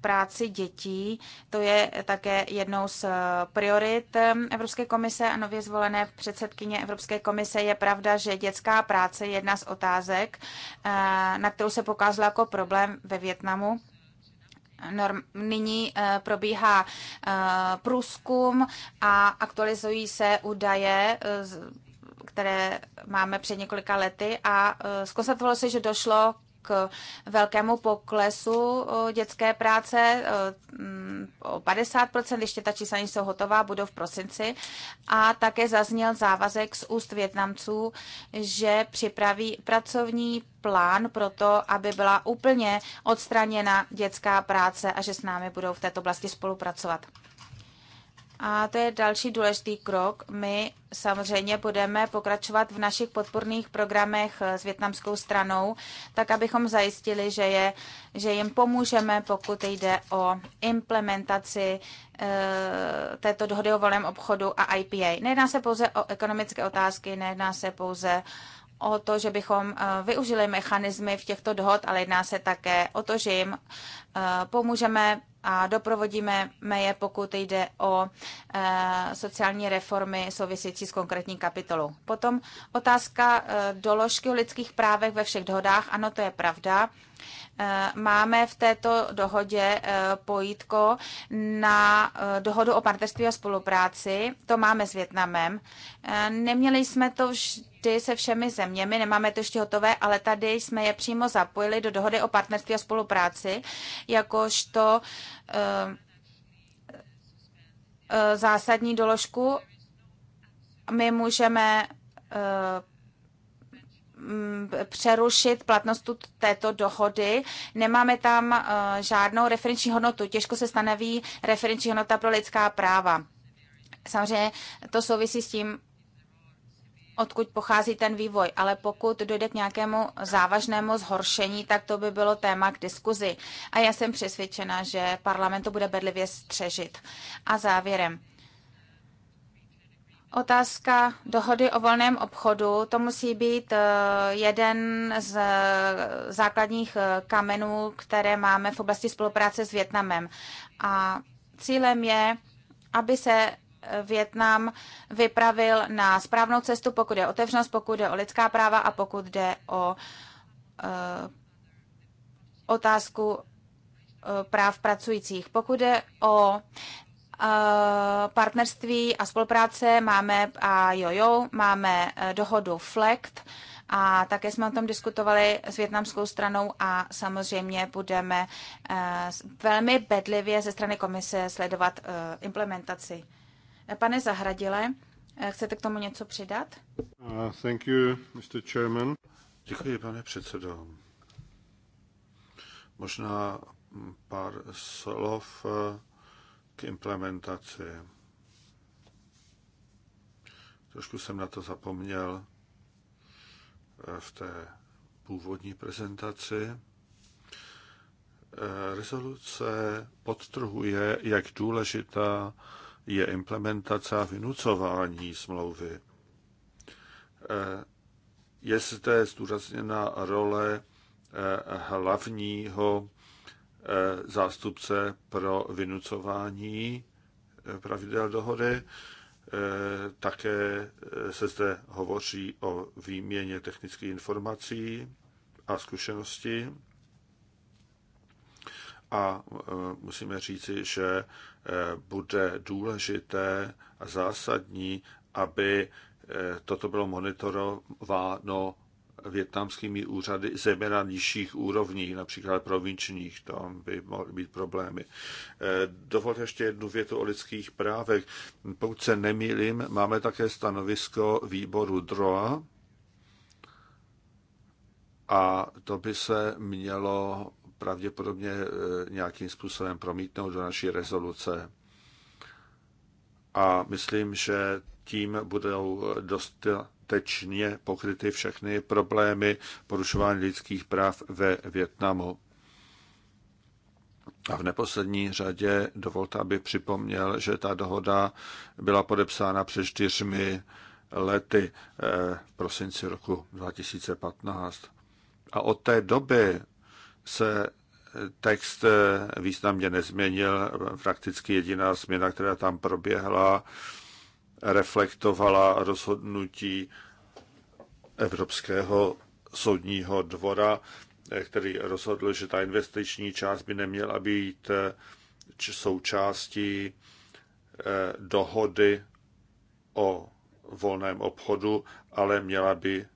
práci dětí, to je také jednou z priorit Evropské komise a nově zvolené předsedkyně Evropské komise. Je pravda, že dětská práce je jedna z otázek, eh, na kterou se pokázala jako problém ve Větnamu. Norm, nyní eh, probíhá eh, průzkum a aktualizují se údaje které máme před několika lety a e, zkonstatovalo se, že došlo k velkému poklesu e, dětské práce e, mm, o 50%, ještě ta čísla jsou hotová, budou v prosinci. A také zazněl závazek z úst Větnamců, že připraví pracovní plán pro to, aby byla úplně odstraněna dětská práce a že s námi budou v této oblasti spolupracovat. A to je další důležitý krok. My samozřejmě budeme pokračovat v našich podporných programech s větnamskou stranou, tak abychom zajistili, že, je, že jim pomůžeme, pokud jde o implementaci e, této dohody o volném obchodu a IPA. Nejedná se pouze o ekonomické otázky, nejedná se pouze o to, že bychom eh, využili mechanismy v těchto dohod, ale jedná se také o to, že jim eh, pomůžeme a doprovodíme je, pokud jde o e, sociální reformy související s konkrétní kapitolou. Potom otázka e, doložky o lidských právech ve všech dohodách. Ano, to je pravda. E, máme v této dohodě e, pojítko na e, dohodu o partnerství a spolupráci. To máme s Větnamem. E, neměli jsme to vždy kontakty se všemi zeměmi, nemáme to ještě hotové, ale tady jsme je přímo zapojili do dohody o partnerství a spolupráci, jakožto eh, eh, zásadní doložku. My můžeme eh, přerušit platnost této dohody. Nemáme tam žádnou referenční hodnotu. Těžko se stanoví referenční hodnota pro lidská práva. Samozřejmě to souvisí s tím, odkud pochází ten vývoj, ale pokud dojde k nějakému závažnému zhoršení, tak to by bylo téma k diskuzi. A já jsem přesvědčena, že parlament to bude bedlivě střežit. A závěrem. Otázka dohody o volném obchodu, to musí být eh, jeden z eh, základních eh, kamenů, které máme v oblasti spolupráce s Větnamem. A cílem je, aby se Větnam vypravil na správnou cestu, pokud je otevřenost, pokud jde o lidská práva a pokud jde o uh, otázku uh, práv pracujících. Pokud jde o uh, partnerství a spolupráce, máme a jojo, máme dohodu FLECT a také jsme o tom diskutovali s větnamskou stranou a samozřejmě budeme velmi bedlivě ze strany komise sledovat implementaci. Pane Zahradile, eh, chcete k tomu něco přidat? Uh, thank you, Mr. Chairman. Děkuji, pane předsedo. Možná pár slov eh, k implementaci. Trošku jsem na to zapomněl eh, v té původní prezentaci. Rezoluce podtrhuje, jak důležitá je implementace a vynucování smlouvy. Eh, je zde zdůrazněna role eh, hlavního eh, zástupce pro vynucování pravidel dohody. Také se zde hovoří o výměně technických informací a zkušeností. A musíme říci, že bude důležité a zásadní, aby eh, toto bylo monitorováno větnamskými úřady, zejména nižších úrovní, například provinčních, tam by mohly být problémy. Eh, Dovolte ještě jednu větu o lidských právech. Pokud se nemýlím, máme také stanovisko výboru DROA a to by se mělo pravděpodobně e, nějakým způsobem promítnout do naší rezoluce. A myslím, že tím budou dostatečně pokryty všechny problémy porušování lidských práv ve Větnamu. A v neposlední řadě dovolte, aby připomněl, že ta dohoda byla podepsána před čtyřmi lety e, v prosinci roku 2015. A od té doby se text významně nezměnil. Prakticky jediná změna, která tam proběhla, reflektovala rozhodnutí Evropského soudního dvora, který rozhodl, že ta investiční část by neměla být součástí eh, dohody o volném obchodu, ale měla by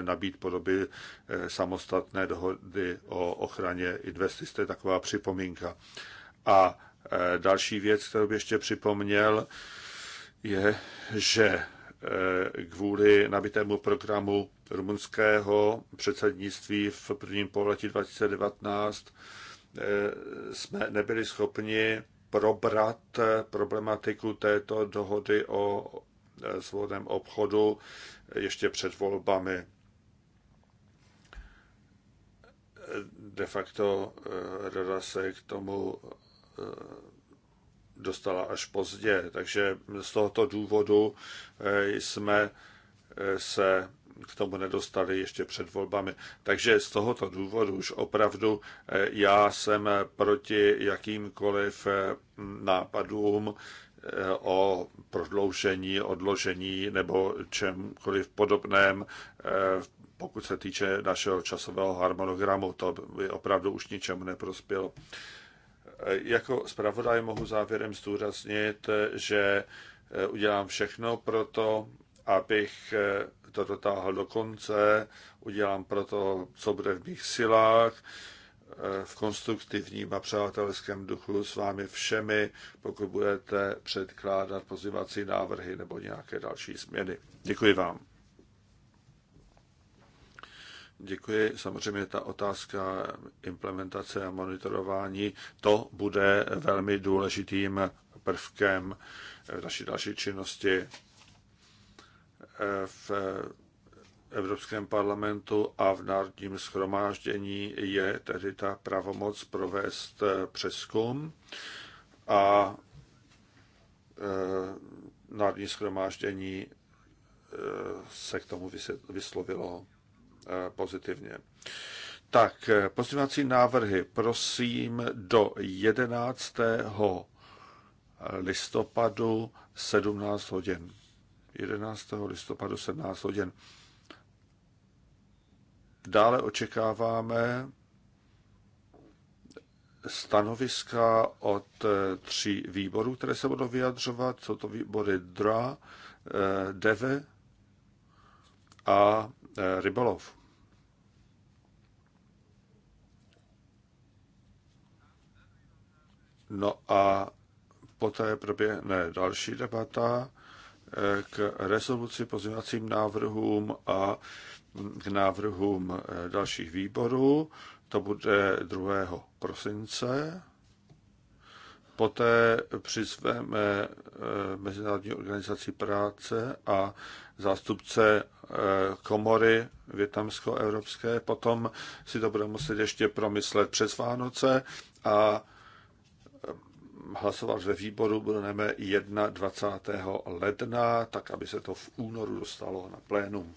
nabít podoby eh, samostatné dohody o ochraně investic. To je taková připomínka. A eh, další věc, kterou bych ještě připomněl, je, že eh, kvůli nabitému programu rumunského předsednictví v prvním pohledu 2019 jsme nebyli schopni probrat problematiku této dohody o svobodném obchodu ještě před volbami. De facto eh, rada se k tomu eh, dostala až pozdě, takže z tohoto důvodu eh, jsme se k tomu nedostali ještě před volbami. Takže z tohoto důvodu už opravdu já jsem proti jakýmkoliv nápadům, o prodloužení, odložení nebo čemkoliv podobném, eh, pokud se týče našeho časového harmonogramu, to by opravdu už ničemu neprospělo. Eh, jako zpravodaj mohu závěrem zdůraznit, že eh, udělám všechno pro to, abych to dotáhl do konce, udělám pro to, co bude v mých silách, Eh, v konstruktivním a přátelském duchu s vámi všemi, pokud budete předkládat pozivací návrhy nebo nějaké další změny. Děkuji vám. Děkuji. Samozřejmě ta otázka implementace a monitorování, to bude velmi důležitým prvkem v naší další činnosti. Eh, v Evropském parlamentu a v Národním schromáždění je tedy ta pravomoc provést eh, přeskum a eh, Národní schromáždění eh, se k tomu vyslovilo pozitivně. Tak, pozměňovací návrhy prosím do 11. listopadu 17 hodin. 11. listopadu 17 hodin. Dále očekáváme stanoviska od eh, tří výborů, které se budou vyjadřovat. Jsou to výbory DRA, eh, DEVE a eh, Rybolov. No a poté proběhne další debata k rezoluci, pozměňovacím návrhům a k návrhům dalších výborů. To bude 2. prosince. Poté přizveme eh, Mezinárodní organizaci práce a zástupce eh, komory větnamsko-evropské. Potom si to budeme muset ještě promyslet přes Vánoce a hlasovat ve výboru budeme 21. ledna, tak aby se to v únoru dostalo na plénum.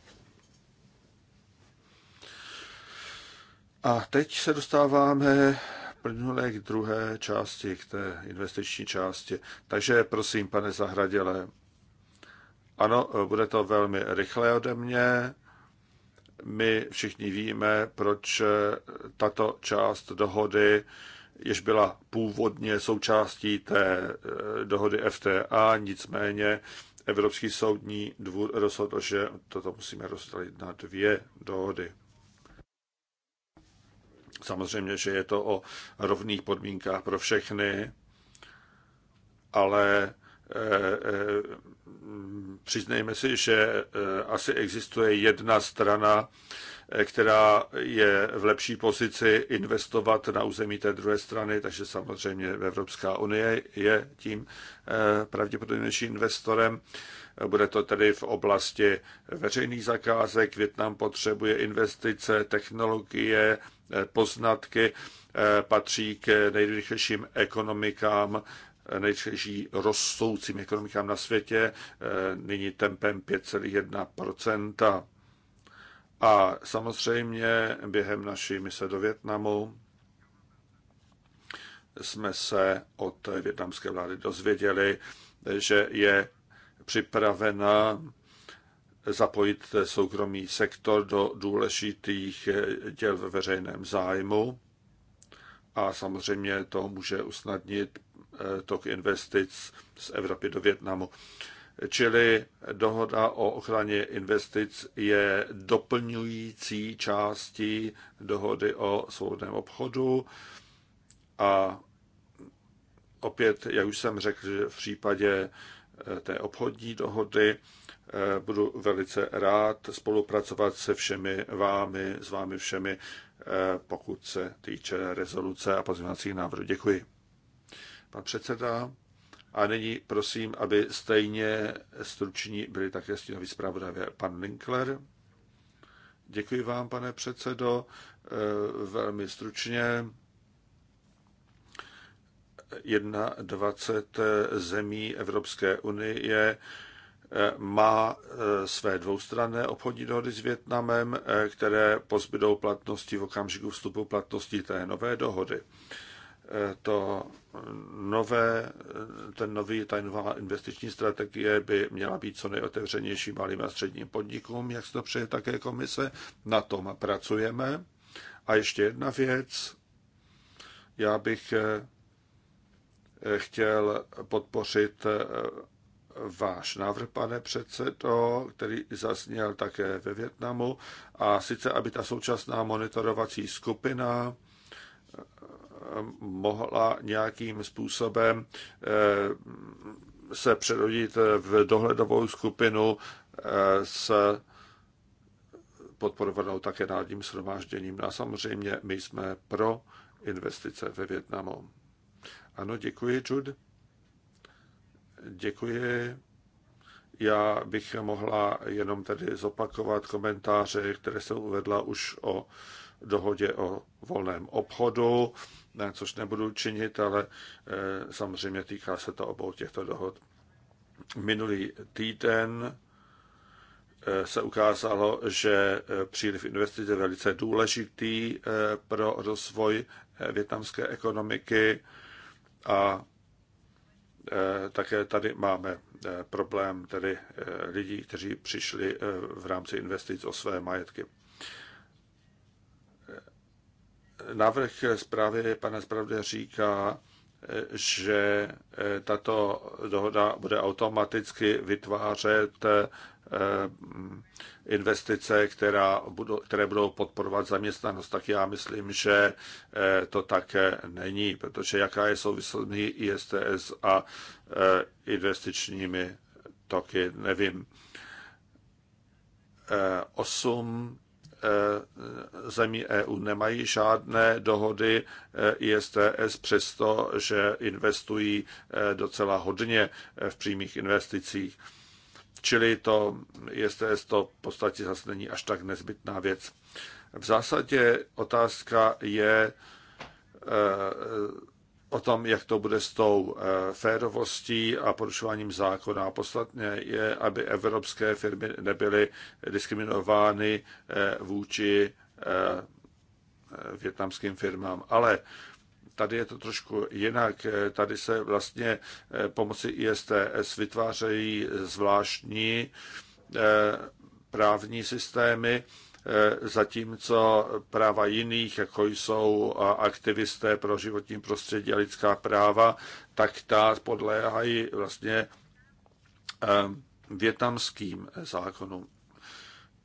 A teď se dostáváme plnule k druhé části, k té investiční části. Takže prosím, pane Zahraděle, ano, bude to velmi rychle ode mě. My všichni víme, proč tato část dohody jež byla původně součástí té eh, dohody FTA, nicméně Evropský soudní dvůr rozhodl, že toto musíme rozdělit na dvě dohody. Samozřejmě, že je to o rovných podmínkách pro všechny, ale eh, eh, přiznejme si, že asi existuje jedna strana, Eh, která je v lepší pozici investovat na území té druhé strany, takže samozřejmě Evropská unie je tím eh, pravděpodobnějším investorem. Bude to tedy v oblasti veřejných zakázek. Větnam potřebuje investice, technologie, eh, poznatky, patří k nejrychlejším ekonomikám nejrychlejší rostoucím ekonomikám na světě, nyní tempem 5,1 a samozřejmě během naší mise do Větnamu jsme se od větnamské vlády dozvěděli, že je připravena zapojit soukromý sektor do důležitých děl ve veřejném zájmu a samozřejmě to může usnadnit tok investic z Evropy do Větnamu. Čili dohoda o ochraně investic je doplňující částí dohody o svobodném obchodu a opět, jak už jsem řekl, že v případě eh, té obchodní dohody eh, budu velice rád spolupracovat se všemi vámi, s vámi všemi, eh, pokud se týče rezoluce a pozměňovacích návrhů. Děkuji. Pan předseda. A nyní prosím, aby stejně struční byli také stínoví zpravodajové pan Linkler. Děkuji vám, pane předsedo, eh, velmi stručně. 21 eh, zemí Evropské unie eh, má své dvoustranné obchodní dohody s Větnamem, které pozbydou platnosti v okamžiku vstupu platnosti té nové dohody to nové, ten nový, ta nová investiční strategie by měla být co nejotevřenější malým a středním podnikům, jak se to přeje také komise. Na tom pracujeme. A ještě jedna věc. Já bych eh, chtěl podpořit eh, váš návrh, pane předsedo, který zazněl také ve Větnamu, a sice, aby ta současná monitorovací skupina mohla nějakým způsobem eh, se přerodit v dohledovou skupinu eh, s podporovanou také národním shromážděním. A samozřejmě my jsme pro investice ve Větnamu. Ano, děkuji, Jude. Děkuji. Já bych mohla jenom tedy zopakovat komentáře, které jsem uvedla už o dohodě o volném obchodu což nebudu činit, ale eh, samozřejmě týká se to obou těchto dohod. Minulý týden eh, se ukázalo, že eh, příliv investic je velice důležitý pro rozvoj větnamské ekonomiky a také tady máme problém tedy lidí, kteří přišli v rámci investic o své majetky. Návrh zprávy pana zpravodaje říká, že tato dohoda bude automaticky vytvářet eh, investice, která budou, které budou podporovat zaměstnanost, tak já myslím, že eh, to také není, protože jaká je souvislost ISTS a eh, investičními toky, nevím. 8 Eh, zemí EU nemají žádné dohody eh, ISTS, přestože investují eh, docela hodně v přímých investicích. Čili to ISTS to v podstatě zase není až tak nezbytná věc. V zásadě otázka je o tom, jak to bude s tou eh, férovostí a porušováním zákona. Podstatně je, aby evropské firmy nebyly diskriminovány eh, vůči eh, větnamským firmám. Ale tady je to trošku jinak. Tady se vlastně pomocí ISTS vytvářejí zvláštní právní systémy, Eh, zatímco práva jiných, jako jsou eh, aktivisté pro životní prostředí a lidská práva, tak ta podléhají vlastně eh, větnamským zákonům.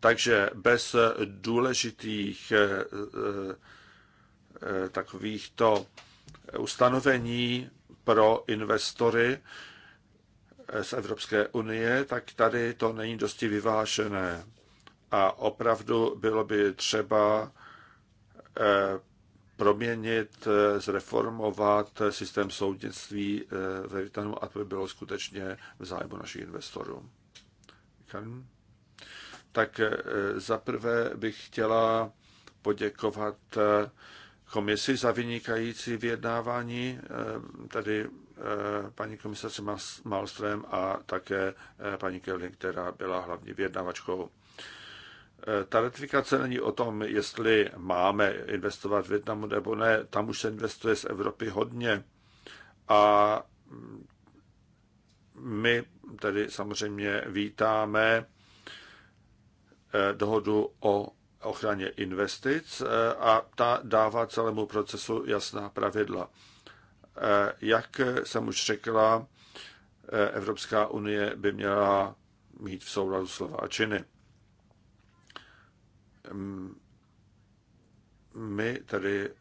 Takže bez důležitých takovýchto ustanovení pro investory z Evropské unie, tak tady to není dosti vyvážené a opravdu bylo by třeba eh, proměnit, eh, zreformovat systém soudnictví eh, ve Větnamu a to by bylo skutečně v zájmu našich investorů. Tak zaprvé bych chtěla poděkovat komisi za vynikající vyjednávání, tedy paní komisaři Malström a také paní Kelly, která byla hlavní vyjednavačkou. Eh, ta ratifikace není o tom, jestli máme investovat v Větnamu nebo ne. Tam už se investuje z Evropy hodně. A mm, my tedy samozřejmě vítáme eh, dohodu o ochraně investic eh, a ta dává celému procesu jasná pravidla. Jak jsem už řekla, Evropská unie by měla mít v souladu slova a činy. My tedy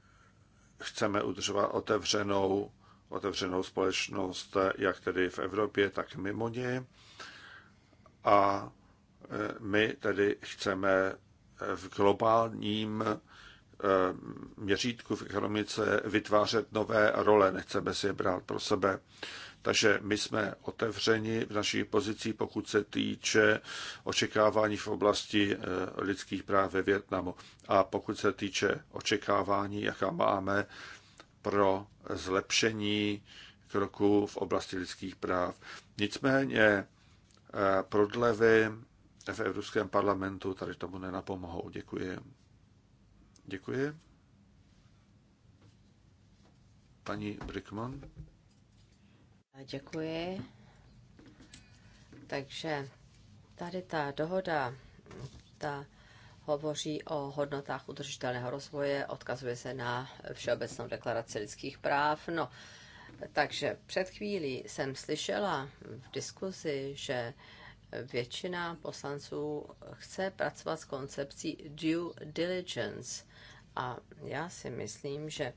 chceme udržovat otevřenou, otevřenou společnost, jak tedy v Evropě, tak mimo ně. A e, my tedy chceme v globálním e, měřítku v ekonomice vytvářet nové role, nechceme si je brát pro sebe. Takže my jsme otevřeni v našich pozicích, pokud se týče očekávání v oblasti eh, lidských práv ve Větnamu. A pokud se týče očekávání, jaká máme pro zlepšení kroku v oblasti lidských práv. Nicméně eh, prodlevy v Evropském parlamentu tady tomu nenapomohou. Děkuji. Děkuji. Paní Brickman. Děkuji. Takže tady ta dohoda, ta hovoří o hodnotách udržitelného rozvoje, odkazuje se na Všeobecnou deklaraci lidských práv. No, takže před chvílí jsem slyšela v diskuzi, že většina poslanců chce pracovat s koncepcí due diligence. A já si myslím, že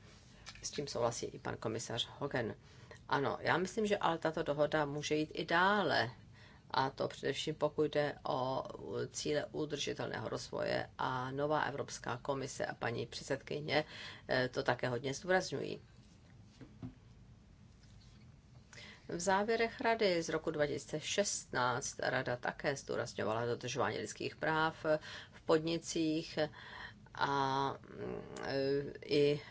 s tím souhlasí i pan komisař Hogan. Ano, já myslím, že ale tato dohoda může jít i dále. A to především pokud jde o cíle udržitelného rozvoje a nová Evropská komise a paní předsedkyně eh, to také hodně zdůrazňují. V závěrech Rady z roku 2016 Rada také zdůrazňovala dodržování lidských práv eh, v podnicích eh, a mm, i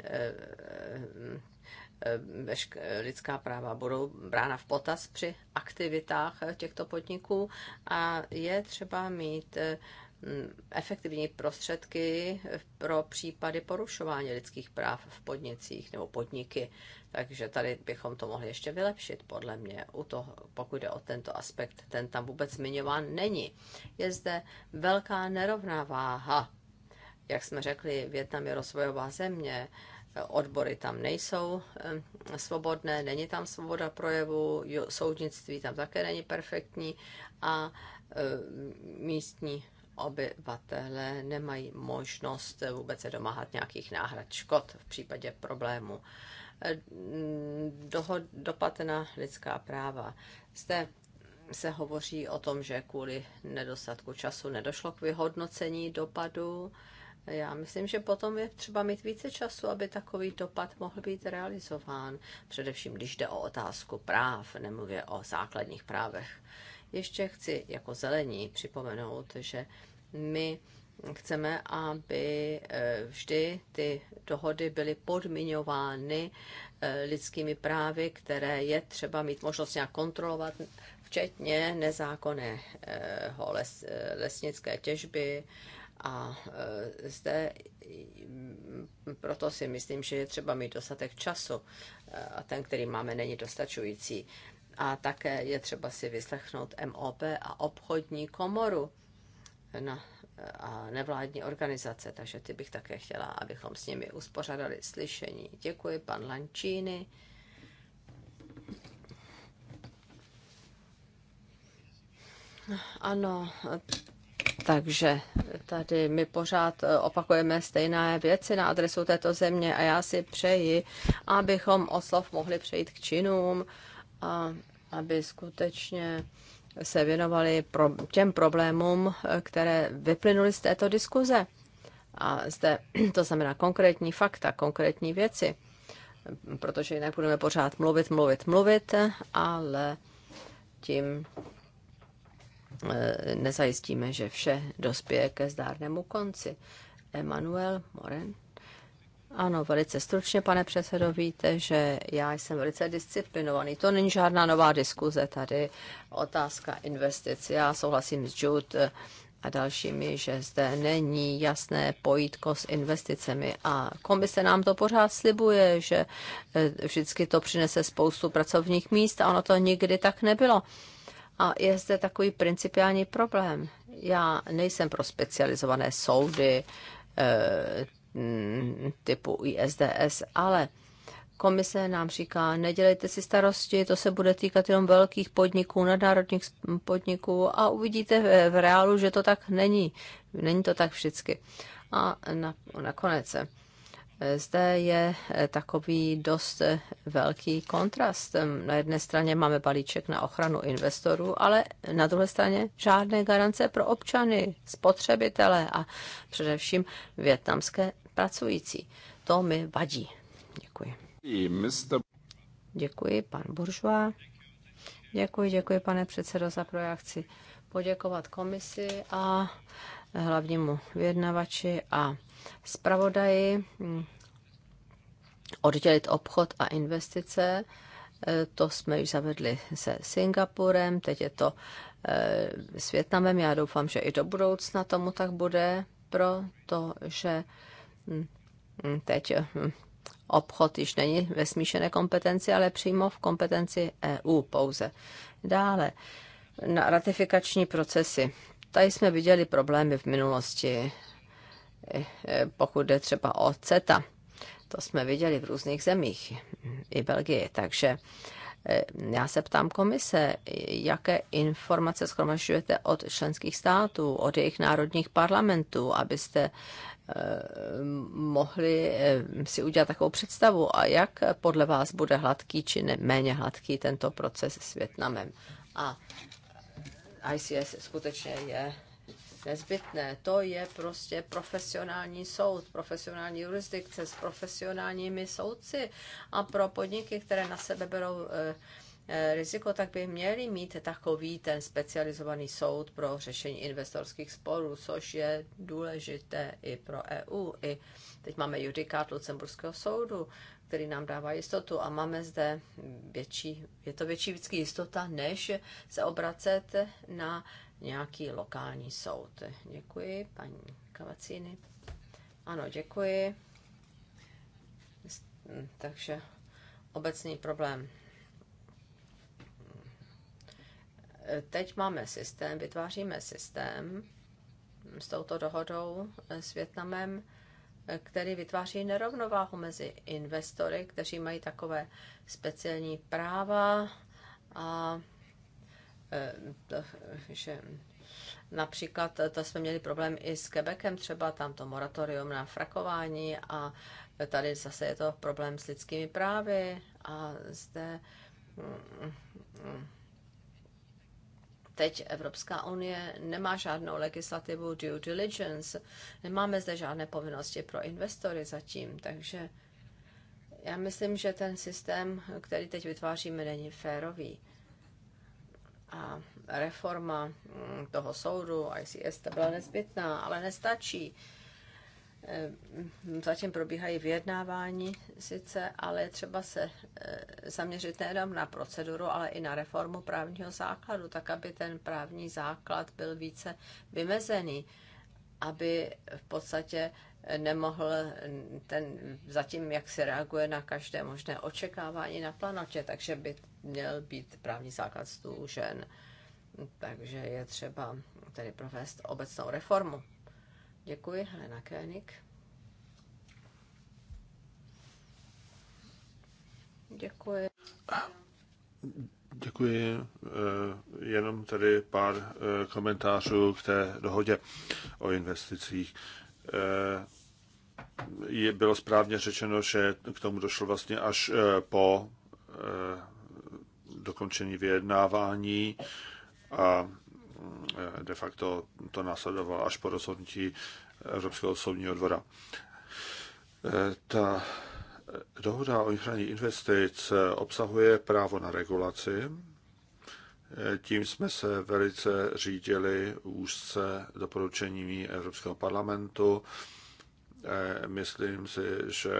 Eh, lidská práva budou brána v potaz při aktivitách eh, těchto podniků a je třeba mít eh, mm, efektivní prostředky pro případy porušování lidských práv v podnicích nebo podniky. Takže tady bychom to mohli ještě vylepšit, podle mě, u toho, pokud jde o tento aspekt. Ten tam vůbec zmiňován není. Je zde velká nerovná váha. Jak jsme řekli, Větnam je rozvojová země odbory tam nejsou eh, svobodné, není tam svoboda projevu, soudnictví tam také není perfektní a eh, místní obyvatelé nemají možnost vůbec se domáhat nějakých náhrad škod v případě problému. Eh, dohod, dopad na lidská práva. Zde se hovoří o tom, že kvůli nedostatku času nedošlo k vyhodnocení dopadu já myslím, že potom je třeba mít více času, aby takový dopad mohl být realizován, především když jde o otázku práv, nemluvě o základních právech. Ještě chci jako zelení připomenout, že my chceme, aby eh, vždy ty dohody byly podmiňovány eh, lidskými právy, které je třeba mít možnost nějak kontrolovat, včetně nezákonného les, eh, lesnické těžby a e, zde proto si myslím, že je třeba mít dostatek času e, a ten, který máme, není dostačující. A také je třeba si vyslechnout MOP a obchodní komoru na, a nevládní organizace, takže ty bych také chtěla, abychom s nimi uspořádali slyšení. Děkuji, pan Lančíny. Ano, takže tady my pořád eh, opakujeme stejné věci na adresu této země a já si přeji, abychom oslov mohli přejít k činům a aby skutečně se věnovali pro těm problémům, eh, které vyplynuly z této diskuze. A zde to znamená konkrétní fakta, konkrétní věci, protože jinak budeme pořád mluvit, mluvit, mluvit, ale tím Eh, nezajistíme, že vše dospěje ke zdárnému konci. Emanuel Moren. Ano, velice stručně, pane předsedo, víte, že já jsem velice disciplinovaný. To není žádná nová diskuze tady. Otázka investic. Já souhlasím s Jude eh, a dalšími, že zde není jasné pojítko s investicemi. A komise nám to pořád slibuje, že eh, vždycky to přinese spoustu pracovních míst a ono to nikdy tak nebylo. A je zde takový principiální problém. Já nejsem pro specializované soudy eh, mm, typu ISDS, ale komise nám říká, nedělejte si starosti, to se bude týkat jenom velkých podniků, nadnárodních podniků a uvidíte v reálu, že to tak není. Není to tak vždycky. A na, nakonec zde je eh, takový dost eh, velký kontrast. Na jedné straně máme balíček na ochranu investorů, ale na druhé straně žádné garance pro občany, spotřebitele a především větnamské pracující. To mi vadí. Děkuji. Děkuji, pan Buržová. Děkuji, děkuji, pane předsedo, za projekci poděkovat komisi a hlavnímu vyjednavači a zpravodaji hm, oddělit obchod a investice. E, to jsme již zavedli se Singapurem, teď je to s e, Větnamem. Já doufám, že i do budoucna tomu tak bude, protože hm, hm, teď obchod již není ve smíšené kompetenci, ale přímo v kompetenci EU pouze. Dále na ratifikační procesy. Tady jsme viděli problémy v minulosti, eh, eh, pokud jde třeba o CETA. To jsme viděli v různých zemích, i Belgii. Takže eh, já se ptám komise, jaké informace schromažďujete od členských států, od jejich národních parlamentů, abyste mohli si udělat takovou představu a jak podle vás bude hladký či ne, méně hladký tento proces s Větnamem. A ICS skutečně je nezbytné. To je prostě profesionální soud, profesionální jurisdikce s profesionálními soudci a pro podniky, které na sebe berou e, e, riziko, tak by měli mít takový ten specializovaný soud pro řešení investorských sporů, což je důležité i pro EU. I teď máme judikát Lucemburského soudu, který nám dává jistotu a máme zde větší, je to větší vždycky jistota, než se obracet na nějaký lokální soud. Děkuji, paní Kavacíny. Ano, děkuji. Takže obecný problém. Teď máme systém, vytváříme systém s touto dohodou s Větnamem, který vytváří nerovnováhu mezi investory, kteří mají takové speciální práva a e, že například e, to jsme měli problém i s Quebecem, třeba tam to moratorium na frakování a tady zase je to problém s lidskými právy a zde mm, mm, teď Evropská unie nemá žádnou legislativu due diligence, nemáme zde žádné povinnosti pro investory zatím, takže já myslím, že ten systém, který teď vytváříme, není férový. A reforma mm, toho soudu ICS to byla nezbytná, ale nestačí. Ehm, zatím probíhají vyjednávání sice, ale třeba se eh, zaměřit nejenom na proceduru, ale i na reformu právního základu, tak aby ten právní základ byl více vymezený, aby v podstatě nemohl ten zatím, jak se reaguje na každé možné očekávání na planotě, takže by měl být právní základ stůžen. Takže je třeba tedy provést obecnou reformu Děkuji, Helena Kénik. Děkuji. Děkuji. Eh, jenom tady pár eh, komentářů k té dohodě o investicích. Eh, je, bylo správně řečeno, že k tomu došlo vlastně až po dokončení vyjednávání a de facto to následoval až po rozhodnutí Evropského soudního dvora. Ta dohoda o ochraně investic obsahuje právo na regulaci. Tím jsme se velice řídili úzce doporučeními Evropského parlamentu. Myslím si, že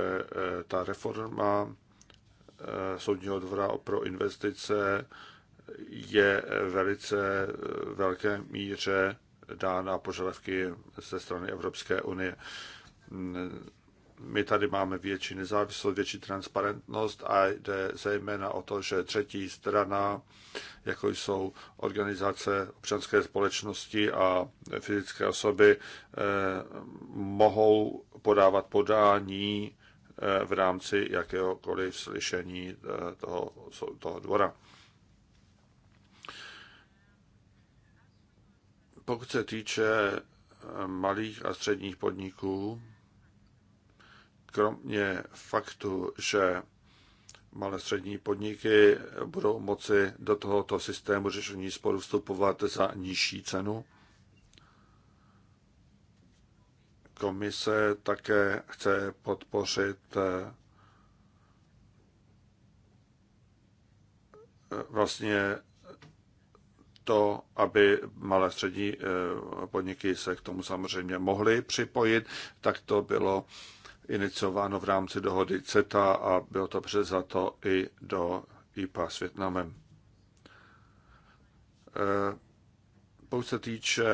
ta reforma soudního dvora pro investice je velice velké míře dána požadavky ze strany Evropské unie. My tady máme větší nezávislost, větší transparentnost a jde zejména o to, že třetí strana, jako jsou organizace občanské společnosti a fyzické osoby, eh, mohou podávat podání eh, v rámci jakéhokoliv slyšení eh, toho, toho dvora. Pokud se týče eh, malých a středních podniků, kromě faktu, že malé střední podniky budou moci do tohoto systému řešení sporu vstupovat za nižší cenu. Komise také chce podpořit eh, vlastně to, aby malé střední eh, podniky se k tomu samozřejmě mohly připojit, tak to bylo iniciováno v rámci dohody CETA a bylo to převzato i do IPA s Větnamem. Eh, pokud se týče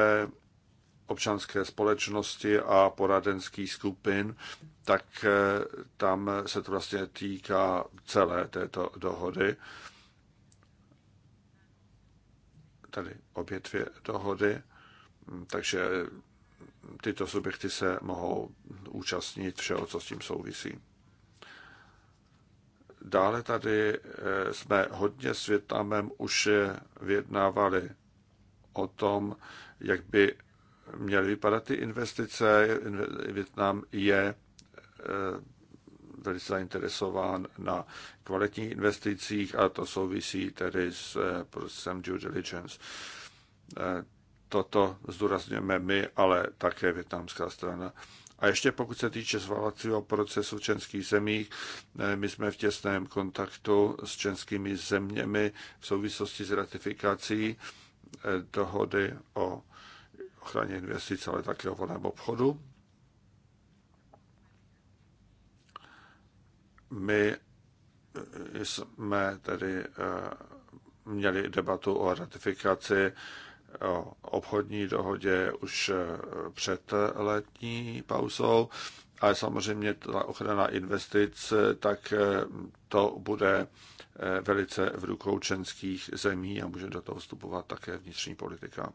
občanské společnosti a poradenských skupin, tak eh, tam se to vlastně týká celé této dohody tedy obě dvě dohody, takže tyto subjekty se mohou účastnit všeho, co s tím souvisí. Dále tady eh, jsme hodně s Větnamem už eh, vyjednávali o tom, jak by měly vypadat ty investice. Větnam je eh, tedy zainteresován na kvalitních investicích a to souvisí tedy s eh, procesem due diligence. Eh, toto zdůrazněme my, ale také větnamská strana. A ještě pokud se týče zvalacího procesu v českých zemích, eh, my jsme v těsném kontaktu s českými zeměmi v souvislosti s ratifikací dohody o ochraně investic, ale také o volném obchodu. My jsme tedy eh, měli debatu o ratifikaci o obchodní dohodě už eh, před letní pauzou, ale samozřejmě ta ochrana investic, eh, tak to bude velice v rukou členských zemí a může do toho vstupovat také vnitřní politika.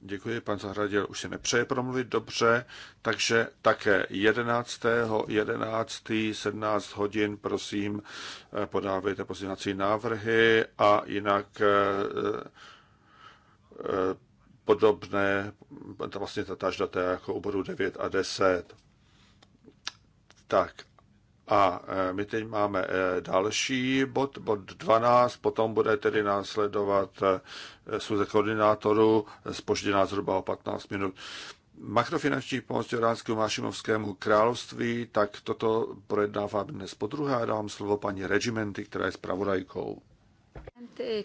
Děkuji, pan Zahradil už se nepřeje promluvit dobře, takže také 11. 11. 17 hodin, prosím, eh, podávejte pozměňovací návrhy a jinak eh, eh, podobné, vlastně tatáž data jako u bodu 9 a 10. Tak a e, my teď máme e, další bod, bod 12, potom bude tedy následovat e, sluze koordinátorů, spožděná zhruba o 15 minut. Makrofinanční pomoc Jordánskému Mášimovskému království, tak toto projednávám dnes po druhé a dám slovo paní Regimenty, která je zpravodajkou.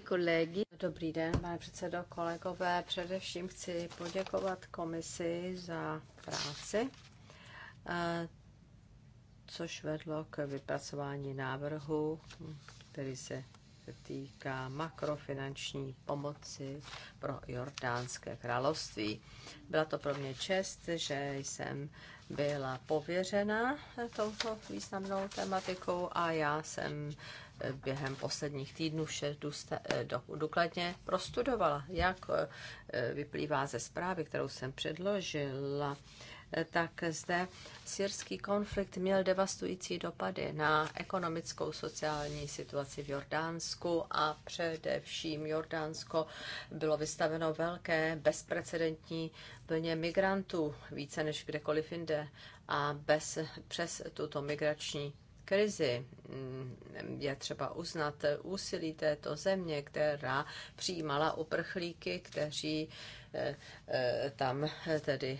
Kolegy. Dobrý den, pane předsedo, kolegové. Především chci poděkovat komisi za práci což vedlo k vypracování návrhu, který se týká makrofinanční pomoci pro Jordánské království. Byla to pro mě čest, že jsem byla pověřena touto významnou tematikou a já jsem eh, během posledních týdnů vše eh, důkladně prostudovala, jak eh, vyplývá ze zprávy, kterou jsem předložila tak zde syrský konflikt měl devastující dopady na ekonomickou sociální situaci v Jordánsku a především Jordánsko bylo vystaveno velké bezprecedentní vlně migrantů, více než kdekoliv jinde a bez, přes tuto migrační krizi mm, je třeba uznat úsilí této země, která přijímala uprchlíky, kteří eh, eh, tam tedy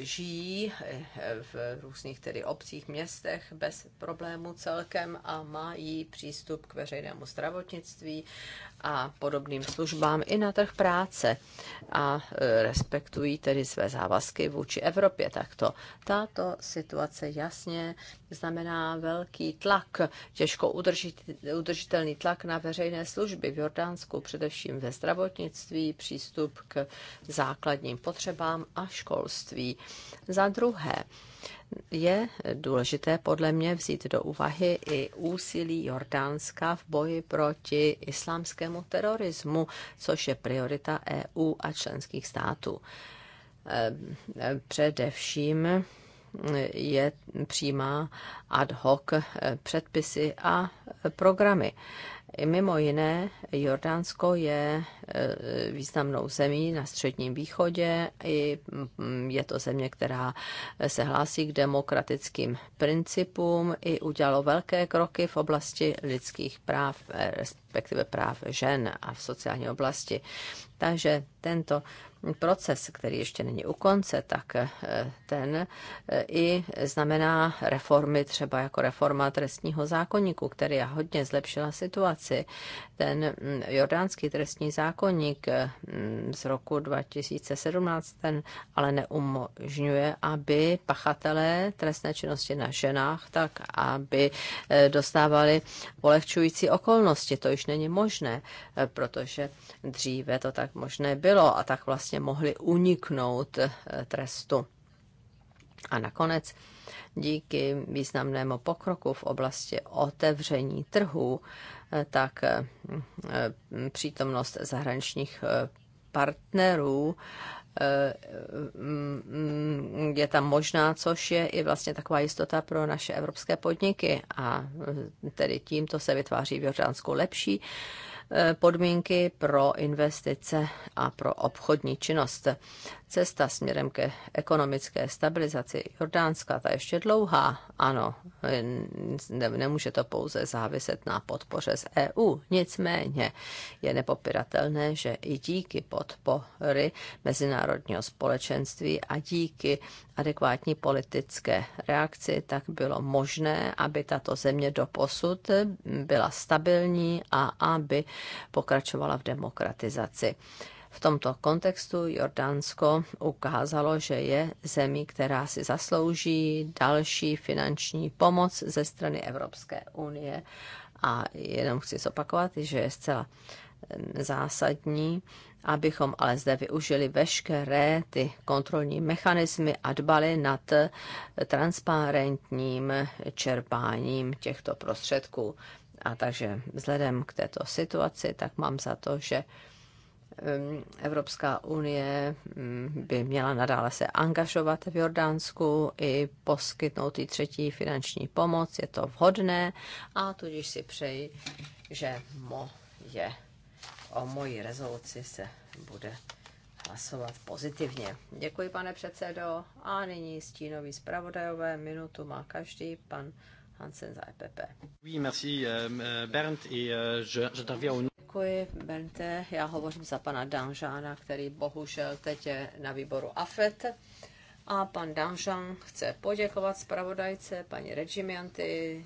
žijí eh, v různých tedy obcích, městech bez problémů celkem a mají přístup k veřejnému zdravotnictví a podobným službám i na trh práce a eh, respektují tedy své závazky vůči Evropě takto. Tato situace jasně znamená velký tlak, těžko udržit, udržitelný tlak na veřejné služby v Jordánsku, především ve zdravotnictví, přístup k základním potřebám a školství za druhé, je důležité podle mě vzít do úvahy i úsilí Jordánska v boji proti islámskému terorismu, což je priorita EU a členských států. Ehm, především je přímá ad hoc předpisy a programy Mimo jiné, Jordánsko je e, významnou zemí na Středním východě. I mm, je to země, která se hlásí k demokratickým principům i udělalo velké kroky v oblasti lidských práv, e, respektive práv žen a v sociální oblasti. Takže tento proces, který ještě není u konce, tak eh, ten eh, i znamená reformy, třeba jako reforma trestního zákonníku, který hodně zlepšila situaci. Ten mm, jordánský trestní zákonník eh, mm, z roku 2017 ten ale neumožňuje, aby pachatelé trestné činnosti na ženách, tak aby dostávali polehčující okolnosti. To již není možné, protože dříve to tak možné bylo a tak vlastně vlastně mohli uniknout eh, trestu. A nakonec díky významnému pokroku v oblasti otevření trhu, eh, tak eh, přítomnost zahraničních partnerů je tam možná, což je i vlastně taková jistota pro naše evropské podniky a tedy tímto se vytváří v Jordánsku lepší podmínky pro investice a pro obchodní činnost. Cesta směrem ke ekonomické stabilizaci Jordánska, ta ještě dlouhá, ano, ne, nemůže to pouze záviset na podpoře z EU. Nicméně je nepopiratelné, že i díky podpory mezinárodního společenství a díky adekvátní politické reakci, tak bylo možné, aby tato země doposud byla stabilní a aby pokračovala v demokratizaci. V tomto kontextu Jordánsko ukázalo, že je zemí, která si zaslouží další finanční pomoc ze strany Evropské unie. A jenom chci zopakovat, že je zcela zásadní, abychom ale zde využili veškeré ty kontrolní mechanismy a dbali nad transparentním čerpáním těchto prostředků. A takže vzhledem k této situaci, tak mám za to, že Evropská unie mm, by měla nadále se angažovat v Jordánsku i poskytnout i třetí finanční pomoc, je to vhodné a tudíž si přeji, že moje, o moji rezoluci se bude hlasovat pozitivně. Děkuji, pane předsedo. A nyní stínový zpravodajové minutu má každý pan Hansen za EPP. Oui, merci, euh, euh, Bernd, et euh, je, j'interviens Děkuji, Bente. Já hovořím za pana Danžána, který bohužel teď je na výboru AFET. A pan Danžan chce poděkovat zpravodajce paní Regimianty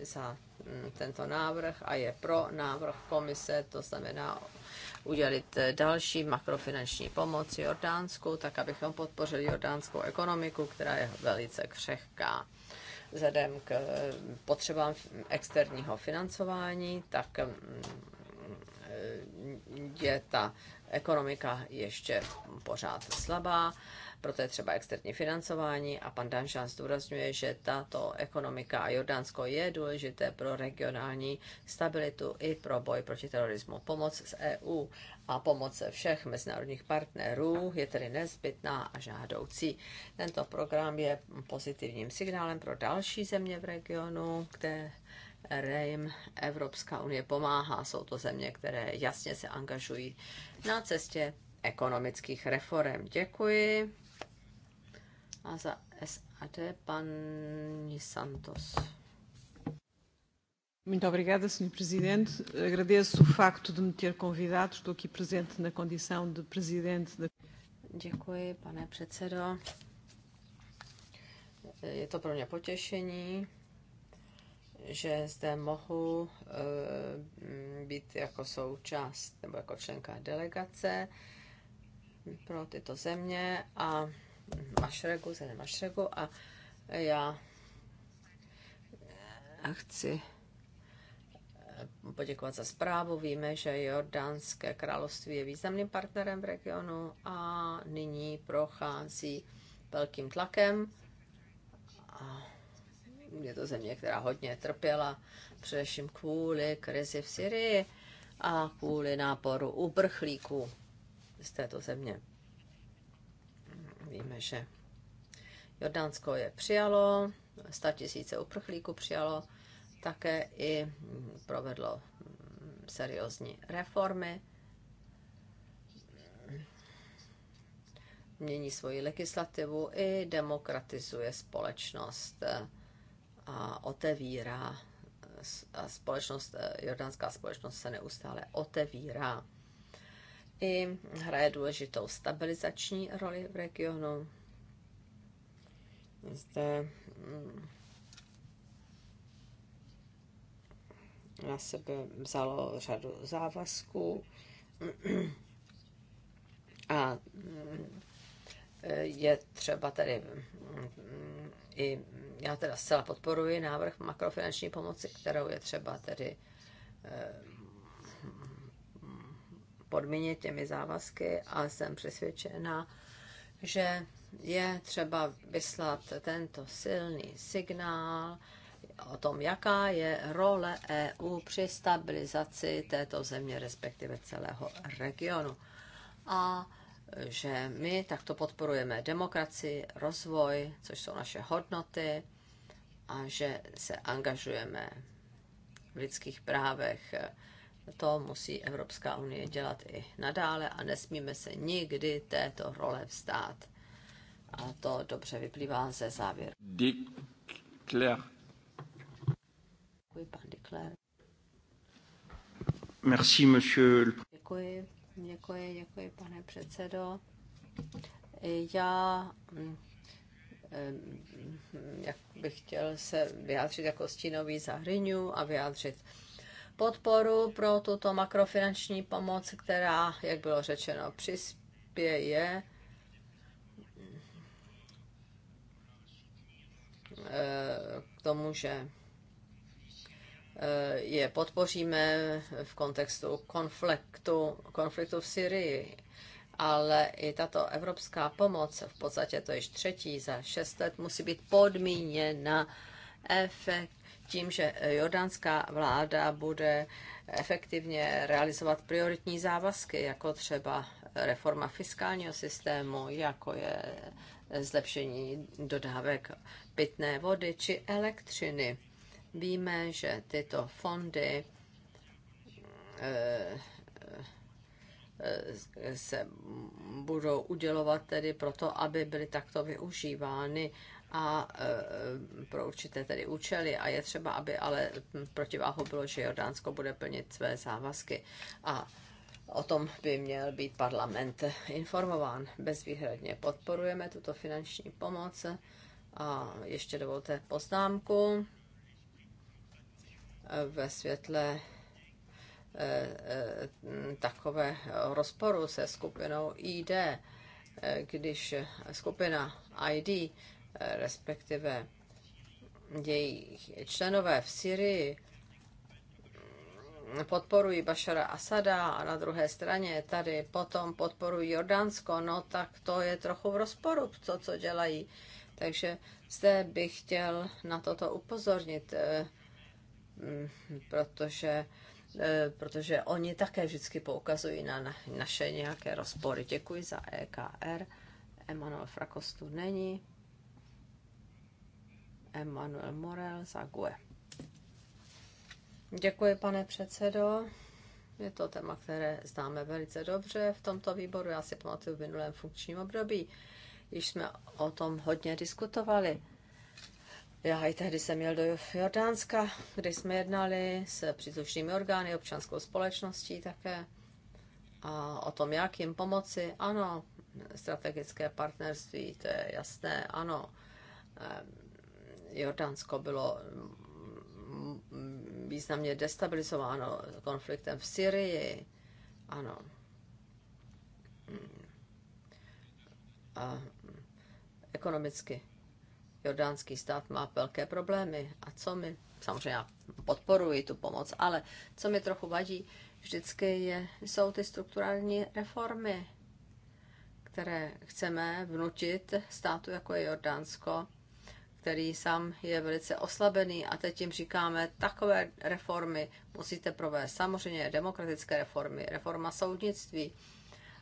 eh, za mm, tento návrh a je pro návrh komise, to znamená udělit eh, další makrofinanční pomoc Jordánsku, tak abychom podpořili jordánskou ekonomiku, která je velice křehká vzhledem k eh, potřebám externího financování, tak mm, eh, je ta ekonomika ještě pořád slabá proto je třeba externí financování a pan Danšan zdůrazňuje, že tato ekonomika a Jordánsko je důležité pro regionální stabilitu i pro boj proti terorismu. Pomoc z EU a pomoc všech mezinárodních partnerů je tedy nezbytná a žádoucí. Tento program je pozitivním signálem pro další země v regionu, které Rejm Evropská unie pomáhá. Jsou to země, které jasně se angažují na cestě ekonomických reform. Děkuji. A za SAD pan Santos. Muito obrigada, Sr. Presidente. Agradeço o facto de me ter convidado. Estou aqui presente na condição de Presidente da. Děkuji, pane předsedo. Je to pro mě potěšení, že zde mohu eh, být jako součást nebo jako členka delegace pro tyto země a Mašregu, Zene Mašregu a já chci eh, poděkovat za zprávu. Víme, že Jordánské království je významným partnerem v regionu a nyní prochází velkým tlakem. A je to země, která hodně trpěla, především kvůli krizi v Syrii a kvůli náporu uprchlíků z této země. Víme, že Jordánsko je přijalo, 100 000 uprchlíků přijalo, také i provedlo seriózní reformy, mění svoji legislativu i demokratizuje společnost a otevírá a společnost, eh, jordánská společnost se neustále otevírá i hraje důležitou stabilizační roli v regionu. Zde mm, na sebe vzalo řadu závazků a mm, je třeba tedy mm, i já teda zcela podporuji návrh makrofinanční pomoci, kterou je třeba tedy eh, podmíně těmi závazky a jsem přesvědčena, že je třeba vyslat tento silný signál o tom, jaká je role EU při stabilizaci této země, respektive celého regionu. A že my takto podporujeme demokracii, rozvoj, což jsou naše hodnoty, a že se angažujeme v lidských právech, to musí Evropská unie dělat i nadále a nesmíme se nikdy této role vstát. A to dobře vyplývá ze závěru. Dick Claire. Děkuji, pan Dikler. Merci, monsieur. Děkuji, děkuji, děkuji, pane předsedo. Já mm, mm, jak bych chtěl se vyjádřit jako stínový zahrňu a vyjádřit podporu pro tuto makrofinanční pomoc, která, jak bylo řečeno, přispěje eh, k tomu, že eh, je podpoříme v kontextu konfliktu, konfliktu v Syrii. Ale i tato evropská pomoc, v podstatě to již třetí za šest let, musí být podmíněna efekt tím, že jordánská vláda bude efektivně realizovat prioritní závazky, jako třeba reforma fiskálního systému, jako je zlepšení dodávek pitné vody či elektřiny. Víme, že tyto fondy eh, eh, se budou udělovat tedy proto, aby byly takto využívány a e, pro určité tedy účely a je třeba, aby ale protiváhu bylo, že Jordánsko bude plnit své závazky a O tom by měl být parlament informován. Bezvýhradně podporujeme tuto finanční pomoc. A ještě dovolte poznámku ve světle e, e, takové rozporu se skupinou ID, když skupina ID respektive jejich členové v Syrii podporují Bašara Asada a na druhé straně tady potom podporují Jordánsko, no tak to je trochu v rozporu, to, co dělají. Takže zde bych chtěl na toto upozornit, eh, mm, protože, eh, protože oni také vždycky poukazují na naše nějaké rozpory. Děkuji za EKR. Emanuel Frakostu není. Emmanuel Morel Zague. Děkuji, pane předsedo. Je to téma, které známe velice dobře v tomto výboru. Já si pamatuju v minulém funkčním období, když jsme o tom hodně diskutovali. Já i tehdy jsem měl do Jordánska, kde jsme jednali s příslušnými orgány, občanskou společností také a o tom, jak jim pomoci. Ano, strategické partnerství, to je jasné, ano. Ehm, Jordánsko bylo mm, významně destabilizováno konfliktem v Syrii. Ano. Mm. A ekonomicky jordánský stát má velké problémy. A co mi, samozřejmě já podporuji tu pomoc, ale co mi trochu vadí, vždycky je, jsou ty strukturální reformy, které chceme vnutit státu, jako je Jordánsko, který sám je velice oslabený a teď jim říkáme, takové reformy musíte provést. Samozřejmě demokratické reformy, reforma soudnictví.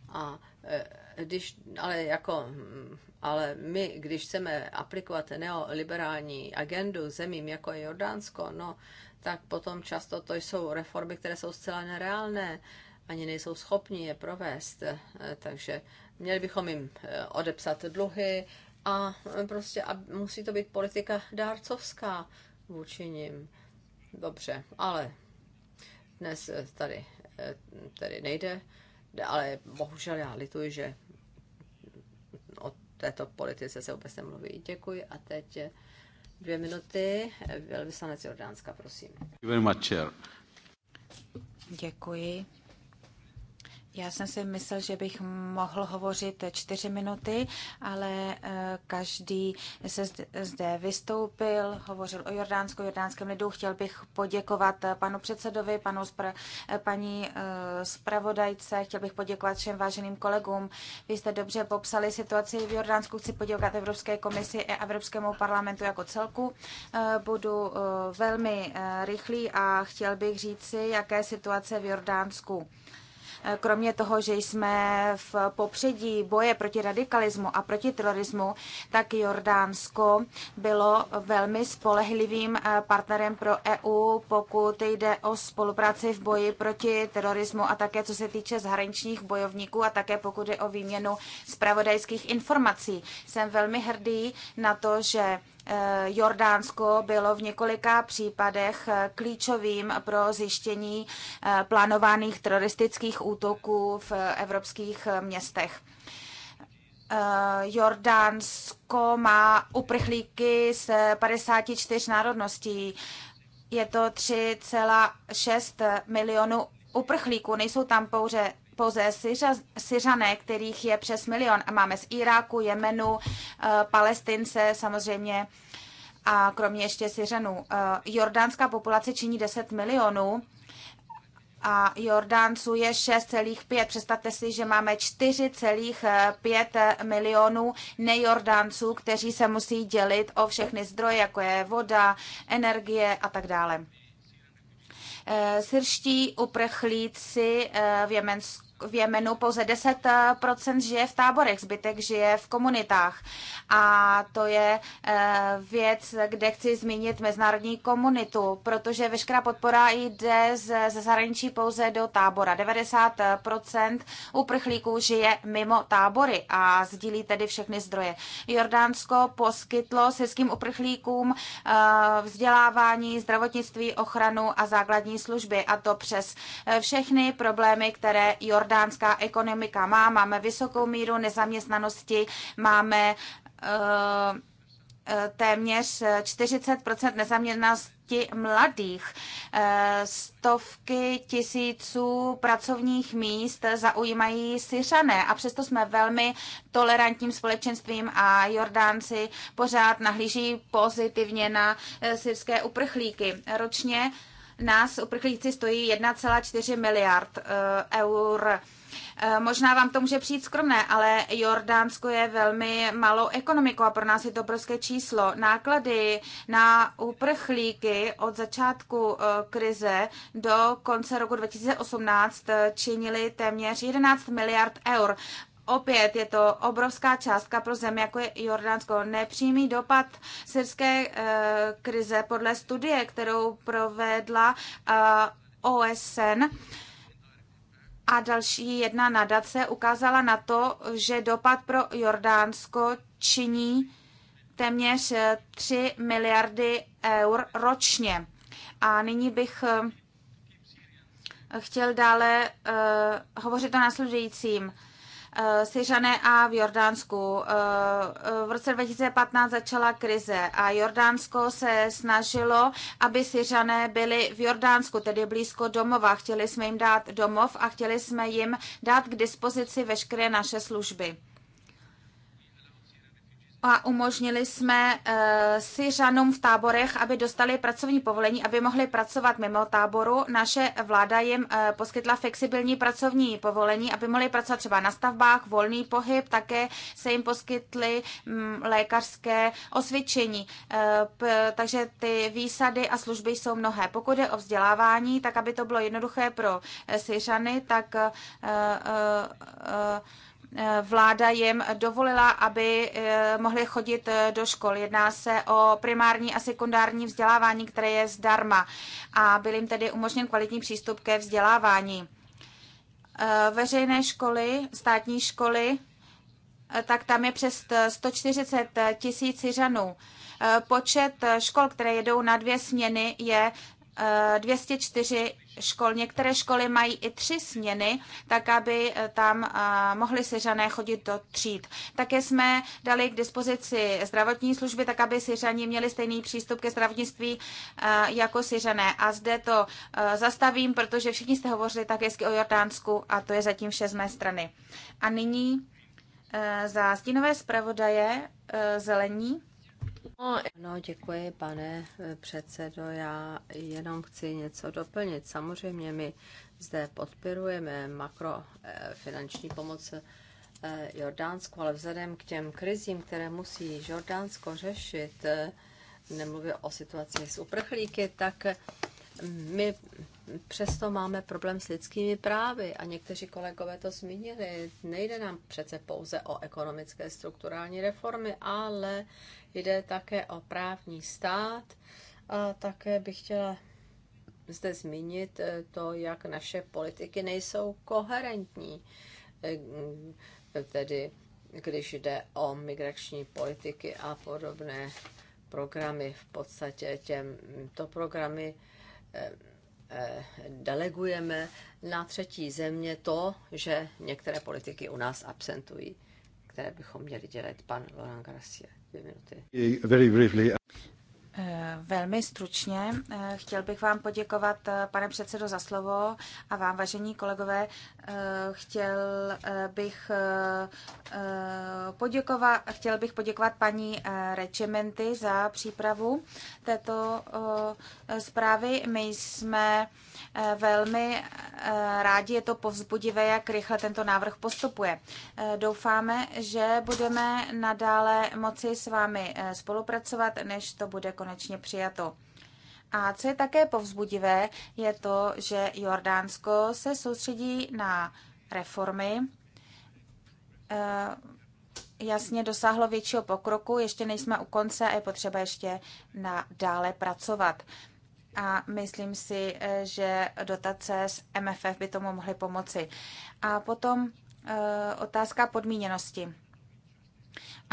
A e, když, ale, jako, hm, ale my, když chceme aplikovat neoliberální agendu zemím, jako je Jordánsko, no, tak potom často to jsou reformy, které jsou zcela nereálné, ani nejsou schopni je provést. E, takže měli bychom jim e, odepsat dluhy, a prostě a musí to být politika dárcovská vůči nim. Dobře, ale dnes eh, tady, eh, tady nejde, ale bohužel já lituji, že o této politice se vůbec nemluví. Děkuji a teď dvě minuty. Velvyslanec Jordánska, prosím. Děkuji. Já jsem si myslel, že bych mohl hovořit čtyři minuty, ale eh, každý se zde vystoupil, hovořil o Jordánsku, jordánském lidu. Chtěl bych poděkovat eh, panu předsedovi, panu spra- eh, paní zpravodajce, chtěl bych poděkovat všem váženým kolegům. Vy jste dobře popsali situaci v Jordánsku. Chci poděkovat Evropské komisi a Evropskému parlamentu jako celku. Budu velmi rychlý a chtěl bych říci, jaké situace v Jordánsku kromě toho, že jsme v popředí boje proti radikalismu a proti terorismu, tak Jordánsko bylo velmi spolehlivým eh, partnerem pro EU, pokud jde o spolupráci v boji proti terorismu a také co se týče zahraničních bojovníků a také pokud jde o výměnu zpravodajských informací. Jsem velmi hrdý na to, že Eh, Jordánsko bylo v několika případech eh, klíčovým pro zjištění eh, plánovaných teroristických útoků v evropských městech. Jordánsko má uprchlíky z 54 národností. Je to 3,6 milionu uprchlíků. Nejsou tam pouze pouze Syřa, Syřané, kterých je přes milion. A máme z Iráku, Jemenu, eh, Palestince samozřejmě a kromě ještě Syřanů. Eh, jordánská populace činí 10 milionů a Jordánců je 6,5. Představte si, že máme 4,5 milionů nejordánců, kteří se musí dělit o všechny zdroje, jako je voda, energie a tak dále. Eh, syrští uprchlíci eh, v Jemensku v Jemenu pouze 10% eh, žije v táborech, zbytek žije v komunitách. A to je eh, věc, kde chci zmínit mezinárodní komunitu, protože veškerá podpora jde ze, zahraničí pouze do tábora. 90% eh, uprchlíků žije mimo tábory a sdílí tedy všechny zdroje. Jordánsko poskytlo syrským uprchlíkům vzdělávání, zdravotnictví, ochranu a základní služby a to přes všechny problémy, které Jordánsko dánská ekonomika má. Máme vysokou míru nezaměstnanosti, máme eh, eh, téměř 40 nezaměstnanosti mladých, eh, stovky tisíců pracovních míst zaujímají Syřané a přesto jsme velmi tolerantním společenstvím a Jordánci pořád nahlíží pozitivně na syrské uprchlíky. Ročně nás uprchlíci stojí 1,4 miliard eh, eur. Eh, možná vám to může přijít skromné, ale Jordánsko je velmi malou ekonomikou a pro nás je to obrovské číslo. Náklady na uprchlíky od začátku eh, krize do konce roku 2018 činily téměř 11 miliard eur. Opět je to obrovská částka pro země, jako je Jordánsko. Nepřímý dopad syrské e, krize podle studie, kterou provedla e, eh, OSN a další jedna nadace, ukázala na to, že dopad pro Jordánsko činí téměř 3 eh, miliardy eur ročně. A nyní bych chtěl dále uh, hovořit o následujícím. Eh, Syřané a v Jordánsku. Eh, v roce 2015 začala krize a Jordánsko se snažilo, aby Syřané byli v Jordánsku, tedy blízko domova. Chtěli jsme jim dát domov a chtěli jsme jim dát k dispozici veškeré naše služby a umožnili jsme uh, Syřanům v táborech, aby dostali pracovní povolení, aby mohli pracovat mimo táboru. Naše vláda jim uh, poskytla flexibilní pracovní povolení, aby mohli pracovat třeba na stavbách, volný pohyb, také se jim poskytly um, lékařské osvědčení. Uh, p, takže ty výsady a služby jsou mnohé. Pokud je o vzdělávání, tak aby to bylo jednoduché pro Syřany, tak uh, uh, uh, Eh, vláda jim dovolila, aby eh, mohli chodit eh, do škol. Jedná se o primární a sekundární vzdělávání, které je zdarma a byl jim tedy umožněn kvalitní přístup ke vzdělávání. Veřejné školy, státní školy, tak tam je přes 140 tisíc řanů. Počet škol, které jedou na dvě směny, je 204 škol. Některé školy mají i tři směny, tak aby eh, tam eh, mohli syřané chodit do tříd. Také jsme dali k dispozici zdravotní služby, tak aby syřani měli stejný přístup ke zdravotnictví eh, jako syřané. A zde to zastavím, protože všichni jste hovořili tak hezky o Jordánsku a to je zatím vše z mé strany. A nyní za stínové zpravodaje zelení No, děkuji, pane eh, předsedo. Já jenom chci něco doplnit. Samozřejmě my zde podpirujeme makrofinanční eh, pomoc eh, Jordánsku, ale vzhledem k těm krizím, které musí Jordánsko řešit, nemluvě o situaci s uprchlíky, tak my přesto máme problém s lidskými právy a někteří kolegové to zmínili. Nejde nám přece pouze o ekonomické strukturální reformy, ale jde také o právní stát a také bych chtěla zde zmínit eh, to, jak naše politiky nejsou koherentní. Eh, mm, tedy když jde o migrační politiky a podobné programy, v podstatě těmto programy eh, Eh, delegujeme na třetí země to, že některé politiky u nás absentují, které bychom měli dělat. Pan Laurent Garcia, dvě minuty. Eh, very briefly. Eh, velmi stručně. Chtěl bych vám poděkovat, pane předsedo, za slovo a vám, vážení kolegové, Eh, chtěl eh, bych eh, poděkovat, chtěl bych poděkovat paní rečementy za přípravu této zprávy. My jsme velmi rádi, je to povzbudivé, jak rychle tento návrh postupuje. Doufáme, že budeme nadále moci s vámi spolupracovat, než to bude konečně přijato. A co je také povzbudivé, je to, že Jordánsko se soustředí na reformy. Eh, jasně dosáhlo většího pokroku, ještě nejsme u konce a je potřeba ještě na dále pracovat. A myslím si, eh, že dotace z MFF by tomu mohly pomoci. A potom eh, otázka podmíněnosti.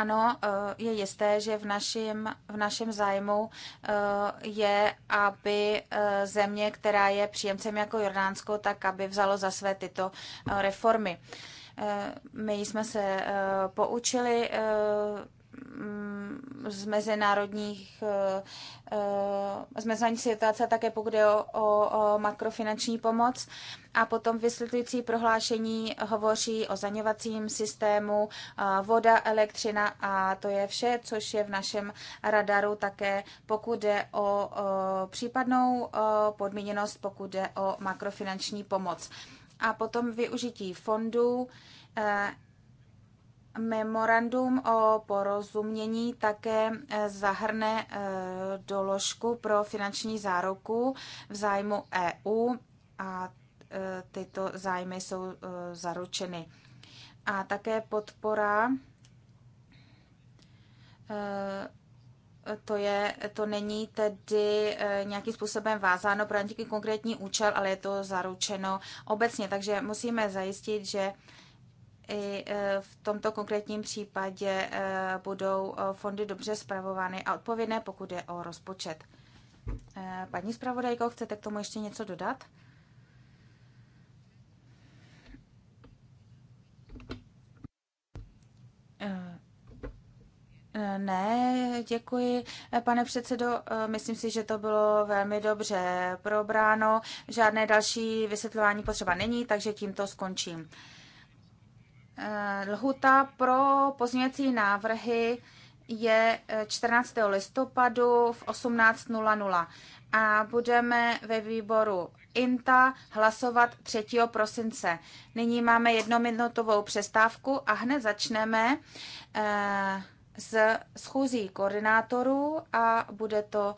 Ano, eh, je jisté, že v našem, v našem zájmu eh, je, aby eh, země, která je příjemcem jako Jordánsko, tak aby vzalo za své tyto reformy. My jsme se poučili Mm, z mezinárodních, eh, eh, z mezinárodní situace, také pokud je o, o, o makrofinanční pomoc. A potom vysvětlující prohlášení hovoří o zaňovacím systému, voda, elektřina a to je vše, což je v našem radaru také, pokud jde o, o případnou podmíněnost, pokud jde o makrofinanční pomoc. A potom využití fondů, eh, Memorandum o porozumění také eh, zahrne eh, doložku pro finanční záruku v zájmu EU a eh, tyto zájmy jsou zaručeny. A také podpora to, je, to není tedy nějakým způsobem vázáno pro nějaký konkrétní účel, ale je to zaručeno obecně. Takže musíme zajistit, že i e, v tomto konkrétním případě e, budou e, fondy dobře zpravovány a odpovědné, pokud je o rozpočet. Paní zpravodajko, chcete k tomu ještě něco dodat? Ne, děkuji, pane předsedo. Myslím si, že to bylo velmi dobře probráno. Žádné další vysvětlování potřeba není, takže tímto skončím. Eh, lhuta pro pozměňovací návrhy je 14. Eh, listopadu v 18.00 a budeme ve výboru INTA hlasovat 3. prosince. Nyní máme jednominutovou přestávku a hned začneme eh, s schůzí koordinátorů a bude to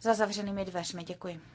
za zavřenými dveřmi. Děkuji.